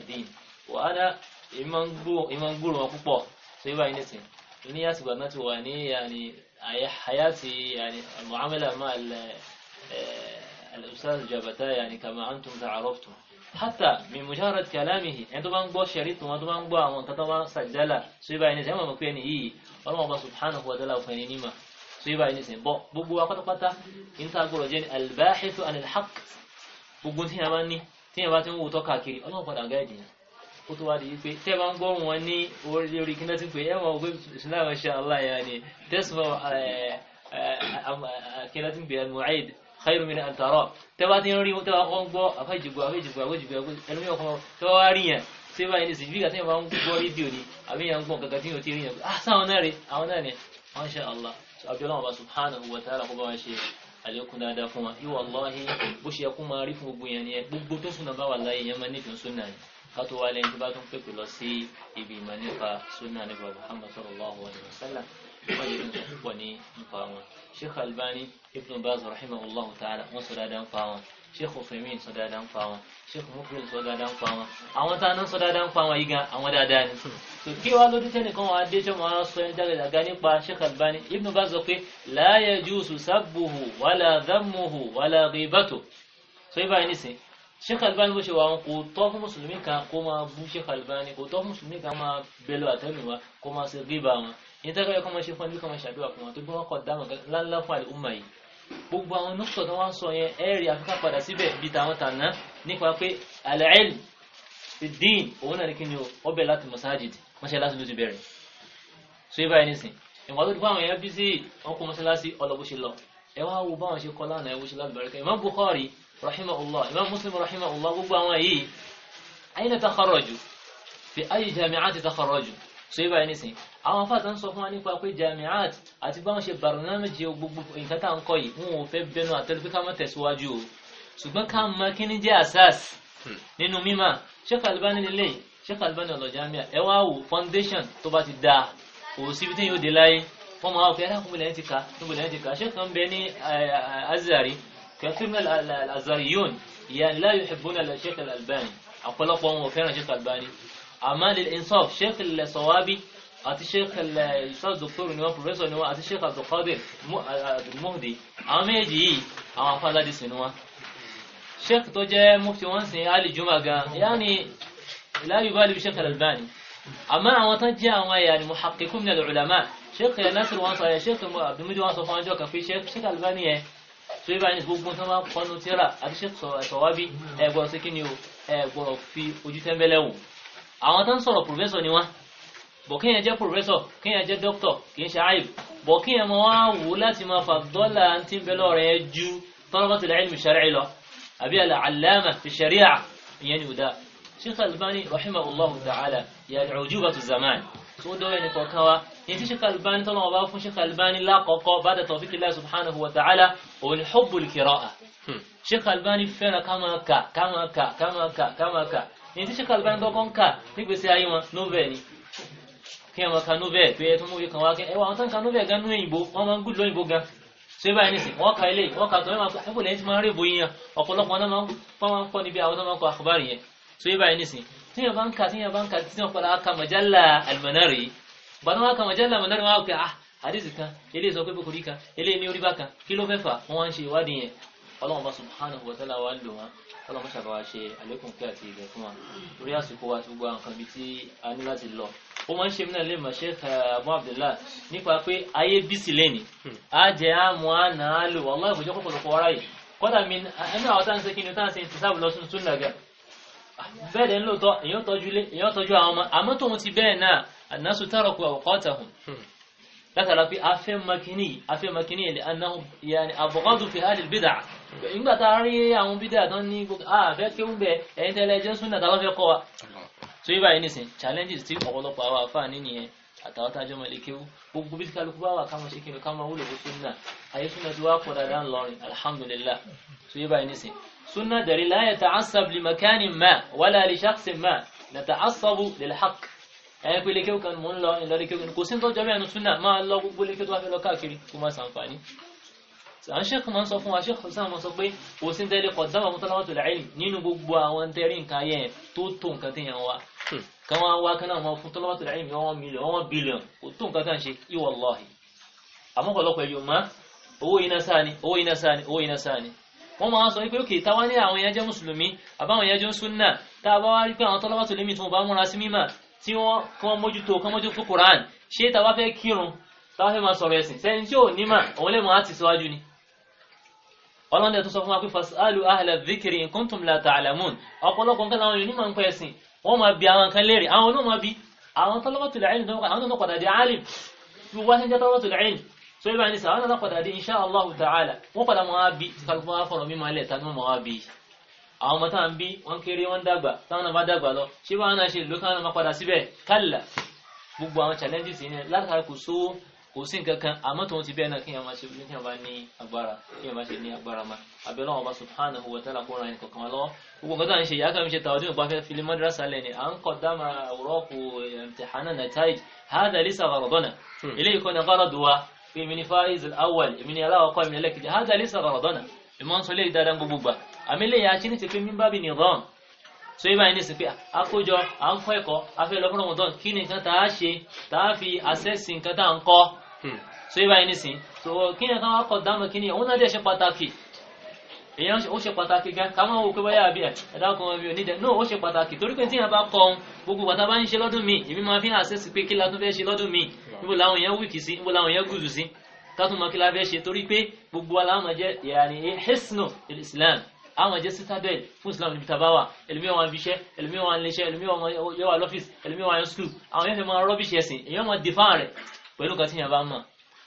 ìmọ̀ ń gbúrò wọn púpọ̀ tó yẹ báyìí nìyẹn ní àsìgbà náà ti wà ní yàní حياتي يعني المعاملة مع آه، الأستاذ جابتا يعني كما أنتم تعرفتم حتى من مجرد كلامه عندما نقول شريط وعندما نقول أن أمان سجلة سجلا سيبا إني سيما مكويني إيه ولما الله سبحانه وتعالى وفيني نيمة سيبا إني سيما بو بو بو أقول قطع إنت أقول جاني الباحث عن الحق بو قنتين أماني تين أباتي مو كيري الله قد أغادي kó tó wá di wípé tẹ́ bá ń gbọ́ wọn ní orí kí náà ti pè é mọ̀ pé ṣìlá ma ṣe allah yà ni tẹ́sùmọ̀ kí náà ti pè é mu'aid khairu min an tara tẹ́ bá ti ń rí tẹ́ bá kọ́ ń gbọ́ afẹ́jìgbọ́ afẹ́jìgbọ́ afẹ́jìgbọ́ ẹlòmíràn kan tẹ́ bá wá rí yẹn tí ó bá yẹn ní sìgbí kàtí ìwà ń gbọ́ rédíò ni àbí ìyà ń gbọ́ kankan tí ó ti rí yẹn ah sáwọn náà rí àwọn náà ni wọ́n allah abdullahi wa subhanahu wa ta'ala kó bá wa ṣe àlékún dáadáa fún wa yíò wallahi bó ṣe yẹ kó máa rí fún gbogbo yẹn ni gbogbo tó súnà bá wà láyé yẹn máa nífẹ̀ẹ́ súnà ni kátó wá lẹ́yìn tó bá tún pèpè lọ sí ibi ìmọ̀ nípa sunna nípa Muhammad sallallahu alayhi wa sallam wọ́n yìí ń pọ̀ ní nípa wọn Sheikh Albani Ibn Baz rahimahullahu ta'ala wọ́n sọ dáadáa ń fa wọn Sheikh Uthaymeen sọ dáadáa ń fa wọn Sheikh Mukbil sọ dáadáa ń fa wọn àwọn tá a náà sọ dáadáa ń fa wọn yìí gan àwọn dáadáa ni so kí wàá lójú tẹ́nìkan wọn adé tí wọn sọ ẹni dáadáa nípa Sheikh Albani Ibn Baz sọ pé la yajuzu sabbuhu wala dhammuhu wala ghibatuhu so ibà yìí nísìnyí sheikh albani bó ṣe wà wọn kò tọ́ fún mùsùlùmí kan kó máa bú sheikh albani kò tọ́ fún mùsùlùmí kan máa bẹ̀lọ àtẹnuwa kó máa ṣe gíba wọn ní tẹ́kọ̀ yẹ kó máa ṣe fún ẹbí kan máa ṣàdúrà fún wọn tó bí wọ́n kọ̀ dáhùn lánlá fún àlùmọ̀ yìí gbogbo àwọn nùsọ̀ tó wọ́n sọ yẹn ẹ̀rì àfikà padà síbẹ̀ bí tàwọn tàná nípa pé al-ilm fid-din òun náà ní kí ni o ó bẹ̀ láti masajid mọ́ṣáláṣí ló ti bẹ̀rẹ̀ so ibà yẹn nísìn ìwà tó ti fún àwọn èèyàn bí sí ọkọ̀ mọ́ṣáláṣí ọlọ́bù ṣe lọ ẹ wá wo báwọn ṣe kọ́ lánàá ẹ wo ṣe lábẹ́rẹ́ kẹ́ Imam Bukhari rahimahullah imam muslim rahimahullah gbogbo àwọn yìí aina takharaju fi ayi jami'ati takharaju so yi bayani sin àwọn fata ń sọ fún wa nípa pé jami'at àti báwọn ṣe barnamiji gbogbo nǹkan tá ń kọ yìí wọn ò fẹ́ bẹnu àtẹ́lú pé ká má tẹ̀síwájú o ṣùgbọ́n ká mọ̀ kí ni jẹ́ asas nínú mímọ̀ Sheikh Albani nílé Sheikh Albani ọ̀lọ̀ jami'a ẹ wá wò foundation tó bá ti da kò síbi tí yóò dé láyé wọ́n máa wọ́n pé ẹ̀rọ kúnbẹ̀lẹ̀ ti ka kúnbẹ̀lẹ̀ ti ka ṣé kan bẹ ní Azari كثير من الأزاريون يعني لا يحبون الشيخ الألباني أقول لك هو وفينا الشيخ الألباني أما للإنصاف الشيخ الصوابي أتي الشيخ الأستاذ الدكتور نيوان بروفيسور نيوان أتي الشيخ عبد القادر آه، آه، المهدي أما يجي أما آه، فلا دي سنوان الشيخ توجه مفتي وانسي علي جمعة يعني لا يبالي بشيخ الألباني أما أما يعني محققون من العلماء شيخ ناصر يا شيخ عبد المجيد وانسي فانجوكا في شيخ شيخ ألبانية so yíba ní gbogbo tí wọ́n bá kọ́nu tíra àbíṣe sọ̀wábí ẹ̀gbọ́n sí kí ni o ẹ̀gbọ́n fi ojú tẹ́ńbẹ́lẹ́ wò àwọn tó ń sọ̀rọ̀ pòfẹ́sọ̀ ni wọ́n bọ̀ kí yẹn jẹ́ pòfẹ́sọ̀ kí yẹn jẹ́ dókítọ̀ kì í ṣe àìb bọ̀ kí yẹn mọ wá wò láti máa fà dọ́là tí ń bẹ́lọ́ rẹ̀ ju tọ́lọ́mọ́tò ilmi shar'i lọ àbí al-allama fi sharia ìyẹn ni ò dáa Sheikh Albani rahimahullahu ta'ala ya'al ujubatu zaman tó dọ́rọ̀ ẹni kọ̀ọ̀kan wa yẹn tí Sheikh Albani tọ́lọ́ ọba fún Sheikh Albani lákọ̀ọ́kọ́ bá da tawfiq Allah subhanahu wa ta'ala òun ni hubbul qira'a hmm. Sheikh Albani fẹ́ràn kámaka kámaka kámaka kámaka yẹn tí Sheikh Albani tọ́kọ́ ń kà nígbèsè ayé wọn novel ni kí wọn ka novel pé ẹtún mú kan wá kí ẹwà àwọn tán ka novel gan nú òyìnbó wọn máa ń gùn lóyìnbó gan ṣé báyìí nìsín wọn ka ilé wọn ka tó ẹ máa ẹbùn lẹ́yìn tí máa ń rèébó yíyan ọ̀pọ̀lọpọ̀ wọn máa ń pọn níbi àwọn tó máa ń kọ àkùbárì yẹn ṣé báyìí nìsín tí yẹn bá ń ka tí yẹn bá ń ka majalla almanari padà ka mọ̀jálà àlùmọ̀nárì yìí gbàdán ka ah àdìsí kan eléyìí sọ pé kò rí kan eléyìí ní orí bá kan kí ló fẹ́ fà wọ́n wá ń ṣe ìwádìí yẹn ọlọ́run bá subhanahu wa ta'ala wa lò wọn ọlọ́run bá ṣàbáwá ṣe àlékún kí àti ìgbẹ́ fún wa lórí àsìkò wa àti gbogbo àwọn nǹkan bíi tí a ní láti lọ ó máa ń ṣe mílẹ̀ lẹ́mọ̀ Sheikh eh, Abu Abdullah nípa pé ayé bísí lẹ́ni á hmm. jẹ́ àmú àná lò wọ́n lọ́ọ̀ ìbòjọ́ pọ̀pọ̀lọpọ̀ wárá yìí kọ́dà mi ẹnu àwọn táǹsẹ̀ kí ni táǹsẹ̀ ti sábà lọ sún sún nàgà bẹ́ẹ̀ dẹ̀ ń lóòótọ́ èyàn tọ́jú ilé èyàn tọ́jú àwọn ọmọ àmọ́ tóun ti bẹ́ẹ̀ náà àdínásù tààrọ̀kù awqatahum hmm. látara pé afẹ́ makini afẹ́ makini ẹ̀lẹ́ yani abghadu fi hali bídà ìgbà tá a rí àwọn bídà tán ní gbogbo àfẹ́ ah, kéwù bẹ ẹ̀yin gbogbo bí kálukú bá wà ká ṣe kí ni ká wúlò fún súnà àyè súnà tí wàá pọ̀ dáadáa ńlọrin alhamdulillah so yí báyìí nìsín سنة دليل لا يتعصب لمكان ما ولا لشخص ما نتعصب للحق أنا أقول لك كان من الله إلا لك إن قسم تو جميع السنة ما الله يقول لك تروح to كاكري وما سانفاني àwọn ṣẹ́kù máa ń sọ fún wa ṣẹ́kù sáà máa sọ pé o sí ń tẹ́lẹ̀ kọ̀ dábàá mú tọ́lọ́wọ́ tó láìlì nínú gbogbo àwọn tẹ́rí nǹkan ayẹ́ tó tó nǹkan tí yàn wá kan wá wá kan náà máa fún tọ́lọ́wọ́ tó láìlì wọ́n mílíọ̀n wọ́n bílíọ̀n kò tó nǹkan tán ṣe ìwọ̀lọ́hì àmọ́kọ̀lọ́pọ̀ yóò má owó iná sáà ni owó iná sáà ni owó iná sáà ni wọ́n máa sọ wípé òkè táwa ní àwọn yẹn jẹ́ mùsùlùmí àbáwọn yẹn jẹ́ súnà tá a bá wá rí pé àwọn tọ́lọ́wọ́ tó lémi tó bá múra sí mímọ̀ tí wọ́n kọ́ mójútó kọ́ mójútó Quran ṣé táwa fẹ́ kírun táwa fẹ́ máa sọ̀rọ̀ ẹ̀sìn sẹ́ni tí ò ní mà òun lè mọ̀ á ti síwájú ni. ọlọ́dẹ tó sọ fún wa pé fasalu ahla dhikri in kuntum la ta'lamun ọ̀pọ̀lọpọ̀ nǹkan so ibà ní sàwọn alápàdà dé insha Allahu ta'ala wọ́n padà mọ́ àbí ti kàlùkù wọn fọ̀rọ̀ mímọ́ alẹ́ tàbí mọ́ àbí àwọn ọmọ tá ń bí wọ́n kéré wọ́n dàgbà táwọn náà bá dàgbà lọ ṣé báwọn náà ṣe lókàn náà má padà síbẹ̀ kálà gbogbo àwọn challenges yẹn látàrí kò só kò sí nǹkan kan àmọ́ tó ń ti bẹ́ẹ̀ náà kí ẹ̀ma ṣe bí kí ẹ̀ma ní agbára kí ẹ̀ma ṣe ní agbára ma abẹ́lẹ́ wọn bá subhanahu wa ta'ala kó ẹni kankan lọ gbogbo nǹkan tó ń ṣe ìyá kan ṣe tàwọn tí mo bá fẹ́ fili madrasa lẹ́ni à ń kọ́ dáma awraq eh, imtihana nataij hada lisa gharadana hmm. eléyìí kọ́ ni gharadu wa pé èmi ni faiz awal èmi ni aláwọ̀kọ́ èmi ni ẹlẹ́kejì hada lisa rọ̀dọ́nà ìmọ̀ ń sọ lé dáadáa gbogbo gbà àmì lè yà achí ní ti pé mímbà bí ni rán so ibà ní sí pé akójọ à ń kọ́ ẹ̀kọ́ afẹ́ lọ́fún rọ̀mọ̀dọ́n kí ni nǹkan tá a ṣe tá a fi àṣẹ́sì nǹkan tá a ń kọ́ hmm. so ibà ní sí so kí ni nǹkan wá kọ́ dámọ̀ kí ni òun náà dẹ̀ ṣe pàtàkì èyàn ó ṣe pàtàkì gan ká máa wo pé báyà bí ẹ̀dákun ọmọ mi ò nídẹ̀ náà ó ṣe pàtàkì torí pé tí èèyàn bá kọ ohun gbogbo bàtà bá ń ṣe mi èmi máa fi hàn sí pé la tún fẹ́ ṣe lọ́dún mi níbo làwọn èèyàn wíkì sí níbo làwọn èèyàn gùzù sí tátùmọ kí la fẹ́ ṣe torí pé gbogbo wa làwọn jẹ́ yàrá hesno islam àwọn jẹ́ citadel fún islam níbi tabawa ẹlòmíì wọn fi iṣẹ́ ẹlòmíì wọn lè ṣe ẹlòmíì wọn yẹ wà lọ́fíìsì ẹlòmíì wọn yẹ skul àwọn yẹn fẹ́ máa rọ́bìṣì ẹ̀sìn èèyàn máa dìfáà rẹ̀ pẹ̀lú nǹkan tí yẹn bá mọ̀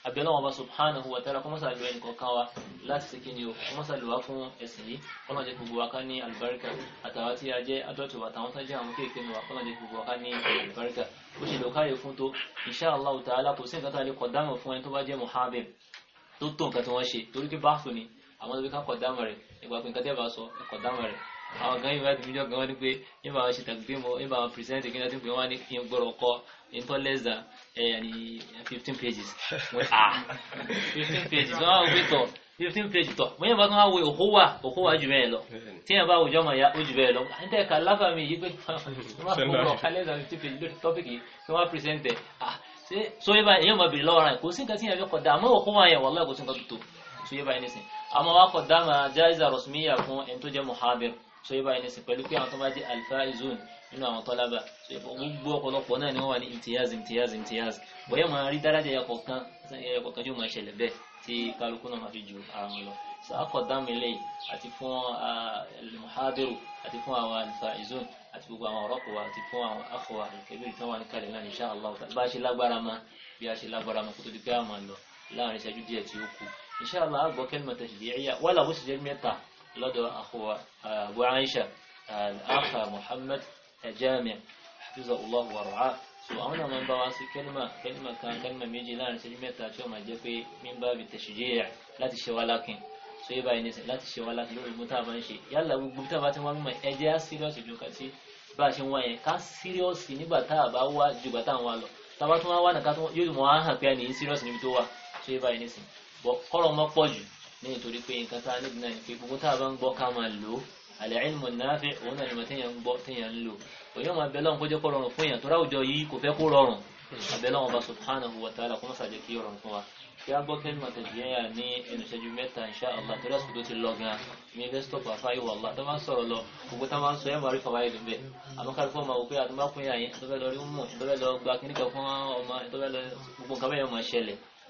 abẹ́lẹ́ wọn bá subhanahu wa ta'ala kọ́mọ́sá àjọ ẹnì kọ̀ọ̀kan wa láti ṣe kíni o kọ́mọ́sá lùwá fún ẹ̀sìn yìí kọ́mọ́ jẹ́ gbogbo wa ká ní àlùbáríkà àtàwá tí a jẹ́ adọ́tò àtàwọn tó jẹ́ àwọn kéèké wa kọ́mọ́ jẹ́ gbogbo wa ní àlùbáríkà ó ṣe lòkáyè fún tó insha Allah ta'ala kò sí nǹkan tá a lè kọ̀dámọ̀ fún ẹni tó bá jẹ́ muhabib tó tó nǹkan tí wọ́n ṣe torí pé báfù ni àwọn tó fi ká kọ̀dámọ̀ rẹ̀ ìgbà pé nǹkan tẹ́ bá sọ kọ̀dámọ̀ rẹ̀ àwọn gan yìí wá ti fi jọ́ gan wọ́n ní pé yín bá wọn ṣe tàgbé mọ́ yín bá wọn pìrìsẹ́ǹtì kí wọ́n ti pè wọ́n ní kí n kọ́ in for less than eh, yani 15 pages [LAUGHS] ah 15 pages wọ́n á wí tọ̀ fifteen pages tọ̀ wọ́n yẹn bá tún wá wo òkó wà òkó wà jù bẹ́ẹ̀ lọ tí yẹn bá wò jọmọ ya ó jù bẹ́ẹ̀ lọ à ń tẹ̀ ká lábà mi yí pé [LAUGHS] wọ́n á kó lọ ká less than fifteen pages lórí topic yìí tí wọ́n á present ẹ̀ ah ṣé so yẹ báyìí èèyàn máa bèrè lọ́wọ́ ara ẹ̀ kò sí nǹkan tí yẹn fi kọ̀ àmọ́ òkó wà yẹn wallahi kò sí nǹkan tó tó so yẹ báyìí nísìnyí àmọ́ wá kọ̀ dá máa jáìzà fún ẹni tó jẹ́ muhabir so yíba ẹni sí pẹ̀lú pé àwọn tó bá jẹ́ alfaizun nínú àwọn tọ́lábà so yíba gbogbo ọ̀pọ̀lọpọ̀ náà ni wọ́n wà ní imtiyaz imtiyaz imtiyaz bóyá máa rí dáradà ẹyọkọ̀ kan ẹyọkọ̀ kan yóò máa ṣẹlẹ̀ bẹ́ẹ̀ tí kálukú náà máa fi ju ara wọn lọ so akọ̀dámilé àti fún almuhadiru àti fún àwọn alfaizun àti gbogbo àwọn ọ̀rọ̀pọ̀ àti fún àwọn afọwà ìkẹ́lú ìtàn wà ní kalẹ̀ náà insha Allah bá a ṣe lágbára لدى أخوة أبو عائشة الأخ محمد جامع حفظه الله ورعاه سبحان من بواس كلمة كلمة كان كلمة ميجي لان سلمية تاتشو ما جفي من باب التشجيع لا تشوى لكن سيبا ينسى لا تشوى لكن لو المتابع شيء يلا متابعة ما أجي سيريوس جوكاتي باشن وين كا سيريوس نبتا باوا جوكاتا والو tabatun wa na ka tun yóò mọ ahàn pé ẹni serious níbi tó wà tó yẹ ní nítorí pé nǹkan tá a níbi náà ni pé gbogbo tá a bá ń gbọ́ ká máa lò ó al-ilmu an-nafi' òun náà ni mo téèyàn ń gbọ́ téèyàn ń lò òyìn máa bẹ̀lọ́n kó jẹ́ kó rọrùn fún èèyàn tó ráwùjọ yìí kò fẹ́ kó rọrùn àbẹ̀lọ́n ọba subhanahu wa ta'ala kó má ṣàjẹ́ kí rọrùn fún wa kí a gbọ́ kẹ́lí màtẹ̀jìyà ní ẹnu ìṣẹ́jú mẹ́ta insha Allah torí àsìkò tó ti lọ gan ní desktop àfáyé wà lá tó máa ń sọ̀rọ̀ lọ gbogbo tá máa ń sọ ẹ̀ máa rí fàwáyé ló bẹ̀ àmọ́ kárí fún ọmọ òkú àti bá fún yà yín tó fẹ́ lọ rí mú tó fẹ́ lọ gba kíníkà fún ọmọ tó fẹ́ lọ gbogbo nǹkan bẹ́ẹ̀ máa ṣẹlẹ̀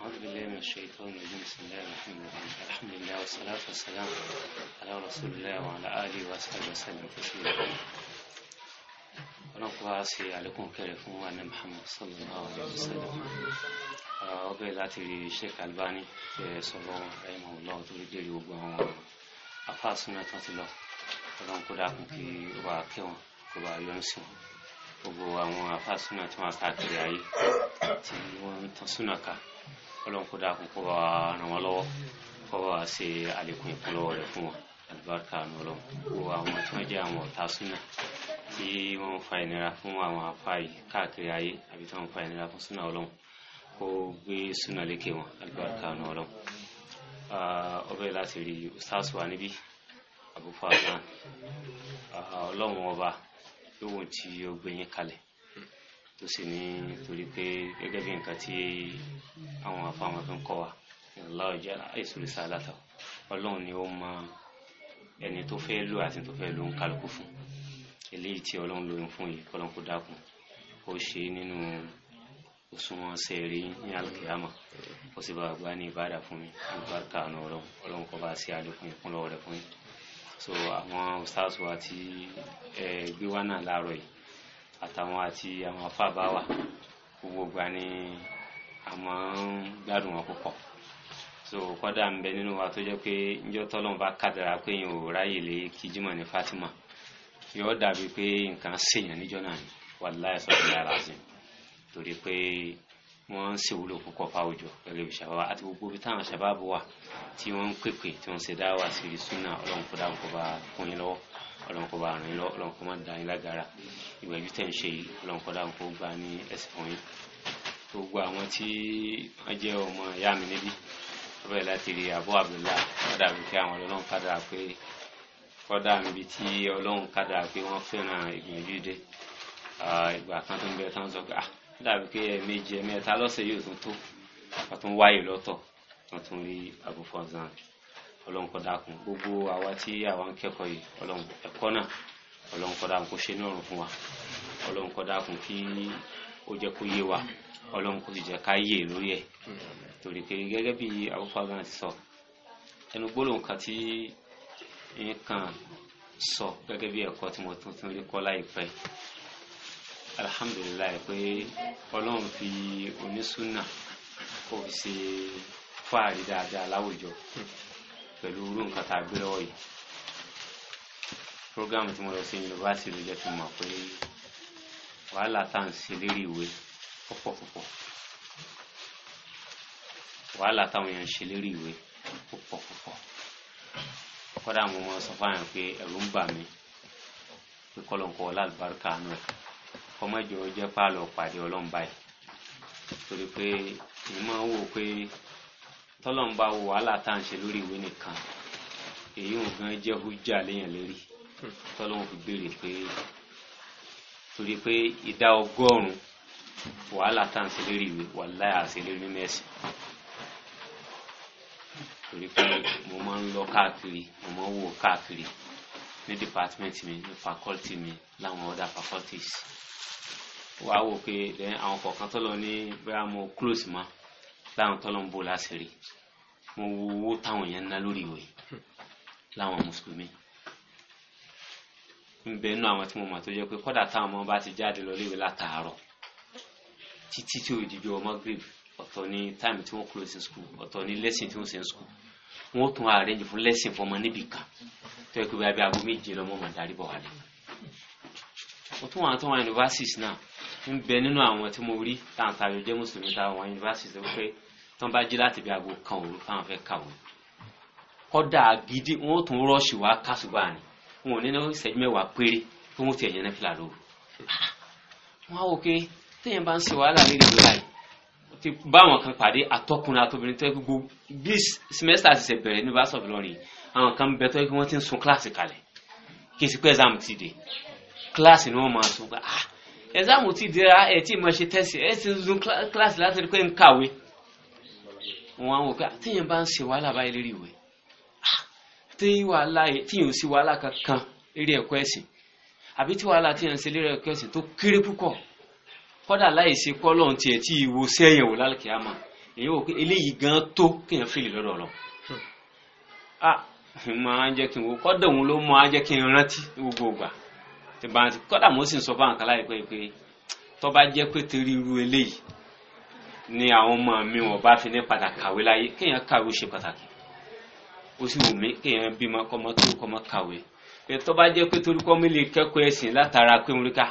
أعوذ بالله من الشيطان الرجيم بسم الله الرحمن الرحيم الحمد لله والصلاة والسلام على رسول الله وعلى آله وصحبه وسلم تسليما ọlọ́pàá ṣe àlékún kẹrẹ fún wa ní Muhammad sallallahu alayhi wa sallam ọbẹ̀ láti rí Sheikh Albani ṣe sọ̀rọ̀ ẹ̀mọ̀ ọlọ́run tó rí dèrè gbogbo àwọn afáàsúná tán ti lọ ọlọ́run kó dákun kí ó bá kẹwọn kó bá yọ sí wọn gbogbo àwọn afáàsúná tí wọn káàkiri ayé tí wọn tán súnà ká ọlọ́run kó dákun kó bá ràn wọ́n lọ́wọ́ kó bá ṣe àlékún ìpolówó rẹ̀ fún wọn àlùbáríkà ní ọlọ́run kó àwọn tí wọ́n jẹ́ àwọn ọ̀tá súnà tí wọ́n ń fa ìnira fún àwọn afá yìí káàkiri ayé àbí tí wọ́n ń fa ìnira fún súnà ọlọ́run kó gbé súnà lékè wọn àlùbáríkà ní ọlọ́run ọbẹ̀ láti rí ustaz wa níbí àbúfà náà ọlọ́run ọba yóò wọ́n ti ó yín kalẹ̀ tó sì ní torí pé gẹ́gẹ́ bí nǹkan tí àwọn afáwọn fi ń kọ́ wa Allah jẹ́ àìsòrìṣà aláta ọlọ́run ni ó mọ ẹni tó fẹ́ lò àti tó fẹ́ lò ń kálukú fún eléyìí tí ọlọ́run lóyún fún yìí kọ́lọ́n kó dákun ó ṣe nínú òṣùwọ̀n sẹ́ẹ̀rí ní alkiyama ó sì bá gbá ní ìbádà fún mi àlùbáríkà àna ọlọ́run ọlọ́run kó bá sí àlékún ìkúnlọ́wọ́ rẹ̀ fún yìí so àwọn stars wa ti eh, náà láàárọ̀ yìí àtàwọn àti àwọn afáàbá wa gbogbo ìgbà ni àmọ́ ń gbádùn wọn púpọ̀ so kọ́dà ń bẹ nínú wa tó jẹ́ pé njọ́ tọ́lọ́run bá kádàrá pé yẹn ò ráyè lé kíjímọ̀ ní Fatima yóò dàbí pé nǹkan ṣèyàn níjọ́ náà ni wàláyà sọ̀rọ̀ yàrá sí torí pé wọ́n ń ṣèwúlò púpọ̀ fáwùjọ pẹ̀lú ìṣàbáwá àti gbogbo ibi táwọn ṣàbábọ̀ wà tí wọ́n ń pèpè tí wọ́n ń ṣe dáwà sí sunna ọlọ́run kó dáàbò bá kún yín lọ́wọ́ ọlọ́run kó bá ràn lọ ọlọ́run má da yín lágara ìgbẹ́jú tẹ̀ ń ṣe yìí ọlọ́run dáhùn kó gbà ní ẹsẹ̀ fún yín gbogbo àwọn tí wọ́n jẹ́ ọmọ ìyá mi níbí bẹ́ẹ̀ láti rí àbọ̀ àbúlá kọ́dà mi kí àwọn ọlọ́run kádàá pé kọ́dà níbi tí ọlọ́run kádàá pé wọ́n fẹ́ràn ìgbìyànjú dé ìgbà kan tó ń bẹ tán sọ pé ah dàbí pé ẹ̀ẹ̀mejì ẹ̀mẹ́ta lọ́sẹ̀ yóò tún tó wọ́n tún wáyé lọ́tọ̀ wọ́n tún rí àbúfọ́n zan ọlọ́run kó dákun gbogbo àwa tí àwa ń kẹ́kọ̀ọ́ yìí ọlọ́run ẹ̀kọ́ náà ọlọ́run kó dákun kó ṣe ní ọ̀run fún wa ọlọ́run kó dákun kí ó jẹ́ kó yé wa ọlọ́run kó sì jẹ́ ká yé lórí ẹ̀ torí pé gẹ́gẹ́ bí awúfáàgán ti sọ ẹnu gbólóhùn kan tí ń kàn sọ gẹ́gẹ́ bí ẹ̀kọ́ tí mo tún rí kọ́ láìpẹ́ alihamudulilayi pé ọlọ́run fi onísùnà kó fi ṣe fáàrí dáadáa láwùjọ pẹ̀lú irú nǹkan tá a gbé lọ́wọ́ yìí program tí mo lọ sí yunifásitì ló jẹ́ kí n mọ̀ pé wàhálà tá à ń ṣe lérí ìwé púpọ̀ púpọ̀ wàhálà táwọn èèyàn ń ṣe lérí ìwé púpọ̀ púpọ̀ kọ́dà mo mọ sọ fáyàn pé ẹ̀rù ń bà mí pé kọ́lọ̀ǹkọ́ lálùbáríkà nù ẹ̀ kọ́mọ́jọ jẹ́ pààlọ́ pàdé ọlọ́run báyìí torí pé èmi wò pé tọ́lọ́n bá wo wàhálà tá à ń ṣe lórí ìwé nìkan èyí wọn gan jẹ́ hújà léèyàn lérí tọ́lọ́n fi béèrè pé torí pé ìdá ọgọ́rùn-ún wàhálà tá à ń ṣe lórí ìwé wàhálà àṣẹ lórí nínú ẹ̀sìn torí pé mo máa ń lọ káàkiri mo máa ń wò káàkiri ní department mi ní faculty mi láwọn other faculties wàá wò pé àwọn kọ̀ọ̀kan tó lọ ní bóyá mo close mọ́ láwọn tọ́lọ́ ń bò láṣìírí mo wo owó táwọn èèyàn ń ná lórí ìwé láwọn mùsùlùmí ń bẹ nínú àwọn tí mo mọ̀ tó jẹ́ pé kọ́dà táwọn ọmọ bá ti jáde lọ léwe látàárọ̀ títí tí òdìjọ ọmọ grave ọ̀tọ̀ ní táìmù tí wọ́n close in school ọ̀tọ̀ ní lesson tí wọ́n ṣe in school wọ́n tún arrange fún lesson fún ọmọ níbì kan tó yẹ kó bí aago méje lọ́mọ mà darí bọ̀ wálé mo tún wà tó wà universities náà ń bẹ nínú àwọn tí mo rí táwọn tàbí jẹ́ mùsùlùmí táwọn universities tó pé tán bá jí láti bí aago kan òru fáwọn fẹ́ kàwé kọ́dà gidi wọ́n tún rọ́ọ̀ṣì wá kásùbà ni wọn ò ní ní ìṣẹ́jú mẹ́wàá péré tó wọ́n ti ẹ̀yẹ náà fìlà lóru wọn á wò pé téèyàn bá ń ṣe wàhálà lórí ìlú láì ti bá àwọn kan pàdé atọ́kùnrin atọ́bìnrin tó gbogbo bí semester ti ṣe bẹ̀rẹ̀ ní báṣọ̀ lọ́rin àwọn kan bẹ tó yẹ kí wọ́n ti ń sun kíláàsì kalẹ̀ kí n sì pé exam ti dé kíláàsì ni wọ́n máa sun ah exam ti dé ẹ tí mo ṣe tẹ́sì ẹ ti sun kíláàsì láti rí pé ń kàwé wọn á wò pé ah, tíyẹn bá ń ṣe wàhálà báyìí lérí ìwé ah, tíyẹn ò sí wàhálà kankan lérí ẹ̀kọ́ ẹ̀sìn àbí tí wàhálà tíyẹn ń ṣe lérí ẹ̀kọ́ ẹ̀sìn tó kéré púpọ̀ kọ́dà láì ṣe kọ́lọ̀ tiẹ̀ tí ìwo sẹ́yìn wò lálùkì àmọ́ èyí wò pé eléyìí gan tó kéèyàn fèlè lọ́dọ̀ lọ. a máa ń jẹ́ kí n wo kọ́dà òun ló máa ń jẹ́ kí n rántí gbogbo ìgbà kọ́dà mo sì ń sọ fáwọn kan láìpẹ́ pé tó bá jẹ́ pé torí irú eléyìí ni àwọn ọmọ mi wọn bá fi ní padà kàwé láyé kéèyàn kàwé ṣe pàtàkì ó sì wù mí kéèyàn bímọ kọmọ tó kọmọ kàwé pé tó bá jẹ́ pé torí kọ́mí lè kẹ́kọ̀ọ́ ẹ̀sìn látara pé òun ríka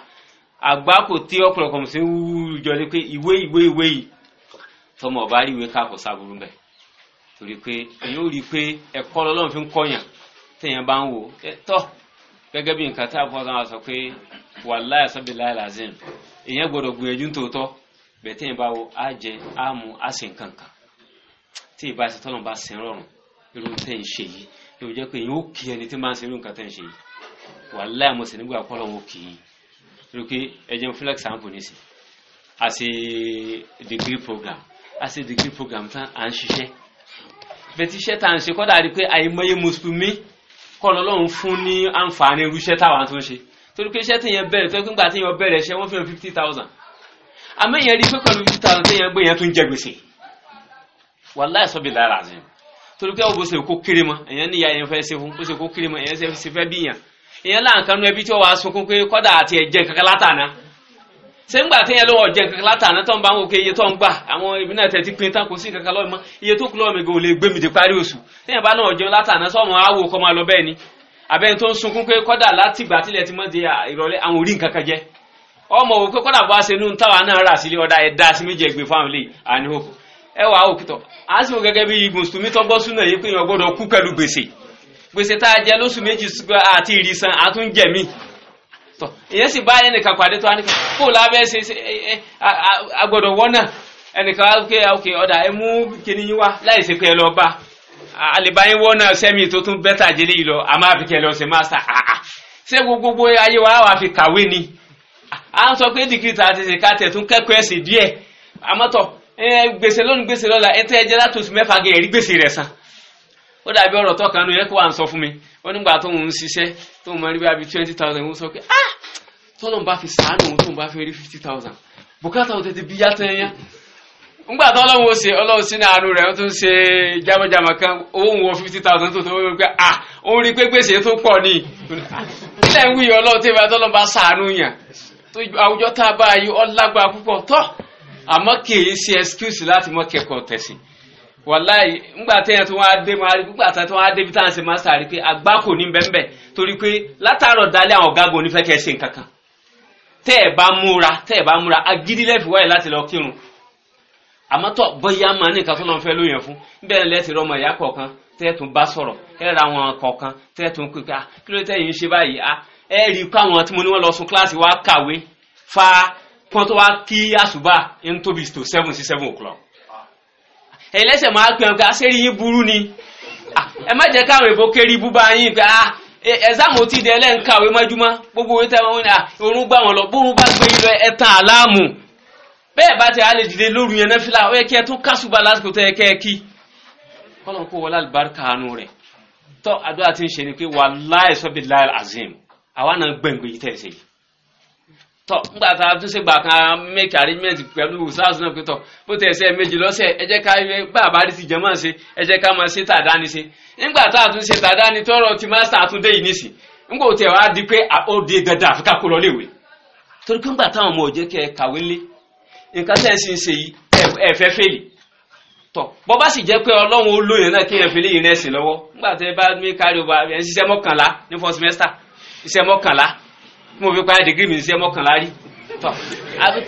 àgbá kò tí ọ̀pọ̀lọpọ̀ sí ń wúwú jọ ni pé ìwé ìwé ìwé yìí tọmọ ọba rí ìwé káàkó sábúrú bẹ torí pé èyí ó rí pé ẹ̀kọ́ lọ́lọ́run fi ń kọ́yàn téèyàn bá ń wò ẹ tọ́ gẹ́gẹ́ bí nǹkan tí àbúrò sọ pé wàláì sọ́bìláì làzim èèyàn gbọ́dọ̀ gbìyànjú tòótọ́ bẹ̀tẹ́ ìbá wo á jẹ á mu á sì nǹkan kan tí ìbá ṣe tọ́lọ̀ bá ṣe rọrùn irú tẹ́ ń ṣe yìí yóò jẹ́ pé yóò kí ẹni tí máa ń ṣe irú nǹkan tẹ́ ń ṣe yìí wàláhì mo sì nígbà pọ́lọ̀ wọn kì í lókè ẹjẹ fún example ní sí a ṣe degree program a ṣe degree program tán à ń ṣiṣẹ́ bẹ́tí iṣẹ́ tá à ń ṣe kọ́dà rí pé àìmọye mùsùlùmí kọ́ lọ́lọ́run fún ní àǹfààní irú iṣẹ́ táwa tó ń ṣe torí pé iṣẹ́ tí yẹn bẹ̀rẹ̀ tó gbígbà tí yẹn bẹ̀rẹ̀ ṣe wọ́n fi hàn fifty thousand a rí pé pẹ̀lú títà àtẹ́yẹn gbé yẹn tún jẹ gbèsè wàláì sọ́bì lára àzìn torí pé ọ̀bọ̀ ṣe kó kéré mọ́ èyàn níyà yẹn fẹ́ ṣe fún bó ṣe kó kéré mọ́ èyàn ṣe fẹ́ bí yàn èyàn láǹkanú ẹbí tí ó wàá sunkún pé kọ́dà àti ẹ̀jẹ̀ kankan látàná ṣé ń gbà téèyàn lọ́wọ́ ọ̀jẹ̀ kankan látàná tó ń bá iye tó iye tó kú mi lè gbé mi dé parí oṣù bá látàná àwò lọ bẹ́ẹ̀ ni àbẹ́ni tó ń sunkún pé kọ́dà látìgbà tilẹ̀ ti mọ́ di ìrọ̀lẹ́ àwọn orí nǹkan ọmọ òkú kọ́dà bá ṣe nú táwa náà rà sílé ọ̀dà ẹ̀dá sí méjì ẹgbẹ́ and hope ẹ wà a sì wò gẹ́gẹ́ bí mùsùlùmí tọ́gbọ́ súnà yìí pé èèyàn gbọ́dọ̀ kú pẹ̀lú gbèsè gbèsè tá a jẹ lóṣù méjì àti ìrìsàn àtúnjẹ̀mí tọ̀ ìyẹn sì bá ẹnìkan pàdé tó kó lábẹ́ ṣe ẹnìkan ọ̀dà ẹ mú wá láì ṣe pé ẹ lọ bá sẹ́mi tó tún bẹ́tà yìí lọ àmọ́ àfikẹ́ gbogbo ayé wa wà fi a ń sọ pé dìgírì tá a ti ṣe kẹ́kọ̀ọ́ ẹ̀sìn díẹ̀ àmọ́tọ̀ gbèsè lónìí gbèsè lọ́la ẹ tẹ́ ẹ látòsí mẹ́fà gẹ̀ rí gbèsè rẹ̀ san ó dàbí ọ̀rọ̀ tọ́ka kó wà mi ó nígbà ń ṣiṣẹ́ mọ twenty thousand ń sọ pé ah tọ́lọ́n bá fi sàánù òun tóun bá fi rí fifty thousand bùkátà ta ó ń fifty thousand tó àwùjọ tá a bá yí ọ lágbára púpọ̀ tọ́ àmọ́ kìí ṣe excuse láti mọ́ kẹ́kọ̀ọ́ tẹ̀sìn wàláì ńgbà tẹ́yàn tó wá dé ńgbà tẹ́yàn tó wá débi tá à ń ṣe máa sàrí pé àgbá kò ní bẹ́ńbẹ́ torí pé látàárọ̀ dálẹ́ àwọn ọ̀gágun onífẹ́ kẹ́ ṣe tẹ́ ẹ̀ bá múra tẹ́ ẹ̀ bá múra agídí lẹ́fì wáyé láti lọ kírun àmọ́ tọ́ máa ní nǹkan tó fẹ́ lóyún fún lẹ́sìn rọmọ ìyá kọ̀ọ̀kan bá sọ̀rọ̀ ra wọn kọ̀ọ̀kan tẹ́ẹ̀tún pípa ah, kí ló tẹ́yìn ń ṣe báyìí ah, ẹ rí i pé àwọn tí mo ní wọ́n lọ sun kíláàsì wa kàwé fa kán wa wá kí àṣùbà ń tóbi tó seven sí seven o'clock. ẹlẹ́sẹ̀ máa pè ọ́n pé aṣẹ́rí yín burú ni ẹ má jẹ́ káwọn èèbó kéré búba yín pé ah, ẹ̀sàmù ti dẹ̀ ẹlẹ́ ń kàwé mọ́júmọ́ gbogbo owó tẹ́wọ́n wọn ni ah, orun gbà wọn lọ bórun bá gbé yín lọ ẹ tan àláàmù bẹ́ẹ̀ bá ti a lè dìde lóru yẹn náà ó yẹ kí ẹ tún kásùbà lásìkò tẹ́ ẹ kẹ́ ẹ kí kọ́lọ́n kó wọlé àlùbáríkà àánú rẹ̀ tọ́ àdúrà ti ń ṣe ni pé wàláì sọ́bì láì azim àwa náà gbẹ̀ngbẹ̀ yìí tẹ̀sẹ̀ yìí tọ ngbà tá a tún ṣe gbà kan make arrangement pẹ̀lú sars náà pé tọ bó tẹ̀ ṣe méjì lọ́sẹ̀ ẹ jẹ́ ká bá a bá rí ti jẹ́ máa ṣe ẹ jẹ́ ká máa ṣe tàdáni ṣe nígbà tá a tún ṣe tàdáni tọrọ ti master àtúndé yìí ngbà tẹ̀ wá di pé ó di dandan àfi ká lọ léwe torí pé tọ bọ́ bá sì jẹ́ pé ọlọ́run ó lóyún náà kí ẹ lọ́wọ́ ngbà bá mi kárí ọba ẹ̀ ń iṣẹ́ mọ́kànlá mo fi parí dìgírì mi iṣẹ́ mọ́kànlá rí tọ́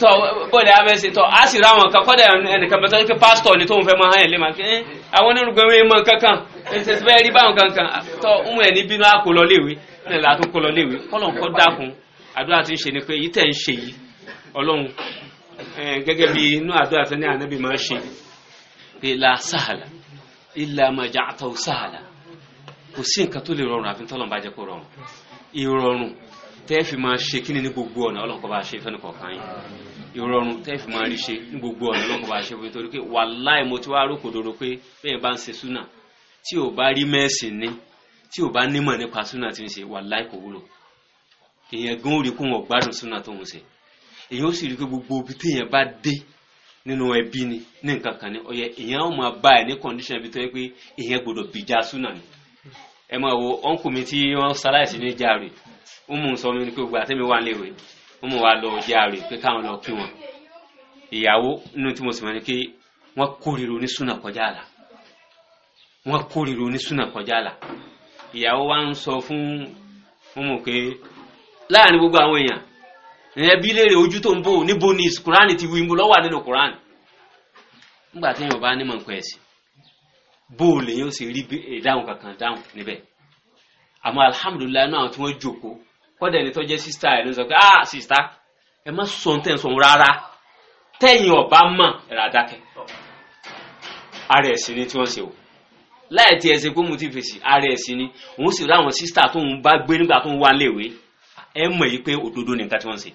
tọ́ bọ́ọ̀lù abẹ́sẹ̀ tọ́ a sì ra àwọn kan kọ́dà ẹnìkan bẹ́ẹ̀ sọ́kẹ́ pásítọ̀ ni tóun fẹ́ máa hàn yẹn lé màá ẹ́ eh, àwọn onírúgbọ́n wẹ́n mọ kankan ẹ̀sẹ̀ fẹ́ rí báwọn kankan tọ́ ọmọ ẹ̀ ní bínú àkó lọ léwe náà látó kó lọ léwe kọ́lọ̀ kọ́ dákun àdúrà tí ń ṣe ni pé èyí tẹ̀ ń ṣe yìí ọlọ́run gẹ́gẹ́ bí inú àdúrà tí ní ànábì máa ṣe pé la sáàlà ilà màjà àtọ̀ sáàlà kò sí nǹkan tó lè rọrùn àfi tọ́lọ̀ bá rọrùn ìrọ̀rùn tẹ́ẹ̀fì máa ṣe kí ni ní gbogbo ọ̀nà ọlọ́nkọ́ bá ṣe fẹ́ni kọ̀ọ̀kan yín ìrọ̀rùn tẹ́ẹ̀fì máa rí ṣe ní gbogbo ọ̀nà ọlọ́nkọ́ bá ṣe fún torí pé wàláì mo ti wá rókòdòrò pé bẹ́ẹ̀ bá ń ṣe súnà tí ò bá rí mẹ́ẹ̀sì ní tí ò bá nímọ̀ nípa súnà tí ń ṣe wàláì kò wúlò èèyàn gan ó rí kó wọn gbádùn súnà tó ń ṣe èèyàn ó sì rí pé gbogbo ibi téèyàn bá dé nínú ẹbí ni ní nǹkan kan ni ọyẹ èèyàn ó máa bá ẹ ní kọ̀ǹdíṣàn ibi tó yẹ pé èèyàn gbọ́dọ̀ bìjà súnà ni ẹ mọ̀ wo mi tí wọ́n ṣaláìsí ní járe ọmọ sọ mi ní pé gbogbo àtẹ́mi wà léwe ọmọ wa lọ járe pé káwọn lọ kí wọn ìyàwó nínú tí mo sì mọ̀ ni pé sọ fún ọmọ pé láàrin gbogbo àwọn èèyàn ẹbí léèrè ojú tó ń bò níbo ni ti wí mo nínú nígbà tí bóòlù yóò sì rí eh, ìdáhùn kankan dáhùn níbẹ̀ àmọ́ alihamudulilayi náà àwọn tí wọ́n jókòó kọ́dà ẹni tó jẹ́ sísítà ẹ̀ ló sọ pé ah sísítà ẹ má sọ ní tẹ̀sán rárá tẹ̀yìn ọ̀bá mọ̀ ẹ̀rọ adákẹ́ ara ẹ̀sìn ni tí wọ́n ṣe o láì tí ẹ pé mo ti fèsì ara ẹ̀sìn ni òun sì ráwọn sísítà tó ń bá gbé nígbà tó ń wá léwe ẹ mọ̀ yìí pé òdodo ni tí wọ́n ṣe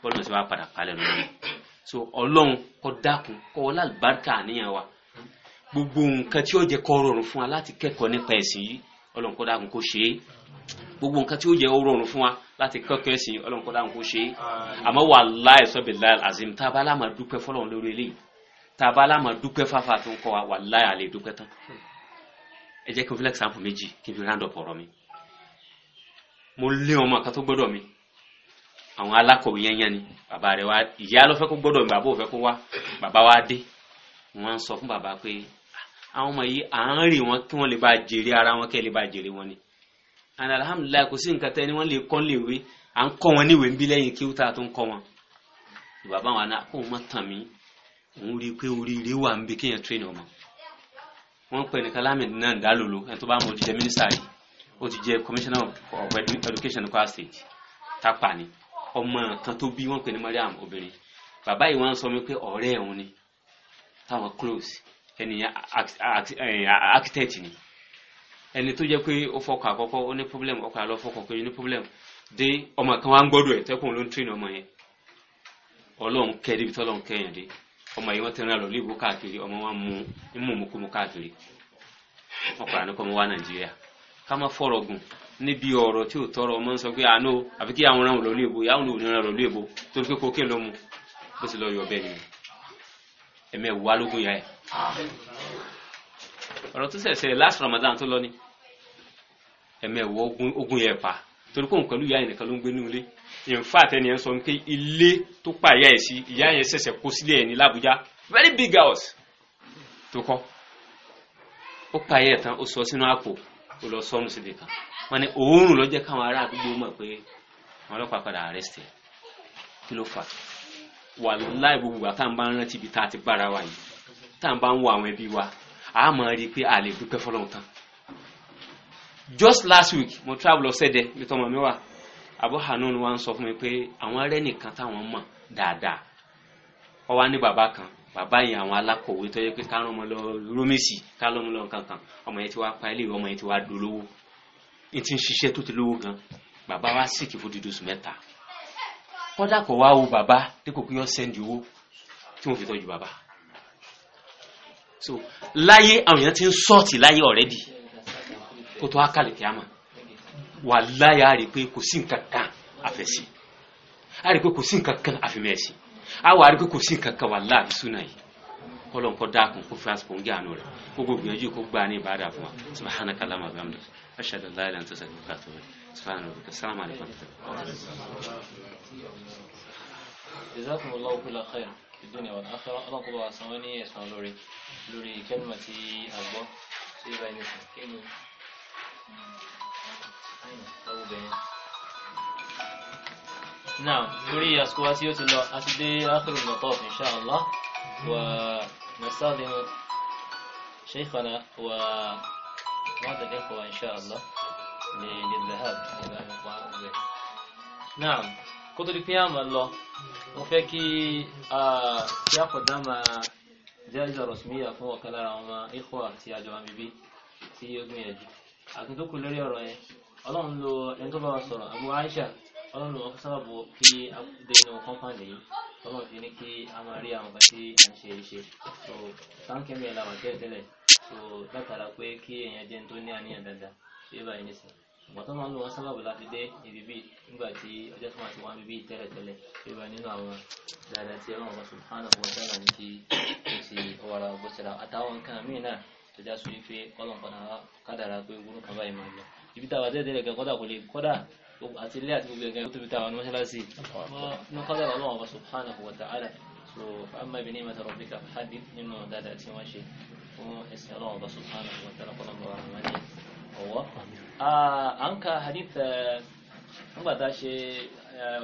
bọ́ọ̀lù ti wá padà kalẹ̀ lónìí so ọlọ́run kó dákun kó wọlé àlùbáríkà àníyàn wa gbogbo nǹkan tí ó jẹ́ kó rọrùn fún wa láti kẹ́kọ̀ọ́ nípa ẹ̀sìn yìí Ọlọ́run kó dákun kó ṣe é gbogbo nǹkan tí ó jẹ́ ó rọrùn fún wa láti kẹ́kọ̀ọ́ ẹ̀sìn yìí Ọlọ́run kó dákun kó ṣe é àmọ́ wallahi sabillahi azim tá a bá láàmà dúpẹ́ fọ́lọ́run lórí eléyìí tá a bá láàmà dúpẹ́ fáfà tó ń kọ́ wa wallahi àlè dúpẹ́ tán ẹ jẹ́ kí n fi lẹ́kìsàmpù méjì kí n fi round up ọ̀rọ̀ mi mo lé ọmọ kan tó gbọ́dọ̀ mi àwọn alákọ̀wé yẹn yẹn ni bàbá rẹ̀ wá ìyá ló fẹ́ kó gbọ́dọ̀ mi bàbá ò fẹ́ kó wá bàbá wa dé wọ́n sọ fún bàbá pé àwọn ọmọ yìí à ń rè wọn kí wọ́n lè bá jèrè ara wọn kẹ́ lè bá jèrè wọn ni and alhamdulilayi kò sí nǹkan tẹ́ ni wọ́n lè kọ́ lè wé à ń kọ́ wọn níwèé ń lẹ́yìn kí wúta tó ń kọ́ wọn bàbá wa náà kó wọn tàn mí òun rí i pé oríire wà ń bí kéèyàn tírénì ọmọ wọ́n pè nìkan lámì náà dálòlò ẹni tó bá mọ̀ ti jẹ́ mínísítà yìí ó ti commissioner of education kwara state tápà ni ọmọ kan tó bí wọ́n pè ní mariam obìnrin bàbá yìí wọ́n sọ mi pé ọ̀rẹ́ òun ni táwọn close eni architect ni ẹni tó jẹ́ pé ó fọkọ̀ àkọ́kọ́ ó ní problem ọkọ̀ àlọ́ fọkọ̀ kejì ní problem dé ọmọ kan wá ń gbọ́dọ̀ ẹ̀ tẹ́kùn ló ń tírìn ọmọ yẹn ọlọ́run kẹ́ débi tọ́lọ́run kẹ́yìn dé ọmọ yìí wọ́n ti rán lọ léèbó káàkiri ọmọ wọn mú mú mú kú káàkiri wọn kọ́ nàìjíríà ká má fọ̀rọ̀ gùn níbi ọ̀rọ̀ tí ò tọrọ ọmọ sọ pé àánú ah, àbí kí àwọn yàwọn ò ní kókè mu bó ti lọ yọ bẹ́ẹ̀ ni ẹ̀mẹ́ wà lógún yá ọ̀rọ̀ tó ṣẹ̀ṣẹ̀ last Ramadan tó lọ ni ẹ̀mẹ̀wọ̀ ogun yẹn pa torí kóhùn pẹ̀lú ìyá yẹn nìkan ló ń gbé ní ilé in fact ẹni yẹn sọ pé ilé tó pa ìyá yẹn sí ìyá yẹn ṣẹ̀ṣẹ̀ kó sílé yẹn ní làbújá very big house tó kọ́ ó pa ìyá yẹn tán ó sọ sínú àpò ó lọ sọ́nù síbi kan wọ́n ní òórùn ló jẹ́ káwọn ará àdúgbò mọ̀ pé àwọn ọlọ́pàá padà arrest ẹ̀ kí ló fà wàláì gbogbo àtàǹbá ń rántí ibi tá a ti bára wa yìí tá à ń bá ń wo àwọn ẹbí wa a máa rí i pé a lè dúpẹ́ fọlọ́run tán just last week mo travel lọ sẹ́dẹ̀ mi tọmọ mi wà Abu Hanun wa ń sọ fún mi pé àwọn arẹ́ nìkan táwọn mọ̀ dáadáa ó wá ní bàbá kan bàbá yẹn àwọn alákọ̀wé tó yẹ pé ká rán ọmọ lọ rómèsì ká lọ́mọ lọ kankan ọmọ yẹn ti wá pa ilé ọmọ yẹn ti wá dolówó n ti ń ṣiṣẹ́ tó ti lówó gan bàbá wa sìkì fún dídùn sùn mẹ́ta kọ́dà kò wá wo bàbá dípò pé yọ sẹ́ndì owó tí wọ́n fi tọ́jú bàbá so láyé àwọn èèyàn ti ń sọ́ọ̀tì láyé ọ̀rẹ́dì kó tó ákàlẹ̀ kí a mọ̀ wà láyé a rí pé kò sí nǹkan kan àfẹ́sí a rí pé kò sí nǹkan kan àfimẹ́sí a wà rí pé kò sí nǹkan kan wà láàbí súnà yìí kọ́lọ́n kọ́ dákun kó france kò ń gé àánú rẹ̀ gbogbo gbìyànjú kó gbá ní ìbáradà fún wa subhanaka allahumma wa bihamdika ashhadu an la ilaha illa anta astaghfiruka wa atubu ilayk subhanahu wa ta'ala assalamu alaykum jazakumullahu khairan الدنيا والآخرة أنا قبل عصواني يسمع لوري لوري كلمة أبو سيبا يسمع كلمة نعم لوري يسكوا سيوت الله أسدي آخر المطاف إن شاء الله ونستاذن شيخنا و الإخوة إن شاء الله للذهاب إلى نعم kó tó di pé àmà lọ mo fẹ́ kí kí àkọ́dá máa jẹ́ ìjọrọ̀ sùmíyà fún ọ̀kan lára àwọn ọmọ ikọ̀ àti àjọ àbíbí tí ó gbìyànjú àti tó lórí ọ̀rọ̀ yẹn ọlọ́run lo ẹni tó bá wa sọ̀rọ̀ àbú Aisha ọlọ́run wọn sábàbò kí dé inú kọ́mpáàdì yìí ọlọ́run fi ní kí a máa rí àwọn kan tí à ń ṣe iṣẹ́ so sáńkẹ́mi ẹ̀ làwọn tẹ́lẹ̀ tẹ́lẹ̀ so látara pé kí èèyàn jẹun tó ní àníyàn dáadáa ṣé báyìí nísìnyí ìgbà tó máa ń lo wọn sábàbù láti dé ibi bíi nígbà tí ọjọ́ tó máa ti wọ́n bíi tẹ́lẹ̀tẹ́lẹ̀ tí ó bá nínú àwọn dáadáa tí ọlọ́run bá subhanahu wa ta'ala ní ti ó ti ọwọ́ra ọgbọ́sẹ̀lá àtàwọn nǹkan míì náà tó já sí wípé ọlọ́run padà kádàrà pé gbóró kan báyìí máa ń lọ ibi táwa tẹ́lẹ̀ gan kọ́dà kò lè kọ́dà àti ilé àti gbogbo ẹ̀gẹ́ tó bi táwa ní mọ́ṣáláṣí ní kádàrà ọlọ́run bá subhanahu wa so amma bi ni'mati rabbika fahadith nínú dáadáa tí wọ́n ṣe fún ẹ̀sìn ọlọ́run subhanahu wa ọ̀wọ́ à ń ka hadith nígbàtà ṣe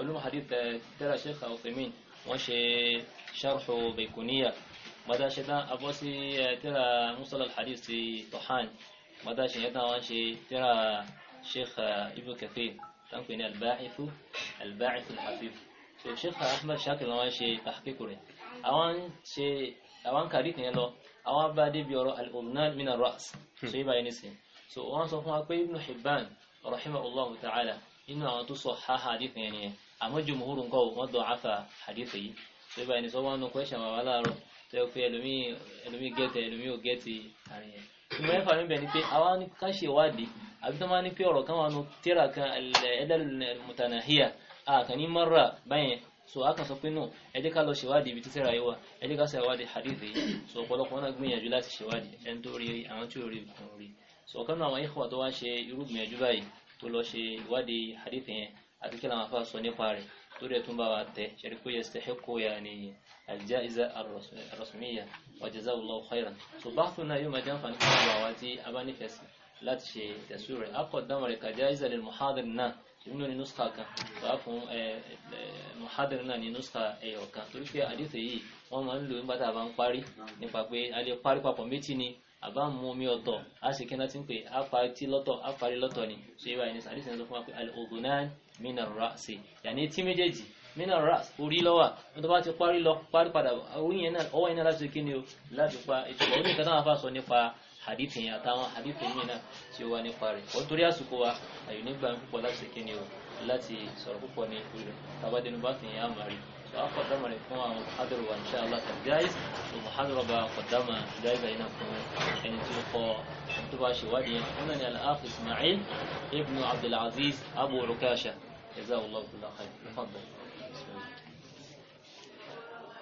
olúmọ̀ hadith eh, tẹ́lá sheikh al-Uthaymeen wọ́n ṣe sharhu baykuniya gbàtà ṣe tán abọ́ sí eh, tẹ́lá musala al-hadith sí tohan gbàtà ṣe yẹn tán wọ́n ṣe tẹ́lá sheikh eh, ibn Kathir tán pè ní al-ba'ithu al-ba'ithu al-hafiz so sheikh ahmed shakir wọ́n ṣe tahqiq rẹ̀ ṣe àwọn kàdí tìyẹn lọ àwọn bá débi ọ̀rọ̀ al-umnan min ras hmm. so yí báyìí nísìnyí so wọ́n sọ fún wa pé ibn hibban rahimahullahu ta'ala inú àwọn tó sọ ha hadith yẹn ni àmọ́ jumhur nǹkan wọ́n dọ̀ afa hadith yìí tó bá ẹni sọ wọ́n nu question wà wá láàárọ̀ tó yẹ pé ẹlòmíì gẹ́tẹ̀ ẹlòmíì e, ò gẹ́tẹ̀ e, àrùn yẹn ìmọ̀ ẹ̀fà níbẹ̀ ni pé àwa ní ká ṣe ìwádìí àbí tó máa ní pé ọ̀rọ̀ kan wà nù tíra kan al-adal al-mutanahiya mọ́ra báyẹn so a kan sọ pé náà ẹ ká lọ ṣèwádìí ibi títí rayuwa ẹ jẹ́ ká ṣèwádìí hadith yìí so ọ̀pọ̀lọpọ̀ náà gbìyànjú láti ṣèwádìí ẹni tó rí àwọn tí ò rí nǹkan rí sọ̀kan àwọn ìkọ̀ tó wá ṣe irú gbìyànjú báyìí tó lọ ṣe ìwádìí hadith yẹn àti kí làwọn afá sọ nípa rẹ̀ tó rẹ̀ tún bá wa tẹ̀ ṣẹ̀rí pé yastahiqu yani al-ja'iza ar-rasmiyya wa jazahullahu khairan so bá fún náà yóò máa jẹ́ àǹfààní fún àwọn àwa tí a bá nífẹ̀ẹ́ sí láti ṣe tẹ̀sùn rẹ̀ ka ja'iza lil muhadir náà inú ni nuska kan bá fún muhadir náà ni nuska ẹ̀yọ̀ kan torí pé hadith yìí wọ́n máa ń lò nígbà tá a bá ń parí nípa pé a lè ni àbá mú omi ọ̀tọ̀ a sì kíná tí ń pè á parí tí lọ́tọ̀ á parí lọ́tọ̀ ni ṣe ibà ẹni sàdísìn sọ fún wa pé al-udhunan mina ar-ra'si yàní tí méjèèjì mina ar-ra's orí lọ́wà wọ́n tó bá ti parí lọ parí padà oríyìn náà ọwọ́ iná láti kí ni o láti pa ìtura orí nǹkan táwọn afáṣọ nípa hadithi yẹn àtàwọn hadithi yìí náà tí ó wá nípa rẹ̀ ó torí àsìkò wa àyò nígbà púpọ̀ láti kí ni o láti sọ̀rọ̀ púpọ̀ ní ìlú tàbádẹnubá kìí yá màrí فأقدم الاثنين المحاضر وإن شاء الله كان جايز المحاضرة بقدمها جايزة هنا في يعني تلقى تباشي وادي هنا الأخ إسماعيل ابن عبد العزيز أبو عكاشة جزاه الله كل خير تفضل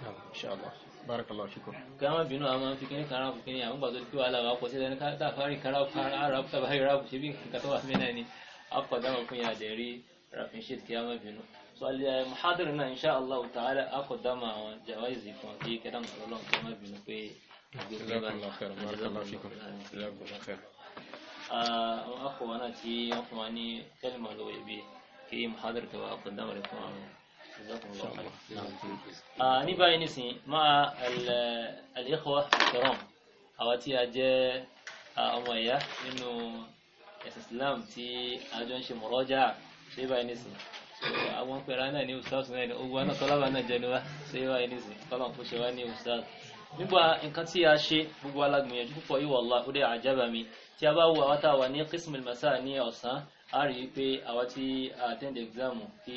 نعم، إن شاء الله بارك الله فيكم كما بينو أما فيكني في فيكني أما بدل كيو على غاب كوسي لأن كذا كاري كنا كنا راب تبعي راب شبيه كتوه مناني أبقى دم كنيا ديري رافين شيت كيا ما بينو Uh, muhadiri náà insha allah ta'ala akọ̀dámọ̀ àwọn jawaizi fún kí kẹ́dà mọ̀lọ́lọ́ tó má bínú pé àwọn akọ̀wà náà tí wọ́n fún wa ní kẹ́lìmọ̀ lówó ibi kí muhadiri tó wà akọ̀dámọ̀ rẹ̀ fún àwọn ní báyìí nísìn máa al-ikhwa al-kiram àwa tí a jẹ́ ọmọ ẹ̀yà nínú ẹ̀sìn Islam tí a jọ ń ṣe mọ̀rọ́jà ṣé báyìí àwọn pẹ̀lá náà ní ustaz náà ní ogun aná sọlábà náà jẹnu wá ṣe wá ẹni sìn kọ́lọ̀ kó ṣe wá ní ustaz nígbà nǹkan tí a ṣe gbogbo alágbìyànjú púpọ̀ yìí wallahi ó dé àjábà mi tí a bá wo àwọn tá a wà ní qismul masa ní ọ̀sán a rí pé àwa tí attend exam kí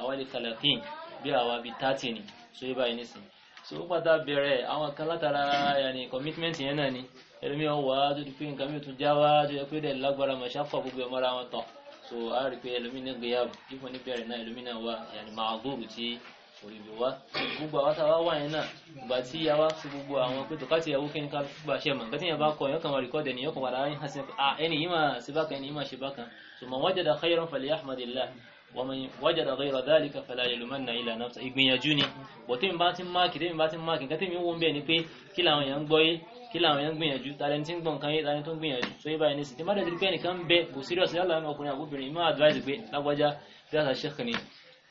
àwa lè kalakin bí àwa bíi thirty ni ṣe é báyìí nísìn so ó pàtà bẹ̀rẹ̀ àwọn kan látara yàní commitment yẹn náà ni ẹlòmíràn wà á tó di pé nǹkan mi ò tún já wá tó yẹ pé dẹ̀ lágbára mọ̀ gbogbo ẹ̀ mọ́ra wọn tán so a rí pé ẹlòmíì ní gbéyàwó ipò níbẹ̀rẹ̀ náà ẹlòmíì náà wà yàní máa gbòòrò tí òyìnbó wá gbogbo àwọn táwa wà yẹn náà ìgbà tí a wá sí gbogbo àwọn pé tòkátì ẹwú kí ní ká gbà ṣe mọ̀ nǹkan tí yẹn bá kọ yọkàn wọn rìkọ́dẹ̀ ni yọkàn wàdà ayé hàn sí ẹni yìí máa ṣe bákan ẹni yìí máa ṣe bákan so man wajada khayran falyahmadillah wa man wajada ghayra dhalika fala yalumanna illa nafsa ìgbìyànjú ni bọ̀ tí mi bá ti máàkì tí mi bá ti máàkì nǹkan tí mi wọ́n bẹ́ẹ̀ ni pé kí làwọn èèyàn gbọ́ kí làwọn yẹn ń gbìyànjú tàlẹ́ni tí ń gbọ̀n kan yé tàlẹ́ni tó ń gbìyànjú tó yé báyìí ní sìtì má dẹ̀ ti pé ẹnìkan ń bẹ kò serious yálà ẹ̀mọ ọkùnrin àbúbìnrin má advice pé lágbájá bí àṣà sheikh ni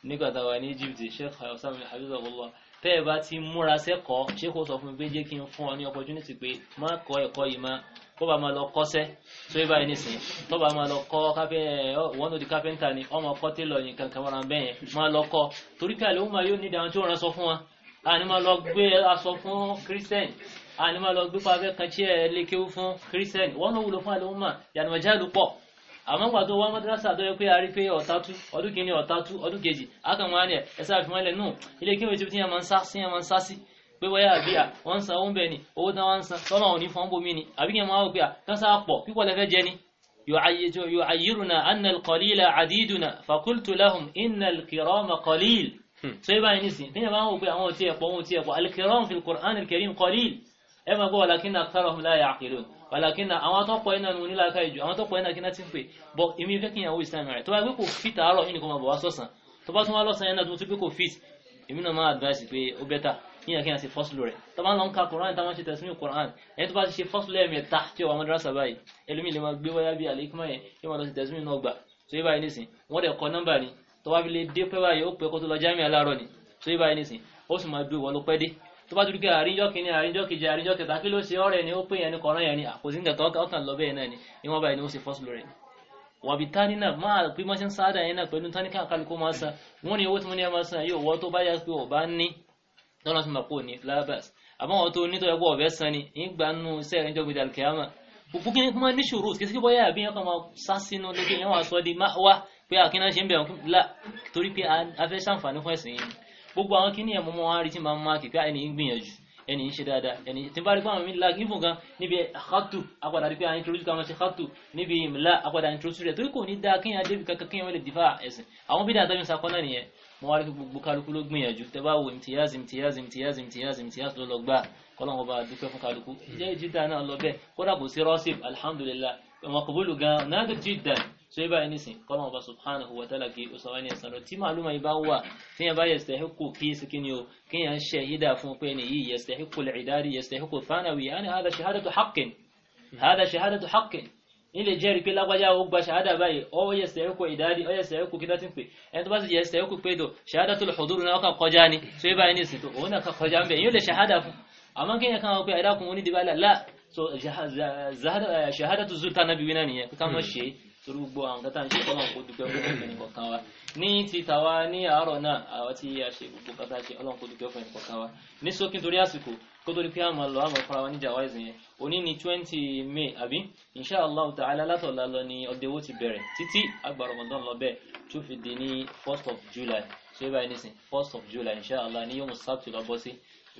nígbà táwa ní Egypt sheikh hayosan habibullah tẹ́ ẹ bá ti múra sẹ́kọ̀ọ́ sheikh ó sọ fún mi pé jẹ́ kí n fún ọ ní opportunity pé má kọ́ ẹ̀kọ́ yìí má kó bá máa lọ kọ́ṣẹ́ tó yé báyìí nísìn tó bá máa lọ kọ́ wọ́n di kápẹ́ńtà ni ọmọ kọ́ télọ̀ yìí kankan mọ́ra bẹ́yẹn máa lọ kọ́ torí pé àlẹ́ òun máa yóò ní ìdáhùn tí ó rán sọ fún wa àní máa lọ gbé aṣọ fún Christian a ní máa lọ gbé pa abẹ́ kan tí ẹ lè kéwú fún kírísítẹ́nì wọ́n ló wúlò fún àlòmọ́ yànnà ọjà ló pọ̀ àmọ́ gbà tó wá mọ́dúrásà tó yẹ pé a rí pé ọ̀tá tú ọdún kìíní ọ̀tá tú ọdún kejì akànwá ni ẹ sáà fi wọ́n lẹ̀ nù ilé kéwú tí yẹn máa ń sá sí yẹn máa ń sá sí pé wáyà àbí à wọ́n ń san owó bẹ́ẹ̀ ni owó tán wọ́n ń san tọ́nà òní fọ́n bomi ni àbí yẹn máa wò pé à tán sáà pọ̀ pípọ̀ lẹ́fẹ́ jẹ ni يعيرنا أن القليل عديدنا فقلت لهم إن الكرام قليل سيبا ينسي تنيا ما هو بي أمو تيقو أمو تيقو الكرام في القرآن الكريم قليل ẹ máa gbọ́ wàlákínà tààràhùn láyà àkìlún wàlákínà àwọn tó pọ̀ iná ní láàká ìjù àwọn tó pọ̀ iná kíná ti ń pè bọ́ èmi fẹ́ kí ìyàwó ìsìlámù rẹ̀ tó bá gbé kò fit àárọ̀ yìí nìkan máa sọ̀sán tó bá tún wá lọ́sàn yẹn tó gbé kò fit èmi náà máa advice pé ó bẹ́tà yíyan kí n ṣe fọ́sùlù rẹ̀ tó bá ń lọ ń ka koran táwọn ṣe tẹ̀sí ní koran ẹni tó bá ti ṣe fọ́sùlù ẹ̀mẹ́ta tí ó wà mọ́dúrásà báyìí ẹlòmíì lè máa gbé wáyà bíi àlékúmọ̀ yẹn yóò máa lọ tó bá dúdú pé àríjọ́ kìíní àríjọ́ kejì àríjọ́ kẹta kí ló ṣe ọ̀rẹ́ ni ó pè yẹn ní kọ̀ọ̀rọ̀ yẹn ni àkòsí nǹkan kan ọkàn lọ bẹ́ẹ̀ náà ni níwọ̀n báyìí ni ó ṣe fọ́sùlù rẹ̀ ni. wàbí tání náà máa pín mọ́ṣẹ́ ń sáádà yẹn náà pẹ̀lú tání káàkálukú máa san wọ́n ní owó tí mo ní ẹ máa san yóò wọ́ tó bá yá pé ò bá ní lọ́nà tí mo kò ní flabas àmọ́ wọn tó nítorí ẹgbẹ́ ọ̀bẹ san ni ìgbà nù iṣẹ́ rẹ̀ níjọ́ gbèdà kẹ́hámà òfú kí ni kí wọ́n ní ṣòro kí sí bọ́yá àbí yẹn kan máa sá sínú lókè yẹn wà sọ́ di máa wá pé àkínná ṣe ń bẹ̀rù lá torí pé a fẹ́ fún ẹ̀sìn yìí gbogbo àwọn kìíní ẹ̀ mọ́ mọ́ wá rí tí máa ń máàkì pé ẹni ń gbìyànjú ẹni ń ṣe dáadáa ẹni tí bá rí pé àwọn mi lag ifun gan níbi khatu apadà rí pé àwọn introduce kan ṣe khatu níbi imla apadà introduce rẹ̀ torí kò ní dáa kéèyàn débi kankan kéèyàn wọlé dìfà ẹ̀sìn àwọn bídà àtàbí sakọ náà nìyẹn mo wá rí pé gbogbo kálukú ló gbìyànjú tẹ bá wo imtiyaz imtiyaz imtiyaz imtiyaz imtiyaz kọ́lọ́wọ́n bá dúpẹ́ fún kálukú jẹ́ jìdá náà lọ bẹ́ẹ̀ kódà kò sí rọ́ọ̀sì alhamdulillah ọmọkùnbólù gan náà jìdá so ibà ẹni sìn kọ́lọ́wọ́n bá subhanahu wa ta'ala kí ọsàn wáyé ẹ̀sán lọ tí màlúmọ̀ ibà wà tí yẹn bá yastahiqu kí sí kí ni o kí yẹn ń ṣe yídà fún pé ni yìí yastahiqu al-idari yastahiqu thanawi yani hada shahadatu haqqin hmm. hada shahadatu haqqin ilé jẹ́rìí pé lágbájá ó gba ṣàhádà báyìí ọwọ́ yẹsẹ̀ ẹ̀kọ́ ìdádì ọ yẹsẹ̀ ẹ̀kọ́ kíná ń pè ẹni tó bá sì yẹsẹ̀ ẹ̀kọ́ pé tó ṣàhádà tó lè náà kọjá ni tó yẹ báyìí ní ìsìn tó òun náà kọjá ń bẹ̀ yóò lè ṣàhádà fún àmọ́ kí ẹ̀kan ọ̀pẹ́ ẹ̀dàkùn onídìbálà la, so ṣahadatu eh, zulta nabi wina nìyẹn pé ká shi, ṣe torí gbogbo àwọn kátà ń ṣe ọlọ́run kó dúpẹ́ fún ẹnì kọ̀ọ̀kan wa ní ti tàwa ní àárọ̀ náà àwọn tí a ṣe gbogbo kátà ṣe ọlọ́run kó dúpẹ́ fún ẹnì kọ̀ọ̀kan wa ní sókí torí àsìkò kó tó di pé àmọ́ lọ àmọ́ fara wa jawaiz yẹn òní ni twenty may àbí insha allah ta'ala látọ̀la lọ ni ọdẹwó ti bẹ̀rẹ̀ títí àgbà ramadan lọ bẹ́ẹ̀ tó fi di ní first of july ṣé e báyìí nísìn first of july insha allah ní yóò mú sábtì lọ bọ́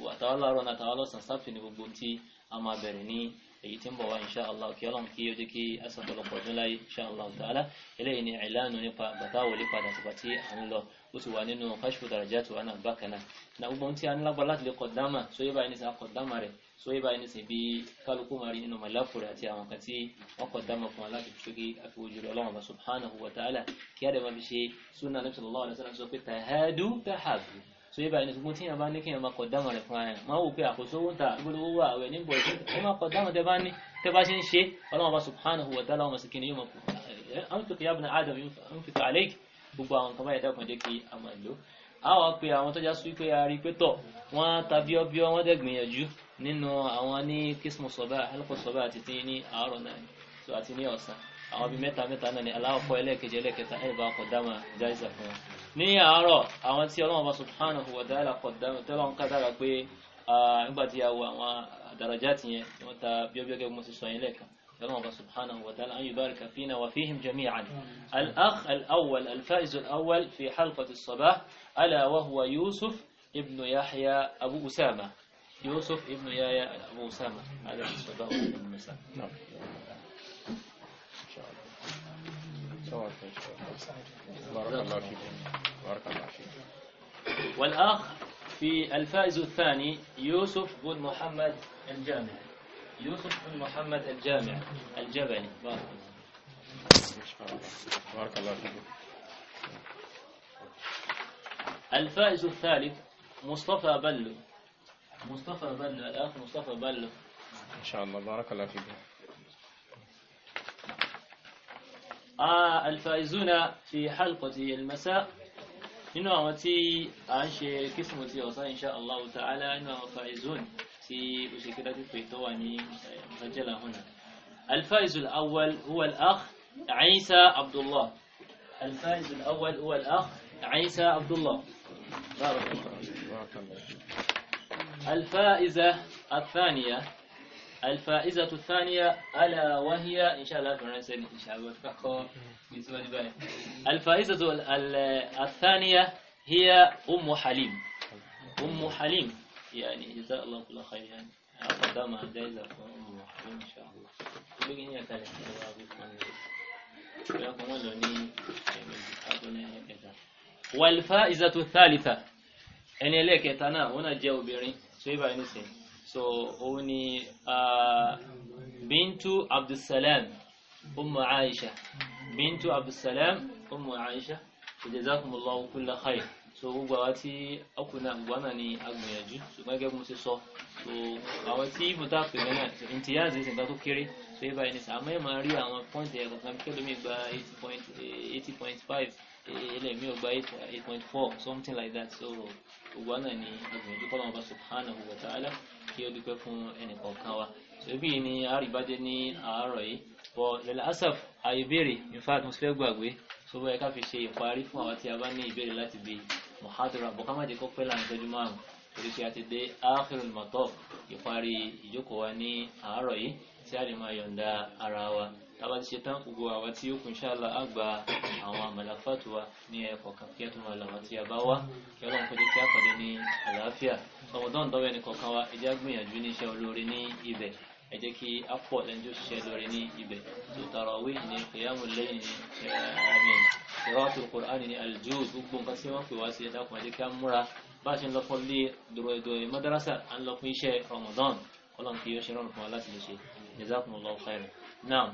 wàtàwálà rọ̀nà tàwálà sàn sáfì ní gbogbo tí a máa bẹ̀rẹ̀ ní èyí tí ń bọ̀ wá insha Allah kí ọlọ́run kí ó jẹ́ kí asàtọ̀lọpọ̀ ọdún láyé insha Allah ta'ala eléyìí ni ìlànà nípa gbàtàwọlé padà sípa tí à ń lọ ó ti wà nínú kashfu darajatu wa náà bákan náà na gbogbo tí a ń lágbá láti lè kọ̀dámà so yé báyìí ní sàn kọ̀dámà rẹ̀ so yé báyìí ní sàn bí kálukú máa rí nínú màláfùrẹ̀ àti àwọn kan tí wọ́n kọ̀dámà fún wa láti fi ṣókí àfiwójú ọlọ́run subhanahu wa ta'ala kí á dẹ̀ máa fi ṣe sunnah nabi sallallahu alaihi wasallam sọ pé tahadu tahabu so yíba ẹni ṣùgbọ́n tí yàn bá ní kí yàn máa kọ̀dámọ̀ rẹ̀ fúnra yàn máa wò pé àkóso owó ń ta àdúgbò owó àwẹ̀ ní bọ̀ sí ẹ máa kọ̀dámọ̀ tẹ bá ní tẹ bá ṣe ń ṣe ọlọ́wọ́n bá subhanahu wa ta'ala wọn sì kí ni yóò máa kú àwọn tó kìyà adam ń fi tààlẹ́ gbogbo àwọn kan báyìí dákun jẹ́ kí a máa lò á wà pé àwọn tó já sí pé a rí pé tọ̀ wọ́n ta bíọ́bíọ́ wọ́n dẹ̀ gbìyànjú nínú àwọn ní kismu sọ̀bà alùpùpù sọ̀bà àti tí ní àárọ̀ náà àti ní ọ̀sán àwọn bíi mẹ́ta mẹ́ta náà ni aláwọ̀ kọ́ ẹlẹ́ẹ̀kejì ẹlẹ́ẹ̀kẹta ẹ̀ bá kọ̀ dáma jáìsà fún wọn. ní aro àwọn tí ọlọ́run bá subhanahu wa ta'ala qaddam kọ̀dámù ka daga pé ah ngba tí awo àwọn àdàrọ̀já yẹn wọ́n ta bíọ́bíọ́ ke mo sì sọ yẹn lẹ́ẹ̀kan ọlọ́run bá subhanahu wa ta'ala an yubarika fina wa fihim jami'an al-akh al-awwal al-faiz al-awwal fi halqati al sabah ala wa huwa yusuf ibn yahya abu usama يوسف ابن يايا أبو أسامة هذا الصباح والمساء نعم بارك الله فيك بارك الله فيك والأخ في الفائز الثاني يوسف بن محمد الجامع يوسف بن محمد الجامع الجبلي بارك الله بارك الله فيك الفائز الثالث مصطفى بلو مصطفى بلو الأخ مصطفى بلو إن شاء الله بارك الله فيك آه، الفائزون في حلقة المساء إنه أمتي أنشي كسمتي وصا إن شاء الله تعالى إنه فائزون في مشكلة في طواني مسجلة هنا الفائز الأول هو الأخ عيسى عبد الله الفائز الأول هو الأخ عيسى عبد الله بارك الله الفائزة الثانية الفائزة الثانية ألا وهي إن شاء الله فرنسين إن شاء الله بالنسبة الفائزة الثانية هي أم حليم أم حليم يعني جزاء الله كل خير يعني أقدام جائزة أم حليم إن شاء الله لكن يعني هي كانت والفائزة الثالثة أنا لك أنا هنا جاوبيني سيبا نسيني so òun ni uh, bintu abdulsalam umu aisha bintu abdulsalam umu aisha jazakumullahu kulla khair so gbogbo àwọn tí ọkùnrin àgbà náà ni agbìyànjú ṣùgbọ́n gẹ́gẹ́ mo ṣe sọ so àwọn tí ibùdó pèmí náà ìntìyàzì ìsìn kan tó kéré so yíba ẹni sàmọ́ ẹ̀ máa rí àwọn pọ́ǹtì ẹ̀ kankan bí kẹ́lómi gba eighty point five ẹlẹ́mí ò gba eight something like that so gbogbo àwọn náà ni agbìyànjú kọ́ subhanahu wa ta'ala kí ó dúpẹ́ fún ẹnìkọ̀ọ̀kan wa ṣòbí ni àríbájẹ́ ní àárọ̀ yìí bọ̀ lẹ́la asaf àyè béèrè in fact mo fẹ́ gbàgbé tó bá yẹ ká fi ṣe ìparí fún àwọn tí a bá ní ìbéèrè láti bí mohadura bọ̀ ká má jẹ́ kó pẹ́ láàrin ìṣẹ́jú márùn torí pé a dé áàkìrùn mọ̀tọ́ ìparí ìjókòó wa ní àárọ̀ yìí tí a lè máa yọ̀ǹda ara wa tába ti ṣe tán gbogbo àwọn tí ó kù insha Allah á gba àwọn àmàlàfàtù wa ní ẹ̀kọ́ kan kí ẹ tó máa lọ àwọn tí a bá wá kí ọlọ́run kó jẹ́ kí á pàdé ní àlàáfíà ọmọdán dọ́wọ́ ẹnì kọ̀ọ̀kan wa ẹ gbìyànjú ní iṣẹ́ olóore ní ibẹ̀ ẹ kí á pọ̀ lẹ́ni tó ṣiṣẹ́ lóore ní ibẹ̀ tó tarawih ní qiyamul layl ní eh, àmín qira'atul Qur'an ní aljuz gbogbo nǹkan tí wọ́n pè wá sí ẹ̀dá kan ẹ kí á múra bá a ṣe ń lọ fún lé dòrò èdò madrasa à ń lọ fún iṣẹ́ ọmọdán ọlọ́run kì yóò ṣe rọrùn fún wa láti lè ṣe jazakumullahu khairan naam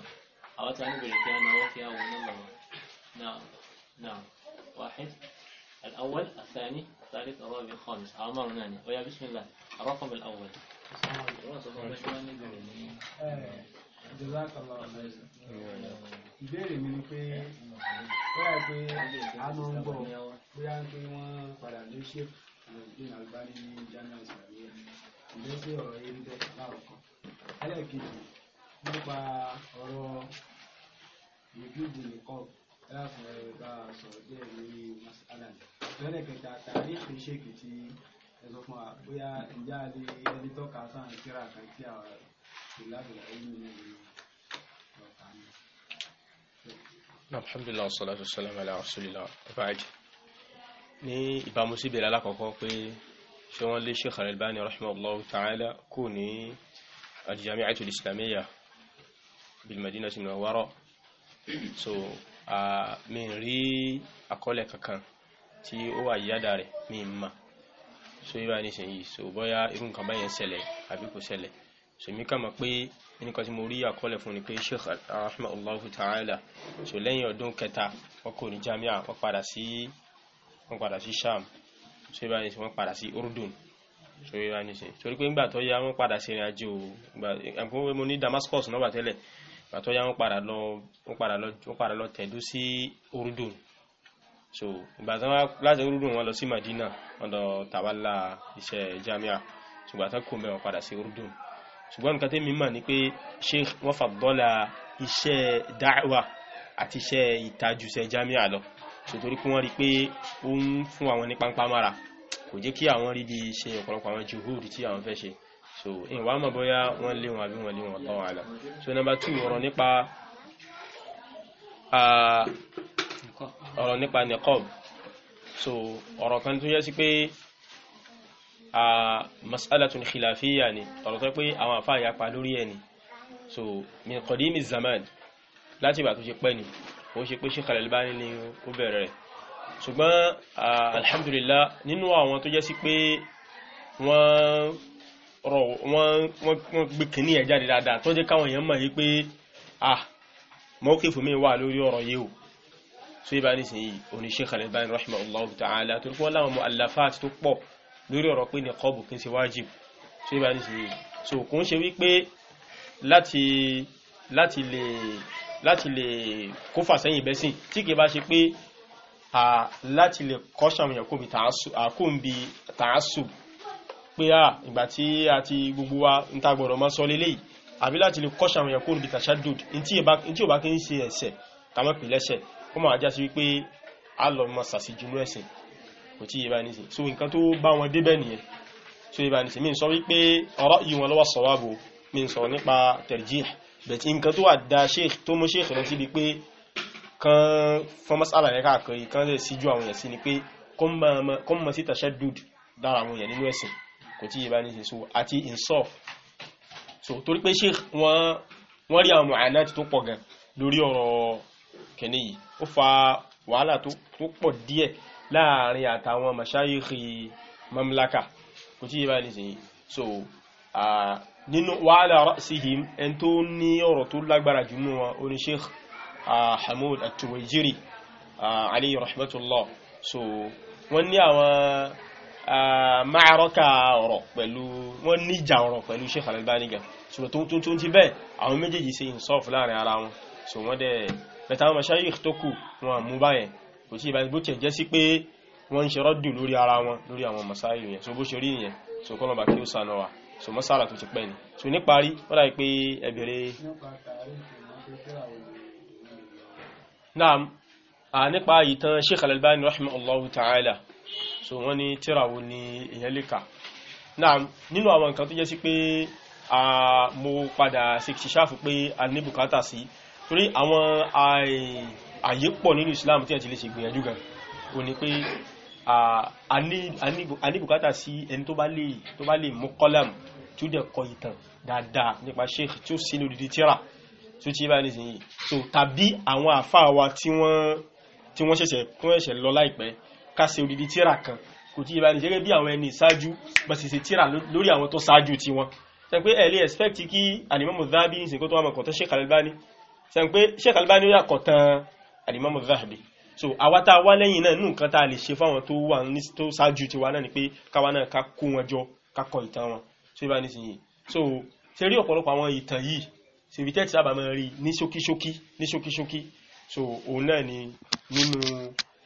لك أنا ئەوەکیا ونەڵەوە نعم نعم واحد الأول الثاني الثالث الرابع الخامس عمر ناني ويا بسم الله الرقم الأول جزاك الله nípa ọ̀rọ̀ ìdúgbò nìkan ẹlẹ́fọ̀ọ́ ẹ bá a sọ̀rọ̀ díẹ̀ lórí masala ní. lọ́lẹ̀ kẹta tàbí ìṣèkì tí ẹ sọ fún wa bóyá ìjà lè ẹni tọ́ka sáà ń kíra kan tí àwọn ìlàbìlà yìí ní ìlú ọ̀tá ní. alhamdulilayi wa salatu wa salam ala rasulillah ibaadi ní ìbámu sí ìbẹ̀rẹ̀ alákọ̀ọ́kọ́ pé ṣé wọ́n lé Sheikh Al-Albani ta'ala kù ní al-Jami'atul Islamiyya bilmadina ti munawwara so mi rí àkọọ́lẹ̀ kankan tí ó wà yíyáda rẹ̀ mi ma so yíba nísìnyí so bóyá irú nǹkan báyẹn ṣẹlẹ̀ àbí kò ṣẹlẹ̀ so mi kà mọ̀ pé nǹkan tí mo rí àkọọ́lẹ̀ fún ni pé sheikh rahmatulahu ta'ala so lẹ́yìn ọdún kẹta wọ́n kò ní jamia wọ́n padà sí wọ́n padà sí sham so yíba nísìnyí wọ́n padà sí urdun so yíba nísìnyí torí pé ńgbà tó yá wọ́n padà sí ìrìn àjò ìgbà mo ní damascus náà wà pàtó yá wọ́n padà lọ wọ́n padà lọ wọ́n sí orúdùn so ìgbà tán láti orúdùn wọ́n lọ sí Madina ọ̀dọ̀ tàbálà iṣẹ́ jamia ṣùgbọ́n tán kò mẹ́wọ̀n padà sí orúdùn ṣùgbọ́n nǹkan tẹ́mi mà ní pé sheikh wọ́n fàdọ́là iṣẹ́ da'wa àti iṣẹ́ ìtajùṣẹ́ jamia lọ sòtórí pé wọ́n rí pé ó ń fún àwọn ní pápá mára kò jẹ́ kí àwọn rí bí ṣe ọ̀pọ̀lọpọ̀ àwọn juhud tí àwọn fẹ́ ṣe so ìwà mọ̀ bóyá wọ́n lé wọn àbí wọ́n lé wọn tán àlà so number two ọ̀rọ̀ nípa ọ̀rọ̀ nípa niqab so ọ̀rọ̀ kan tó yẹ sí pé mas'alatun khilafiyya ni ọ̀rọ̀ tó pé àwọn àfáà ya pa lórí ẹ̀ ni so min qadimi zaman láti ìgbà tó ṣe pẹ́ ni ó ṣe pé Sheikh Al-Albani ni ó bẹ̀rẹ̀ ṣùgbọ́n alhamdulillah nínú àwọn tó jẹ́ sí pé wọ́n rọ wọ́n gbé kìíní ẹ̀ jáde dáadáa tó jẹ́ káwọn èèyàn mọ̀ yí pé ah mọ́kì fún mi wà lórí ọ̀rọ̀ yìí o tó yẹ bá nísìn yìí oní Sheikh Al-Albani rahimahullahu ta'ala tó fún láwọn mu'allafat tó pọ̀ lórí ọ̀rọ̀ pé niqab kì í ṣe wájib tó yẹ bá nísìn yìí so kò ń ṣe wípé láti láti lè láti lè kó fàsẹ́yìn bẹ́sìn tí kì í bá ṣe pé láti lè kọ́ṣàmùyàn kò bí tààsù pé à ìgbà tí a ti gbogbo wa ń ta gbọ̀rọ̀ máa sọ léléyìí àbí láti lè kọ́ṣà àwọn ẹ̀kọ́ níbi tàṣádùd tí ò bá kí ń ṣe ẹ̀ṣẹ̀ tàmọ́ pè lẹ́ṣẹ̀ kó máa já wípé a lọ máa sàṣì jùlọ ẹ̀sìn kò tí yé bá nísìn so nǹkan tó bá wọn débẹ̀ nìyẹn so yé bá nísìn mi sọ wípé ọ̀rọ̀ yìí wọn lọ́wọ́ sọ̀wábò mi sọ nípa tarjih bẹ̀t nǹkan tó wà da sheikh tó mú sheikh lọ síbi pé kan fọ́n masala yẹn káàkiri kan lè síjú àwọn yẹn sí ni pé kọ́ mọ̀ sí tàṣádùd dára àwọn yẹn nínú ẹ̀sìn kò tí ìbá ní ṣe so àti insof so torí pé sheikh wọ́n wọ́n rí àwọn àìnáàtì tó pọ̀ gan lórí ọ̀rọ̀ kẹ̀ní yìí ó fa wàhálà tó pọ̀ díẹ̀ láàrin àtàwọn mashayikhi mamlaka kò tí ìbá ní ṣe so nínú wàhálà ra'sihim ẹn tó ní ọ̀rọ̀ tó lágbára jù so wọ́n ní àwọn Ah, máàrọ́kà ọ̀rọ̀ pẹ̀lú wọ́n níjà ọ̀rọ̀ pẹ̀lú Sheikh Al-Albani gan ṣùgbọ́n tó tó ti bẹ́ẹ̀ àwọn méjèèjì ṣe ìsọ́ọ̀fù láàrin ara wọn so wọ́n dẹ̀ bẹ̀tà àwọn mashayikh tó kù wọn mú báyẹn kò sí ìbáyẹn bó tiẹ̀ jẹ́ sí pé wọ́n ń ṣe rọ́dù lórí ara wọn lórí àwọn masáyì yẹn so bó ṣe rí nìyẹn so kọ́lọ́ba kí ó sànà wa so mọ́sára tó ti pẹ́ ni so níparí wọ́n dàbí pé ẹ̀bẹ̀rẹ̀ naam ah, nípa ìtàn Sheikh Al-Albani rahimahullahu ta'ala so wọ́n ní tíra wo ni èèyàn lè kà náà nínú àwọn nǹkan tó jẹ́ sí pé mo padà ṣiṣáfù pé a ní bùkátà sí torí àwọn àyè pọ̀ nínú Islam tí a ti lè ṣe gbìyànjú gan o ní pé a ní bùkátà sí ẹni tó bá lè mú kọ́lẹ̀mù tí ó dẹ̀ kọ ìtàn dáadáa nípa sheikh tí ó sí lórí tíra tó tí bá nísìnyí so tàbí àwọn àfáà wa tí wọ́n ṣẹ̀ṣẹ̀ lọ láìpẹ́ ká ṣe odidi tíra kan kò tí ìbá ní ṣe bí àwọn ẹni ìṣáájú bá sì ṣe tíra lórí àwọn tó ṣáájú ti wọn ṣe pé ẹ̀lẹ́ expect kí alimọ́mù Dhahabi ní ṣèkó tó wà mọ̀ kọ̀tán Sheikh Albani ṣe pé Sheikh Albani ó yà kọ̀tán so àwa tá a wá lẹ́yìn náà nù nǹkan tá ni pé káwa so ìbá ní so òun náà ni nínú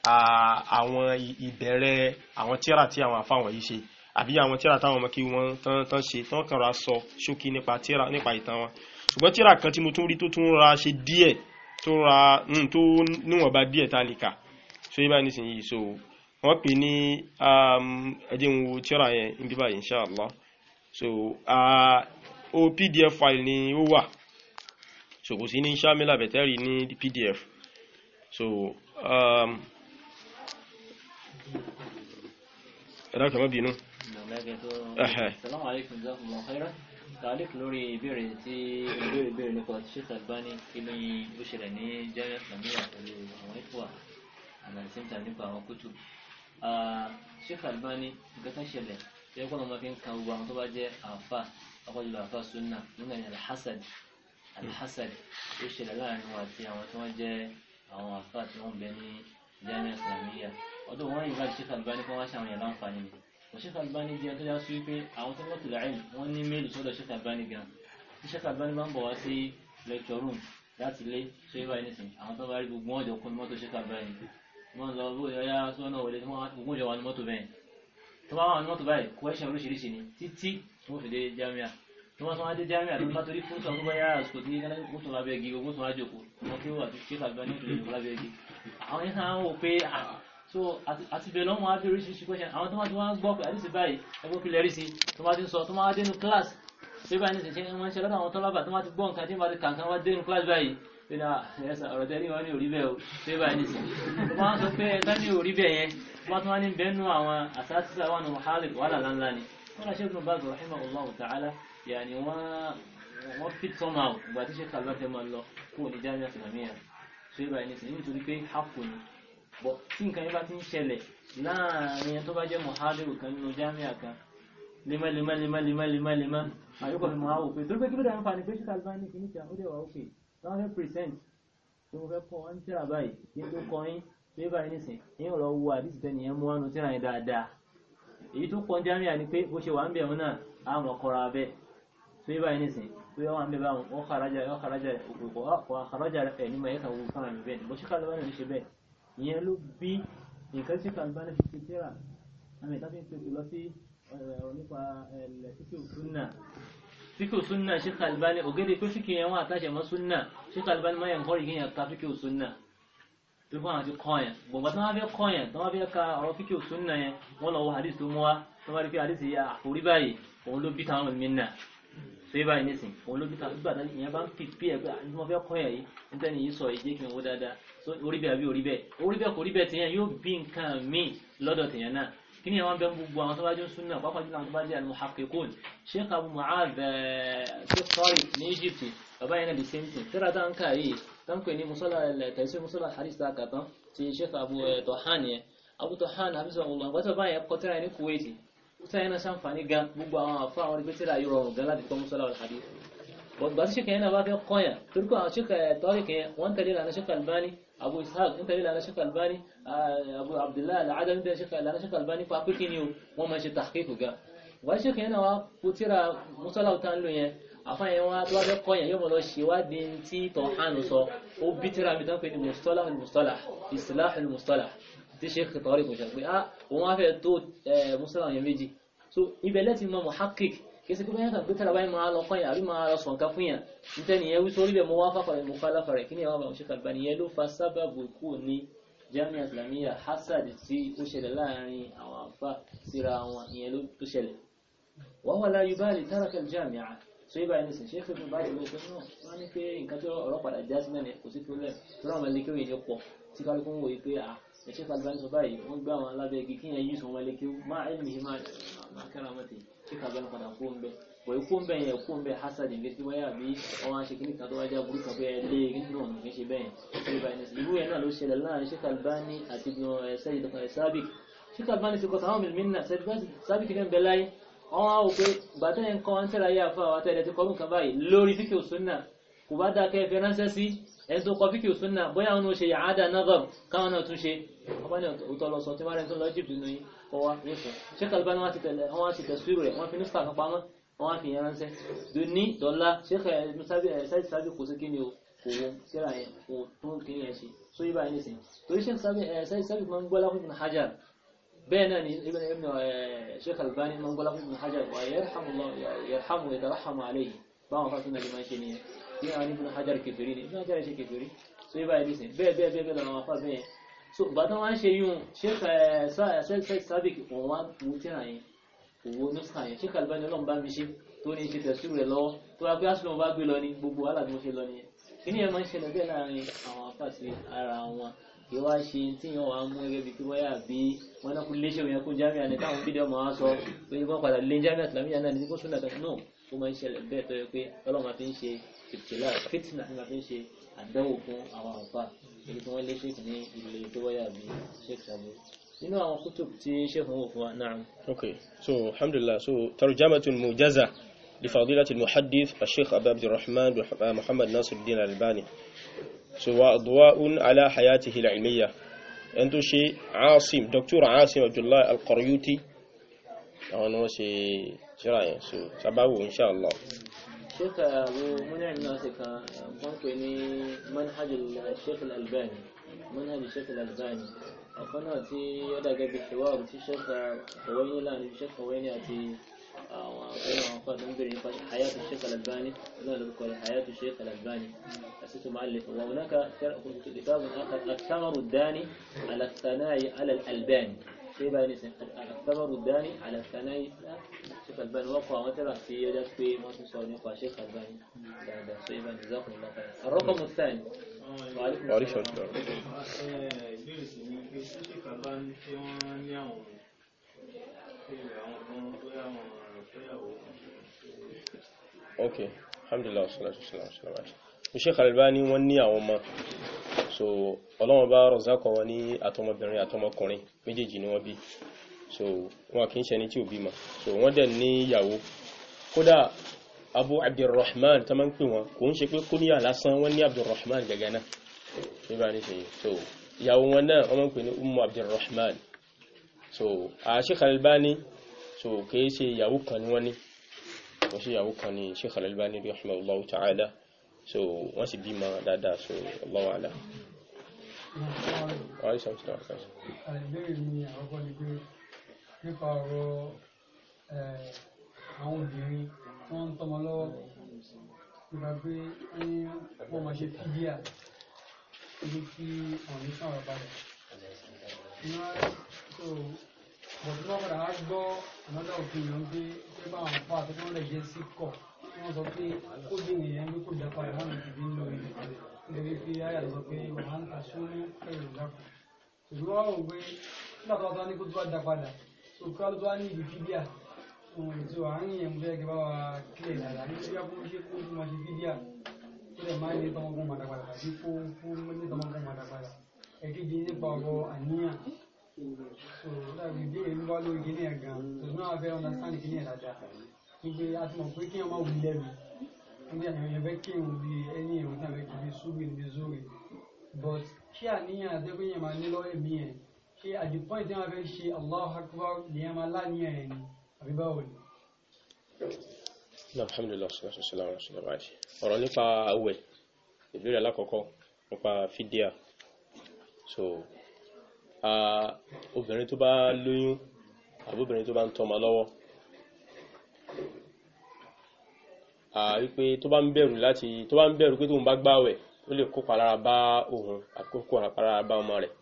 àwọn ìbẹ̀rẹ̀ àwọn tíra tí àwọn àfáwọn yìí ṣe àbí àwọn tíra táwọn ọmọ kí wọ́n tán ṣe tán kàn ra sọ ṣókí nípa tíra nípa ìtàn wọn ṣùgbọ́n tíra kan tí mo tún rí tó tún ra ṣe díẹ̀ tó ra hmm, tó níwọ̀nba díẹ̀ tá a lè kà so yíba nísìnyí so wọ́n pè ní um, ẹjẹ́ ń wo tíra yẹn ń bíbá yìí inṣàlá so o pdf file ni ó wà so kò sí ní shamila bẹ̀tẹ́rì ní pdf so um, ẹ̀dá kàmọ́ bínú. Assalamu alaikum jazakumullahu khairan tàlík lórí ìbéèrè tí olórí ìbéèrè nípa Sheikh Albani kí ló yin ó ṣẹlẹ̀ ní jẹ́rẹ́ ìsìlámíyà pẹ̀lú àwọn ìfọ̀à àlàsíńtà nípa àwọn kútù. Sheikh Albani nǹkan tó ṣẹlẹ̀ yẹ kó máa fi ń kan gbogbo àwọn tó bá jẹ́ àǹfà akọ́jùlọ àǹfà sunna nígbà yẹn alhassad alhassad ó ṣẹlẹ̀ láàrin wa àti àwọn tó wọ́n jẹ́ àwọn àǹfà tí wọ́n bẹ ní jẹ́rẹ́ ìsìlámíyà ọdún wọn yìí láti Sheikh Albani kọ́ wá ṣe àwọn yẹn láǹfààní ni Sheikh Albani jẹ́ tó yá sí wípé àwọn tó lọ́tò láì wọ́n ní méèlì sọ́dọ̀ Sheikh Albani gan tí Sheikh Albani bá ń bọ̀ wá sí lecture room láti lé ṣé báyìí nìsín àwọn tó bá rí gbogbo wọn jọ kún mọ́tò Sheikh Albani wọ́n lọ bó yọ yá sọ́nà wọlé gbogbo ìjọba ní mọ́tò bẹ́ẹ̀ tó bá wà ní mọ́tò báyìí question oríṣiríṣi ni títí tó fi dé jamia tó wọ́n tó wá dé jamia tó bá torí fún sọ́kúbọ̀ yára àsìkò tí gánà ó tó lábẹ́ igi ogun tó wá jòkó wọn kí ó wà tó Sheikh Albani ó tó lè jòkó lábẹ́ igi àwọn yẹn sáà ń wò pé so àti bẹ̀rẹ̀ lọ́mọ àti oríṣiríṣi question àwọn tó máa ti wá gbọ́ pé àdìsí báyìí ẹgbẹ́ kí lè rí sí tó máa ti sọ tó máa dénú class ṣé báyìí ní ìṣẹ̀ṣẹ̀ wọn ṣe lọ́dọ̀ àwọn tọ́lábà tó máa ti gbọ́ nǹkan tí máa ti kàǹkan wá dénú class báyìí pé náà ẹ̀sà ọ̀rọ̀ tẹ́lẹ̀ wọn ní orí bẹ́ẹ̀ o ṣé báyìí ní ìṣẹ̀ tó máa sọ pé ẹ̀ta ní orí bẹ́ẹ̀ yẹn tó máa tún wá ní bẹ́ẹ̀nu àwọn àsáàtìsà wà nù hálì wàhálà ni wọn lọ ṣe ibùdó bá zọrọ ẹmọ Ọlọ́run tààlà yàní wọn fit somehow ìgbà tí ṣe kàlọ́ fẹ́ máa lọ kó o ní jáde àtìlámíyà ṣé báyìí ní ìṣẹ̀ bọ̀ tí nǹkan yẹn bá ti ń ṣẹlẹ̀ láàrin ẹni tó bá jẹ́ mọ̀hádìrù kan nínú jámíà kan lemọ́lemọ́lemọ́lemọ́lemọ́ àyíkọ̀ ni máa wò pé torí pé kí ló dáa ń fa ni pé ṣíkà bá ní kìíní kan ó dẹ̀ wà òkè wọ́n fẹ́ present tí mo fẹ́ kọ́ wọ́n ń tíra báyìí kí n tó kọ́ yín pé báyìí nìsín yín lọ wo àdìsí tẹ́ nìyẹn mú wánu tíra yẹn dáadáa èyí tó kọ́ jámíà ni pé bó ṣe wà ń bẹ̀ wọn náà á mọ̀ kọ́ra bẹ́ pé báyìí nìsín pé wọ́n ń bẹ̀ báwọn ọkàrájà ọkàrájà òkùnkùn ọkàrájà ẹ̀ ní ìyẹn ló bí nǹkan tí kàlùbánà fi ṣe tíra àmì ìtàbí ń pèsè lọ sí eh, nípa eh, fíkò súnà ṣe kàlùbánà ògèdè pé fíkì yẹn wọn àtàṣẹ mọ́ súnà ṣe kàlùbánà máa ń kọ́rì yẹn ka fíkò súnà tó fún àwọn ti kọ́yàn gbọ̀ngbà tó wọ́n fẹ́ kọ́yàn tó wọ́n fẹ́ ka ọ̀rọ̀ fíkò súnà yẹn wọ́n lọ wọ hadith tó mú wa tó wọ́n rí pé hadith yà àforí báyìí òun ló bí táwọn mi nà ṣe báyìí nísìn òun ló bí táwọn gbàdá ìyẹn bá orí bẹ́ẹ̀ àbí orí bẹ́ẹ̀ orí bẹ́ẹ̀ kò rí bẹ́ẹ̀ tìyẹn yóò bí nǹkan míì lọ́dọ̀ tìyẹn náà kí ni àwọn bẹ́ẹ̀ gbogbo àwọn tó bá jẹ́ súnà pápá jùlọ àwọn tó bá jẹ́ al-muhaqqiqun sheikh abu mu'adh eh, sheikh tariq ní egypt bàbá yẹn the same thing tíra tá ń kà yìí tá ń pè ní musola eh, tẹ̀sí musola hadith tá a kà tán ti sheikh abu eh, tohan yẹn abu tohan abisa ọlọ àgbàtà bá yẹn kọ tíra yẹn ní kuwait tíra yẹn náà sànfàní gan gbogbo àwọn àfa àwọn ẹgbẹ́ tíra yìí rọrùn gan láti kọ́ musola Haris. bọ̀dùbà tí sheikh yẹn náà bá fẹ́ kọ́ yẹn torí kọ́ àwọn sheikh tariq wọ́n tẹ̀lé lànà sheikh albani abu ishaq níta ìlànà sheikh albani abu abdullahi al'adam níta ìlànà sheikh albani fa pé kí ni wọ́n máa ṣe tàkíkù ga wà sheikh yẹn náà wá kó tíra musalaw tá ń lò yẹn àfáyẹn wá tó wá fẹ́ kọ́ yẹn yóò mọ̀ lọ ṣèwádìí tí tọ̀hánu sọ ó bí tíra mi tán pé ni mustalah mustalah islah mustalah tí sheikh tọ́rí kò ṣe pé ah òun wá fẹ́ tó mustalah yẹn méjì so ibẹ̀ lẹ́tì mọ́ muhakkik kìí kí báyá kàgbé tàrà báyìí máa lọ fáyà àrí máa lọ sọ̀nká fún yà nítẹ́ ni ẹwú sórí rẹ̀ mọ́ wá fàfàrẹ̀ mọ́ fàlàfàrẹ̀ kí ni àwọn àwọn òṣèkà gbà nìyẹn ló fa sábàbù ikú ní Jami'a Islamiyya hasad tí ó ṣẹlẹ̀ láàrin àwọn àfà síra wọn ìyẹn ló tó ṣẹlẹ̀ wọ́n wà láyé báyìí lè kéwì ní ẹ̀ṣẹ́ kalibánisọ báyìí wọ́n gbá wọn lábẹ́ igi kí yẹn wọn lè máa ẹ̀mí máa kẹ́ra wọn tí kàbẹ́ padà kú ń bẹ́ wọ́n ikú ń bẹ́ yẹn kú ń bẹ́ hasad ń gé sí wáyà bí ọmọ ṣe kíní kan tó wájà burú kan pé ẹ lé nínú ọ̀nà kìí ṣe bẹ́ẹ̀ irú ẹ̀ náà ló ṣẹlẹ̀ láàrin Sheikh Albani àti eh, Sayyid Sabiq Sheikh Albani ti kọta àwọn mìíràn Sayyid Sabiq ní bẹ́ẹ̀ láyé ọmọ àwọn òpé gbàtẹ́ yẹn kọ́ wọn tẹ́lá yà fún àwọn tẹ́lẹ̀ ti kọ́ nǹkan báyìí lórí fíkì òsúnà kò bá dáa kẹ́ fẹ́ ránṣẹ́ sí ẹni tó kọ fíkì òsúnà bóyá wọn ó ṣe yàádà náà káwọn náà tún ọwá nífẹ̀ẹ́ Sheikh Albani wọ́n ti tẹ̀síwìrì rẹ̀ wọ́n fi nífà kan pamọ́ wọ́n fi yẹn ránṣẹ́ tó ní dọ́lá Sheikh sáàbì eh, sáàbì eh, kò sí kí ni o kò wọ́n síra yẹn kò tún kí ni yẹn ṣe tó yí báyìí nìsín torí Sheikh sáàbì eh, sáàbì máa ń gbọ́lá fún Ibn Hajar bẹ́ẹ̀ náà ni Sheikh Albani máa ń gbọ́lá fún Ibn Hajar wà yarhamu yatarhamu alayhi báwọn fásitì náà lè máa ṣe nìyẹn bí àwọn Ibn Hajar kèfèrí Ibn Hajar ṣe kèfèrí tó yí báyìí nìsín bẹ́ẹ̀ bẹ́ẹ̀ bẹ́ẹ̀ lọ́wọ́ fásitì so ìgbà tó wọ́n ṣe yún sheikh sabiq wọ́n wá wú tíra yẹn owó nípa yẹn sheikh albani ọlọ́run bá mi ṣe tó ní ṣe tẹ̀síwò rẹ̀ lọ́wọ́ tó wá pé aṣọ bá gbé lọ ní gbogbo aláàbí mo ṣe ni ẹ máa ń ṣẹlẹ̀ bẹ́ẹ̀ láàrin àwọn afáàsì ara wọn yóò wá ṣe tí yóò wá mú ẹgbẹ́ bíi wáyà bí wọn náà kú léṣe òyìn kó jámíà ní táwọn fídíò kan náà ó máa ń ṣẹlẹ̀ bẹ́ẹ̀ tó yẹ pé ọlọ́run máa fi ń ṣe fìtìlá fìtìlá máa fi ibi tí wọ́n lé sheik ní ilé tó wáyà bí sheik sabo nínú àwọn kutub tí sheik ń wò fún wa náà. ok so alhamdulillah so tarujamatun mujaza لفضيلة المحدث الشيخ أبا عبد الرحمن محمد ناصر الدين الألباني سواء ضواء على حياته العلمية أنتو شي عاصم دكتور عاصم عبد الله القريوتي أنا شي شرايا سو سبعو إن شاء الله شيخ أبو منعم ناسك قلت إني منهج الشيخ الألباني منهج الشيخ الألباني أقنا تي يدا قبل حوار تي شيخ خويني لأن الشيخ خويني أتي وقنا وقد ننظر حياة الشيخ الألباني لا نذكر حياة الشيخ الألباني أسست مؤلف وهناك كتاب آخر الثمر الداني على الثناء على الألباني سيبا نسن الثمر الداني على الثناء شيخ الباني وقع مثلا في يدك في موسم سوني وقع شيخ الباني لا ده سيبا جزاك الله خير الرقم الثاني وعليكم السلام اوكي الحمد لله والصلاه والسلام على رسول الله الشيخ الالباني والنية وما so ọlọ́wọ́n bá rọ̀zákọ̀ wọn ní àtọmọbìnrin àtọmọkùnrin méjèèjì ni wọ́n bí so wọn kì í ṣe ẹni tí ò bímọ so wọ́n dẹ̀ ní ìyàwó kódà abu abdulrahman tó máa ń pè wọn kò ń ṣe pé kúníyà lásán wọ́n ní abdulrahman gẹ́gẹ́ náà nígbà níṣẹ́ so ìyàwó wọn náà wọ́n máa ń pè ní umu abdulrahman so Sheikh Al-Albani so kì í ṣe ìyàwó kan ni wọ́n ní wọ́n ṣe ìyàwó kan ni Sheikh Al-Albani rahimahullahu ta'ala so wọ́n sì bímọ dáadáa so ọlọ́wọ́ àlá. wàá rí sọ́ọ̀tì náà kẹ́sì. àìlérè mi àkọ́kọ́ ni pé nípa ọ̀rọ̀ àwọn obìnrin wọ́n ń tọmọ lọ́wọ́ nípa pé wọ́n máa ṣe fídíà ibi tí wọ́n ní sọ̀rọ̀ balẹ̀. bọ̀dúnlọ́pàá á gbọ́ ànádà òfin yòó pé pé báwọn àpá àtẹ́kọ́ lè jẹ́ sí kọ̀ wọ́n sọ pé kó bí nìyẹn ló kó jápa ẹ̀ wọ́n ti bí ń lọ yìí lórí fi àyà sọ pé wàá ń ta sórí ẹ̀rọ ìdáko ṣùgbọ́n wọ́n rò pé nígbà tó wá tó wá ní kó tó wá dá padà tó ká ló tó wá ní ìlú fídíà ohun ètò àárín so láti ìbéèrè ń bá lórí kíní ẹ̀ gan-an tòun náà understand kíní ẹ̀ nígbè àtúmọ̀ pé kí wọ́n máa wù lẹ́nu nígbè àwọn yẹn fẹ́ kí wọ́n bí ẹni ìrùn náà fẹ́ kí bí súwì níbi zórí but kí àníyàn àtẹ́kùn yẹn máa ní lọ́wọ́ ẹ̀mí yẹn ṣé at the point tí wọ́n fẹ́ ṣe Allahu Akbar nìyẹn máa láníyàn ẹ̀ ni àbí báwo ni. alhamdulilayi sallallahu alayhi wa sallam ọ̀rọ̀ nípa awẹ̀ ìbéèrè alákọ̀ọ́kọ́ nípa fídíà so obìnrin tó bá lóyún àbóbìnrin tó bá ń tọ́mọ lọ́wọ́ wípé tó bá ń bẹ̀rù láti tó bá ń bẹ̀rù pé tóun bá gbààwẹ̀ ó lè kópa lára bá òun àti kópa lára bá ọmọ rẹ̀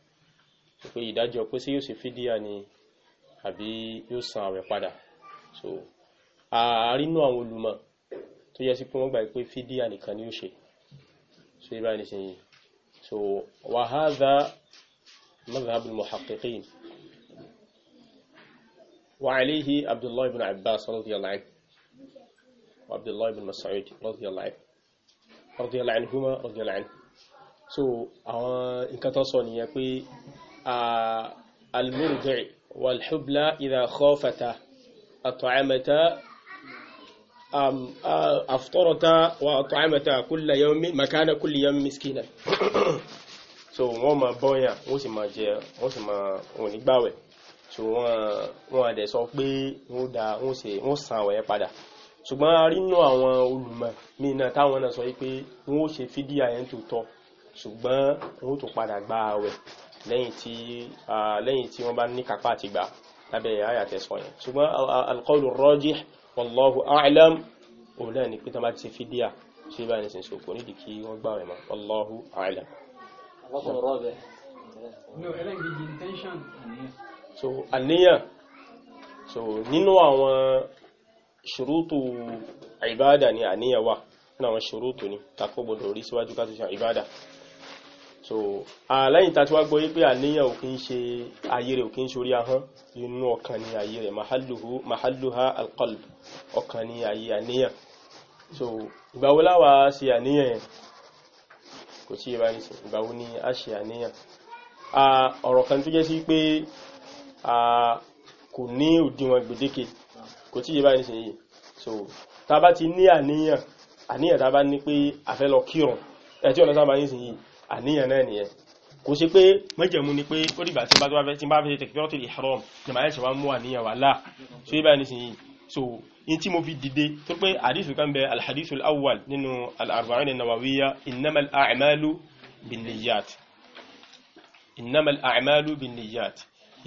pé ìdájọ́ pé sí yóò ṣe fídíà ni àbí yóò san àwẹ̀ padà so àárínú àwọn olùmọ̀ tó yẹ sí pé wọ́n gbà pé fídíà nìkan ni ó ṣe so ibà nísìnyí so wàhádà madhhabul muhaqqiqin wa alayhi abdullahi ibn abbas radiyallahu anhu عبد الله بن مسعود رضي الله عنه رضي الله عنهما رضي الله عنه so àwọn nǹkan tó sọ nìyẹn pé al-murdi' wal-hubla idha khafata at'amata aftarata wa at'amata kulla yawmin makana kulli yawmin miskina [COUGHS] so wọ́n ma bọ́yà wọ́n sì ma jẹ wọ́n sì ma wọ́n ní so wọ́n wọ́n adẹ̀ sọ pé wọ́n da wọ́n sì wọ́n san padà ṣùgbọ́n a rí nù àwọn olùmọ̀ míì náà táwọn náà sọ wípé wọn ó ṣe fídíà yẹn tó tọ́ ṣùgbọ́n wọn ó tún padà gba àwẹ̀ lẹ́yìn tí wọ́n bá ní kápá àti gbà lábẹ́ àyà yẹn ṣùgbọ́n alqawlu rajih wallahu a'lam òun náà ni pé tán bá ti ṣe fídíà ṣe bá ní sinṣin òkú nídìí kí wọ́n gbà rẹ̀ mọ́ a'lam. so àníyàn so nínú àwọn ṣòrótò ibada ni àníyàn wà ní àwọn ṣòrótò ni takọ́ gbọdọ̀ rí síwájú ká tó ṣe ìbáadà so àlẹ́yìn tàbí wá gbọ́ wípé àníyàn ò kí ń ṣe ayé rẹ̀ ò kí ń ṣorí ahọ́n inú ọkàn ni ayé rẹ̀ mahalluha alqalb ọkàn ni ayé àníyàn so ìgbàwo láwa ṣe àníyàn yẹn kò tí ìbá ní ìgbàwo ni a ṣe àníyàn ọ̀rọ̀ kan tó jẹ́ sí pé kò ní òdiwọ̀n gbèdéke kò tí yé báyìí sí yìí so ta bá ti ní àníyàn àníyàn ta bá ní pé afẹ́ lọ kírun ẹ̀tí ọ̀nà sábà yìí sí yìí àníyàn náà nìyẹn kò ṣe pé májẹ̀mú ni pé ó dìgbà tí bá tí bá fẹ́ takbiratul ihram ni màá ṣe wá mú àníyàn wà láà so yé báyìí sí yìí so in tí mo fi dìde tó pé àdísù kan bẹ alhadisu al'awwal nínú al'arba'in nawawiya innamal a'malu bin niyyat innamal a'malu bin niyyat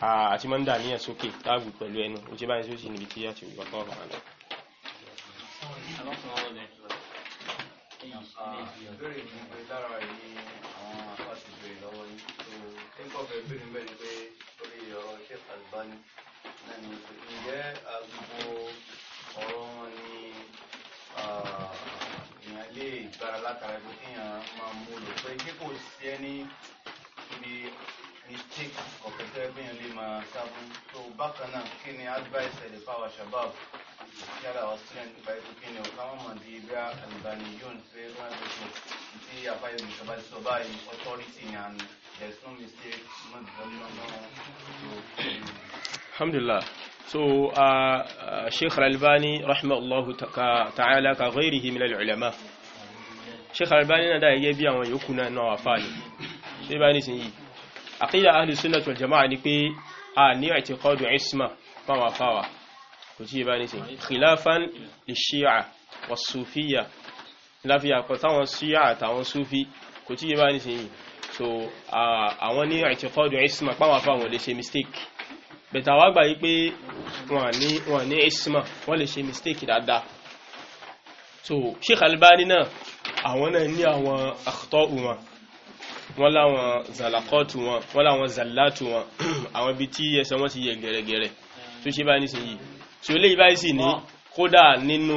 àti máa ń dà níyàn sókè táàgù pẹ̀lú ẹnu ó ṣe báyìí sósì níbi tí a ti wà lọ́wọ́ àná. ǹjẹ́ àgbo ọ̀rọ̀ wọn ni èèyàn lè gbára látara ẹgbẹ́ kéèyàn máa mú lò pé kí kò sí ẹni ibi ìtì kọ̀pẹ̀tẹ́ bíyàn lè máa sábú tó bákan náà kí ni advice ẹ̀ lè fáwọn shabab yàrá àwọn student ìgbà ètò kí ni ọ̀ká wọn mọ̀ di ibi àlùbáni yóò ń fẹ́ wọn lè tí àbáyọ ìjọba ti sọ báyìí authority yàn ni there is no mistake no development no. so sheikh al-albani rahimahullahu ta'ala ka ghairihi min al-ulama sheikh al-albani náà dá gẹ́gẹ́ bí na yòókù náà náà wà fáàlì ṣé bá àkídà ahlùsúnnàtì wal jama'a ni pé a ní àìtíkọ́dù isma fáwàfáwà kò tí ìbá nìsìn khilafan li shi'a wa sufiya láfíà kọ táwọn shi'a àtàwọn sufi kò tí ìbá nìsìn yìí so àwọn ní àìtíkọ́dù isma fáwàfáwà lè ṣe mistake bẹ̀tà wá gbà yí pé wọ́n ní isma wọ́n lè ṣe mistake dáadáa so Sheikh Albani náà àwọn náà ní àwọn àkútọ́ wọn wọ́n láwọn zalakọ́tù wọn wọ́n láwọn zalátù wọn [CLEARS THROAT] àwọn ibi tí ẹsẹ̀ wọn ti yẹ gẹ̀rẹ̀gẹ̀rẹ̀ tó ṣe bá ní sin yìí tí ó lè bá sì ní kódà nínú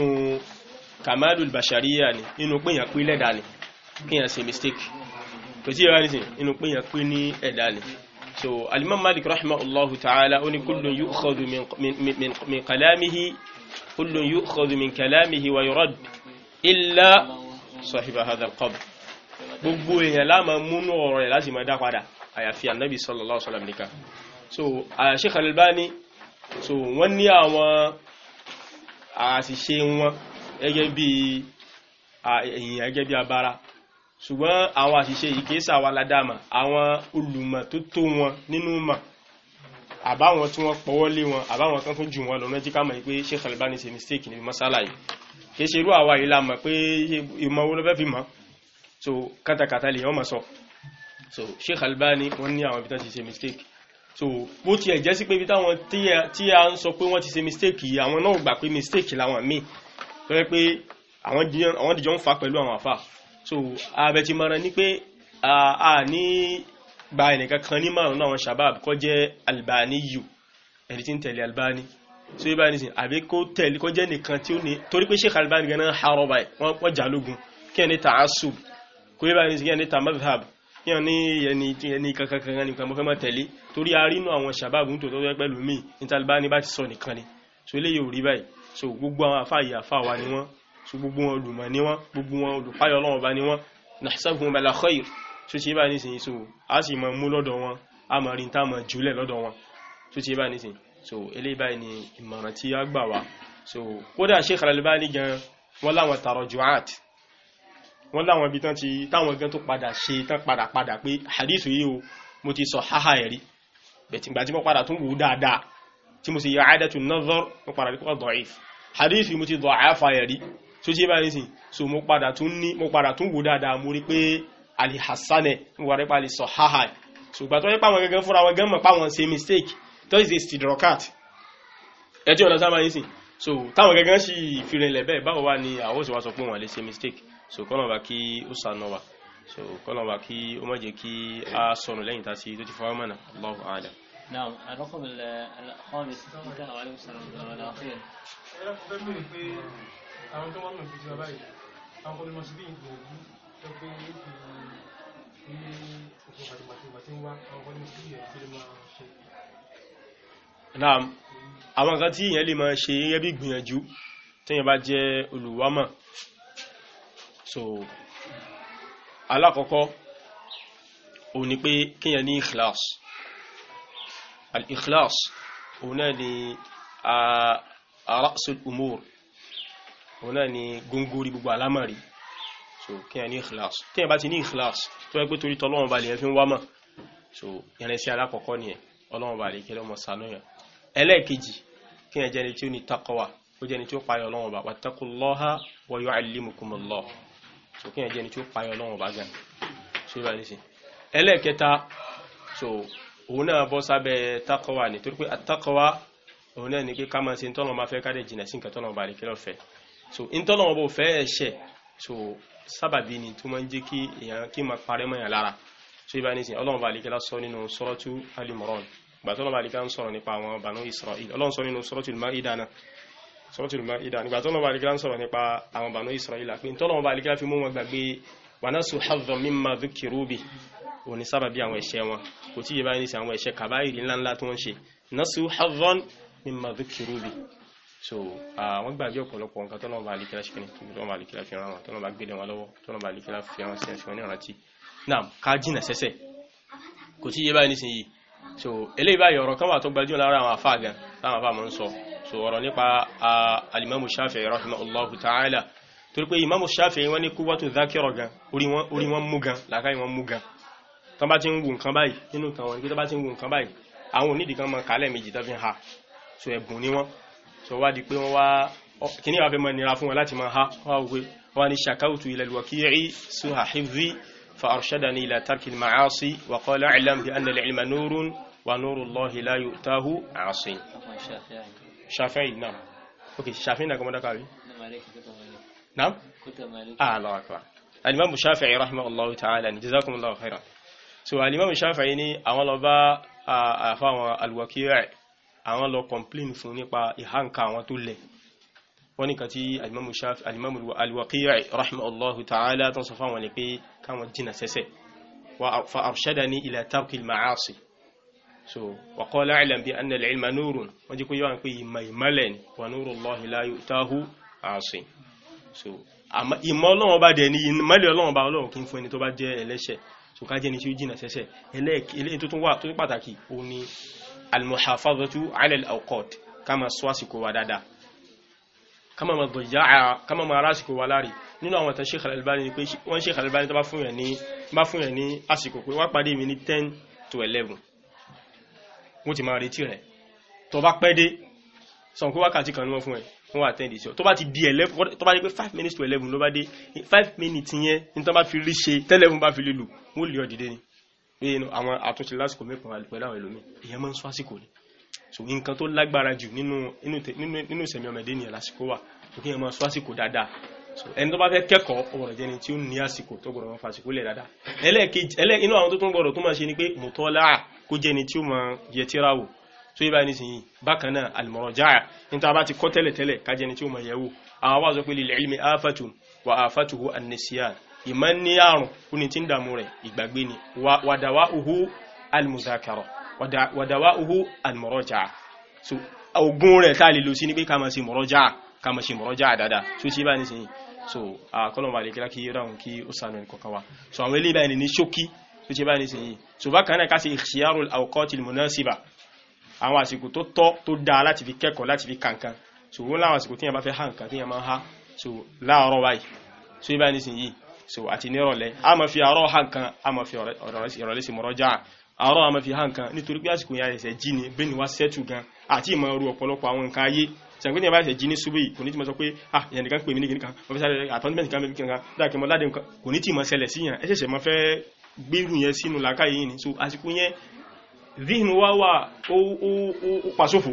kamadul bashariya ni nínú péyàn pé lẹ́dà ni péyàn ṣe mistake kò tí yẹra ní sin nínú péyàn pé ní ẹ̀dà ni so alimam malik rahimahullahu ta'ala ó ní kullun yu'khadhu min kalamihi kullun yu'khadhu min kalamihi wa yurad illa sahiba hadha al-qabr gbogbo èèyàn láàmà múnú ọ̀rọ̀ rẹ̀ láti máa dá padà àyàfi ànábì sallallahu alaihi nìkan so Sheikh Al-Albani so wọ́n ní àwọn àṣìṣe wọn gẹ́gẹ́ bí èèyàn abara ṣùgbọ́n àwọn àṣìṣe ìkéṣà wa ládàmà àwọn olùmọ̀ tó tó wọn nínú mọ̀ àbáwọn tí wọ́n pọ̀wọ́ lé wọn àbáwọn kan tó jù wọn lọ mẹ́jíká mọ̀ pé Sheikh Al-Albani ṣe mistake níbi masala yìí kìí ṣe irú àwa yìí la mọ̀ pé ìmọ̀ wo fi mọ̀ so kátàkátà lè wọ́n ma sọ so Sheikh Albani wọ́n ní àwọn ibi ti ṣe mistake so bó ti ẹ̀jẹ́ sí pé ibi táwọn tí a ń sọ pé wọ́n ti ṣe mistake yìí àwọn náà gbà pé mistake làwọn míì tó yẹ pé àwọn dìjọ ń fa pẹ̀lú àwọn àfà so abẹ́tí mara ní pé a ní gba ẹnìkan kan ní márùn náà wọn shabab kọ́ jẹ́ Albani yù ẹ̀rí tí ń Albani so yí bá ní sin àbí kó tẹ̀lé kọ́ jẹ́ nìkan tí ó ní torí pé Sheikh Albani gan na harọ́ báyìí wọ́n jà lógun kí ẹni tààsùb kò yẹ báyìí sígẹ́ níta mazhab yàn ní ẹni kankankan nìkan mọ́fẹ́ mọ́ tẹ̀lé torí a rí inú àwọn sàbáàbù tó tọ́jọ́ pẹ̀lú mi nítalibá ní bá ti sọ nìkan ni so eléyìí ò rí báyìí so gbogbo àwọn afá yìí wa ni wọ́n so gbogbo wọn olùmọ̀ ni wọ́n gbogbo wọn olùpáyọ̀ Ọlọ́run bá ni wọ́n nahsabuhum ala khair so ti bá nísìnyí so a sì mọ mú lọ́dọ̀ wọn a mọ̀ rí táwọn jùlẹ̀ lọ́dọ̀ wọn so ti bá nísìnyí so eléyìí báyìí ni ìmọ̀ràn tí a gbà wá so kódà Sheikh Al-Albani gan wọ́n láwọn tààrọ̀ juwaat wọ́n láwọn ibi tán ti táwọn gan tó padà ṣe tán padà padà pé hadith yìí o mo ti sọ háhá ẹ̀rí bẹ̀tìgbà tí mo padà tún wù dáadáa tí mo sì yà áìdàtù nazar mo padà rí pọ́ da'if hadith yìí mo ti da'afa ẹ̀rí tó ṣe bá nísìn so mo padà tún ní mo padà tún wù dáadáa mo rí pé ali hasanẹ mo wà rí pé ali sọ háhá ṣùgbà tó yẹ pàwọn gẹ́gẹ́ fúnra wọn gẹ́mọ̀ pàwọn ṣe mistake tó ṣe stidrokat ẹ tí ọ̀nà sábà nísìn so táwọn gẹ́gẹ́ sì fi rìnlẹ̀ bẹ́ẹ̀ báwo wá ni àwọn òṣèwà sọ pé wọn lè ṣe mistake so kọ́nà bá kí ó sànà wa so kọ́nà kí ó má jẹ́ kí a sọnù lẹ́yìn tàbí tó ti fọwọ́ mọ̀nà Allahu a'la. نعم الرقم الخامس كان عليه السلام الأخير àwọn tó wọ́n mọ̀ sí ìjọba yìí àwọn kọlu mọ̀sí bí ìgbòho tó pé ní òkú pàtàkì tí ń wá àwọn kọlu mọ̀sí bí ìyẹn tí lè máa ṣe náà àwọn kan tí ìyẹn lè máa ṣe gẹ́gẹ́ bí gbìyànjú tí bá jẹ́ olùwámọ̀ so alákọ̀ọ́kọ́ òun ni pé kíyàn ní ikhlas al-ikhlas òun náà ni arasul umur òun náà ni góngóri gbogbo alámàrí so kíyàn ní ikhlas kíyàn bá ti ní ikhlas tó yẹ pé torí tọ́lọ́wọ́n ba lè yẹn fi ń wá mọ̀ so yẹnrẹ sí ni ọlọ́wọ́n ba kí lọ́mọ sànúyàn ẹlẹ́ẹ̀kejì kíyàn jẹ́ni tí ó ní taqwa ó jẹ́ni tí ó payọ̀ ọlọ́wọ́n ba wattaqullaha wa yu'allimukumullah so kí ẹjẹ́ ni tí ó payọ lọ́wọ́ bá gan so yíba ní sí ẹlẹ́ẹ̀kẹta so òun náà bọ́ sábẹ́ taqwa ni torí pé àtaqwa òun náà ni pé ká máa ṣe ntọ́nà bá fẹ́ ká jìnà sí nǹkan tọ́nà bá lè kí lọ́fẹ́ so ntọ́nà bó fẹ́ ẹ̀ṣẹ̀ so sábàbí ni tó máa ń jẹ́ kí èèyàn kí máa parẹ́ mọ́yàn lára so yíba ní sí ọlọ́run bá lè kí lọ́sọ nínú suratu Al Imran bá lè kí lọ́sọ̀rọ̀ nípa àwọn Banu Isra'il ọlọ́run sọ nínú suratu Al Ma'idah náà suratul Maida nígbà tọ́lọ́wọ́ aligran sọ̀rọ̀ nípa àwọn bànú Israila pé tọ́lọ́wọ́ aligran fi mú wọn gbàgbé wa nasu hadhan mimma dhukiru bihi òun ni sábàbí àwọn ẹ̀ṣẹ̀ wọn kò tí yẹ báyìí sí àwọn ẹ̀ṣẹ̀ kàbáyìrì ńláńlá tó ń ṣe nasu hadhan mimma dhukiru so àwọn gbàgbé ọ̀pọ̀lọpọ̀ nǹkan tọ́lọ́wọ́ aligran ṣe kìnnì tọ́lọ́wọ́ aligran fi ràn wọn tọ́lọ́wọ́ gbélé wọn lọ́wọ́ tọ́lọ́wọ́ aligran fi wọn sí ẹ̀ṣẹ̀ wọn ní ìrántí náà ká jìnà sẹ́sẹ̀ kò so eléyìí báyìí ọ̀rọ̀ kan wà tó gbajúmọ̀ lára àwọn so ọ̀rọ̀ nípa alimamu shafi'i rahimahullahu ta'ala torí pé imamu shafi'i wọ́n ní quwwatu dhakira gan orí wọn mú gan làkáyí wọn mú gan tán bá ti ń wù nǹkan báyìí nínú kan wọn ní pé tán bá ti ń wù nǹkan báyìí àwọn onídìí kan mọ Shafi'i na'am okay Shafi'i na kuma da kawi na'am ah Allahu akbar al-imam Shafi'i rahimahullahu ta'ala ni jazakumullahu khairan so al-imam Shafi'i ni àwọn lọ bá afa àwọn al-Waqi' àwọn lọ complain fún nípa ihanka àwọn tó le wọ́n ní kan tí al-imam Shafi'i al-imam al-Waqi' rahimahullahu ta'ala tan sọ fáwọn ní pé káwọn jìnà sẹ́ṣẹ̀ wa fa arshadani ila tarki maasi so wàkọ́lá àìlàmbí annal ilma nurun wọ́n jí kó yíwa ń pè ìmọ̀ ìmọ̀lẹ̀ ni wà nuru Allahi la yutahu àṣìn so ìmọ̀ ọlọ́wọ́ bá dẹ̀ ní ìmọ̀lẹ̀ ọlọ́wọ́ bá ọlọ́wọ́ kí n fún ẹni tó bá jẹ́ ẹlẹ́ṣẹ̀ so ká jẹ́ ní almuhafazatu nínú àwọn tán Sheikh pé wọ́n Sheikh al tó bá fún yẹn ní àsìkò pé wá pàdé mi ní 10 to 11 wọ́n ti máa retí rẹ̀ tó bá pẹ́ dé sọ pé wákàtí kan ní wọ́n fún ẹ wọ́n wà tẹ́ndì sí ọ tó bá ti di eleven tó bá di pé five minutes to eleven ló bá dé five minutes yẹn ní tó bá fi rí ṣe tẹ́lẹ̀fún bá fi lè lù wọ́n lè ọ̀dìdẹ́ ni nínú àwọn àtúnṣe lásìkò mẹ́kànlá pẹ̀lú àwọn ẹlòmí èyàn máa ń sọ àsìkò ni so nǹkan tó lágbára jù nínú ìsẹ̀mí ọmọdé ni àlásìkò wà òkè èyàn máa sọ àsìkò dáadáa so ẹni tó bá fẹ́ kẹ́kọ̀ọ́ ọ̀rọ̀ jẹni tí ó ní àsìkò tó gbọ́dọ̀ wọn fàsìkò lẹ̀ dáadáa ẹlẹ́ẹ̀kejì inú àwọn tó tún gbọ́dọ̀ tó máa ṣe ni pé mùtọ́lá kó jẹ́ ni tí ó máa yẹ tíra wò tó yẹ báyìí nísìnyí bákan náà al-muraja'a níta bá ti kọ́ tẹ́lẹ̀tẹ́lẹ̀ ká jẹ́ ni tí ó máa yẹ àwọn wá pé lil ilmi afatun wa afatuhu an-nisyan ìmọ̀ ní àrùn ó ní tí ń dààmú rẹ̀ ìgbàgbé ni wa dawa'uhu al-muzakara wa dawa'uhu al-muraja'a so ogun rẹ̀ tá a lè lò sí ni pé ká máa ṣe muraja'a ká máa ṣe muraja'a dáadáa tó ṣe báyìí nísìnyí so akọlọmọ àlekíra kí yíra ó sànù ẹnì so àwọn eléyìí báyìí ní ṣókí tó ṣe báyìí nísìnyí ṣùgbọ́n kan náà ká ṣe ikhtiyarul awqatil munasiba àwọn àsìkò tó tọ́ tó dáa láti fi kẹ́kọ̀ọ́ láti fi kankan ṣùgbọ́n láwọn àsìkò tí yẹn bá fẹ́ hàn kan tí yẹn máa ń há láàárọ̀ báyìí tó ṣe báyìí nísìnyí so àti nírọ̀lẹ́ a máa fi àárọ̀ hàn kan a máa fi ìrọ̀lẹ́ sí mọ̀rọ̀ já àárọ̀ a máa fi hàn kan nítorí pé àsìkò yẹn àṣẹṣẹ jí ni bẹ́ẹ̀ ni wá sẹ́tù gan àti ìmọ̀ ru ọ̀pọ̀lọpọ̀ àwọn nǹkan ayé jí ní ṣubú yìí kò ní tí mọ́ sọ pé ah ìyẹn nìkan pè mí ní kìnnìkan ọ̀fẹ́sàrẹ̀ àtọ́ndìmẹ̀ntì kan mẹ́bí kìnnìkan dákẹ́mọ́ ládé kò ní tí mọ́ ṣẹlẹ̀ síyàn ẹ̀ṣẹ̀ṣẹ̀ mọ́ fẹ́ gbérù yẹn sínú làkà yìí ni so àsìkò yẹn zihn wá wà ó pàṣófò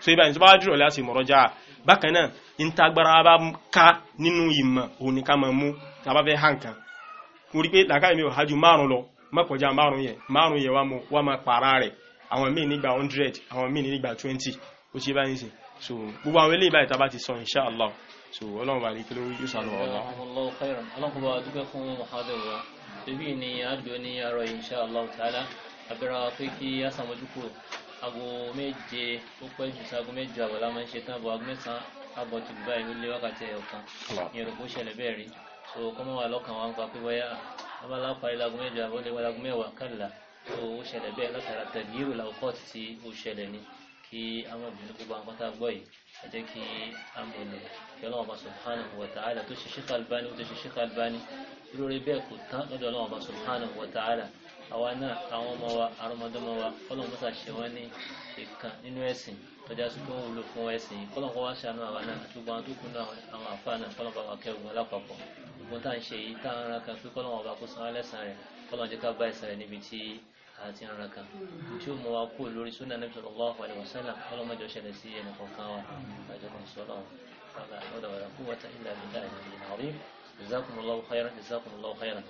so ibà ìsọba jùlọ láti mọ̀rọ̀ já bákan náà ní tagbára bá ká nínú ìmọ̀ òní ká mọ̀ mú tàbá fẹ́ hàn kan kò rí pé làkà yìí mi ò hájú márùn lọ mọ́kànjá márùn yẹn márùn yẹn wá máa pààrà rẹ̀ àwọn míì nígbà 100 àwọn míì nígbà 20 ó ṣe báyìí sí so gbogbo àwọn eléyìí báyìí tá ti sọ insha Allah so ọlọ́run bá rí kí ló yóò sàlọ́ ọlọ́run ibi ni àjò ní àárọ̀ insha Allah ta'ala abẹ́rẹ́ wa pé kí a sàmójúkò aago méje ó pẹ́ jù sí aago méje àbọ̀ la máa ń ṣe tán àbọ̀ aago mẹ́sàn-án àbọ̀ ti báyìí ó lé wákàtí ẹ̀yọ̀ kan ìyẹn rògbò ṣẹlẹ̀ bẹ́ẹ̀ rí so kọ́mọ́ wa lọ́kàn wa ń pa pé wáyà abálápa ah, ilagun méje àbọ̀ lé wáyà mẹ́wàá kálá so ó ṣẹlẹ̀ bẹ́ẹ̀ látara tẹ̀gírò làwọ̀kọ́ ti ó ṣẹlẹ̀ ni kí a má bínú gbogbo àwọn pátá gbọ́ yìí àti kí a mọ̀ lọ kí ọlọ́wọ́ bá subhanahu wa ta'ala tó ṣe ṣe Albani ó ti ṣe ṣe lórí bẹ́ẹ̀ kò tán lọ́dọ̀ ọlọ́run ọba subhanahu wa ta'ala àwa náà àwọn ọmọ wa arọmọdọ́mọ wa kọ́lọ̀ mọ́sà ṣe wọ́n ní ìkan nínú ẹ̀sìn tọ́já sí pé ó wúlò fún ẹ̀sìn kọ́lọ̀ kọ́ wá ṣàánú àwa náà àti gbogbo àwọn tó kún náà àwọn àfáà náà kọ́lọ̀ bá wa kẹ́rù alápapọ̀ gbogbo tá à ń ṣe yìí tá à ń ra pé kọ́lọ̀ wọn kó sanwó lẹ́sàn rẹ̀ kọ́lọ̀ jẹ́ ká bá ẹ̀sìn rẹ̀ níbi tí a ti ń ra tí ó mú wa kú lórí sunnah nabi sallallahu alaihi wasallam kọ́lọ̀ mọ́jọ ṣẹlẹ̀ sí ẹnì kọ̀ọ̀kan wa àjọkọ̀ sọ́lọ̀ ولا حول ولا قوة إلا بالله العظيم jazakumullahu khairan jazakumullahu khairan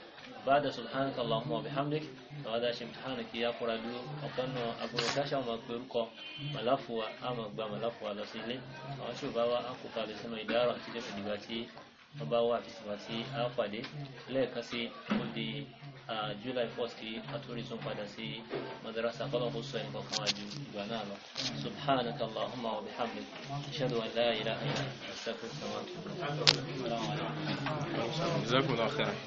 ba'da subhanaka allahumma wa bihamdik ba'da shimtahanaki ya kura biyu ọ̀kan náà agbóhùn káṣà ọmọ pẹ̀rúkọ màláfùwà a máa gba màláfùwà lọ sí ilé àwọn ṣùgbà wa a kò kalẹ̀ sínú ìdára àti ìdígbà tí wọ́n bá wà àti ìgbà tí a pàdé lẹ́ẹ̀kan sí ó di july 1st katurizum padà sí madrasa kọ́lọ́kù sọ ẹnìkan kan àjò ìgbà náà lọ subhanaka allahumma wa bihamdik ashhadu an la ilaha illa anta astaghfiruka wa atubu ilayk jazakumullahu khairan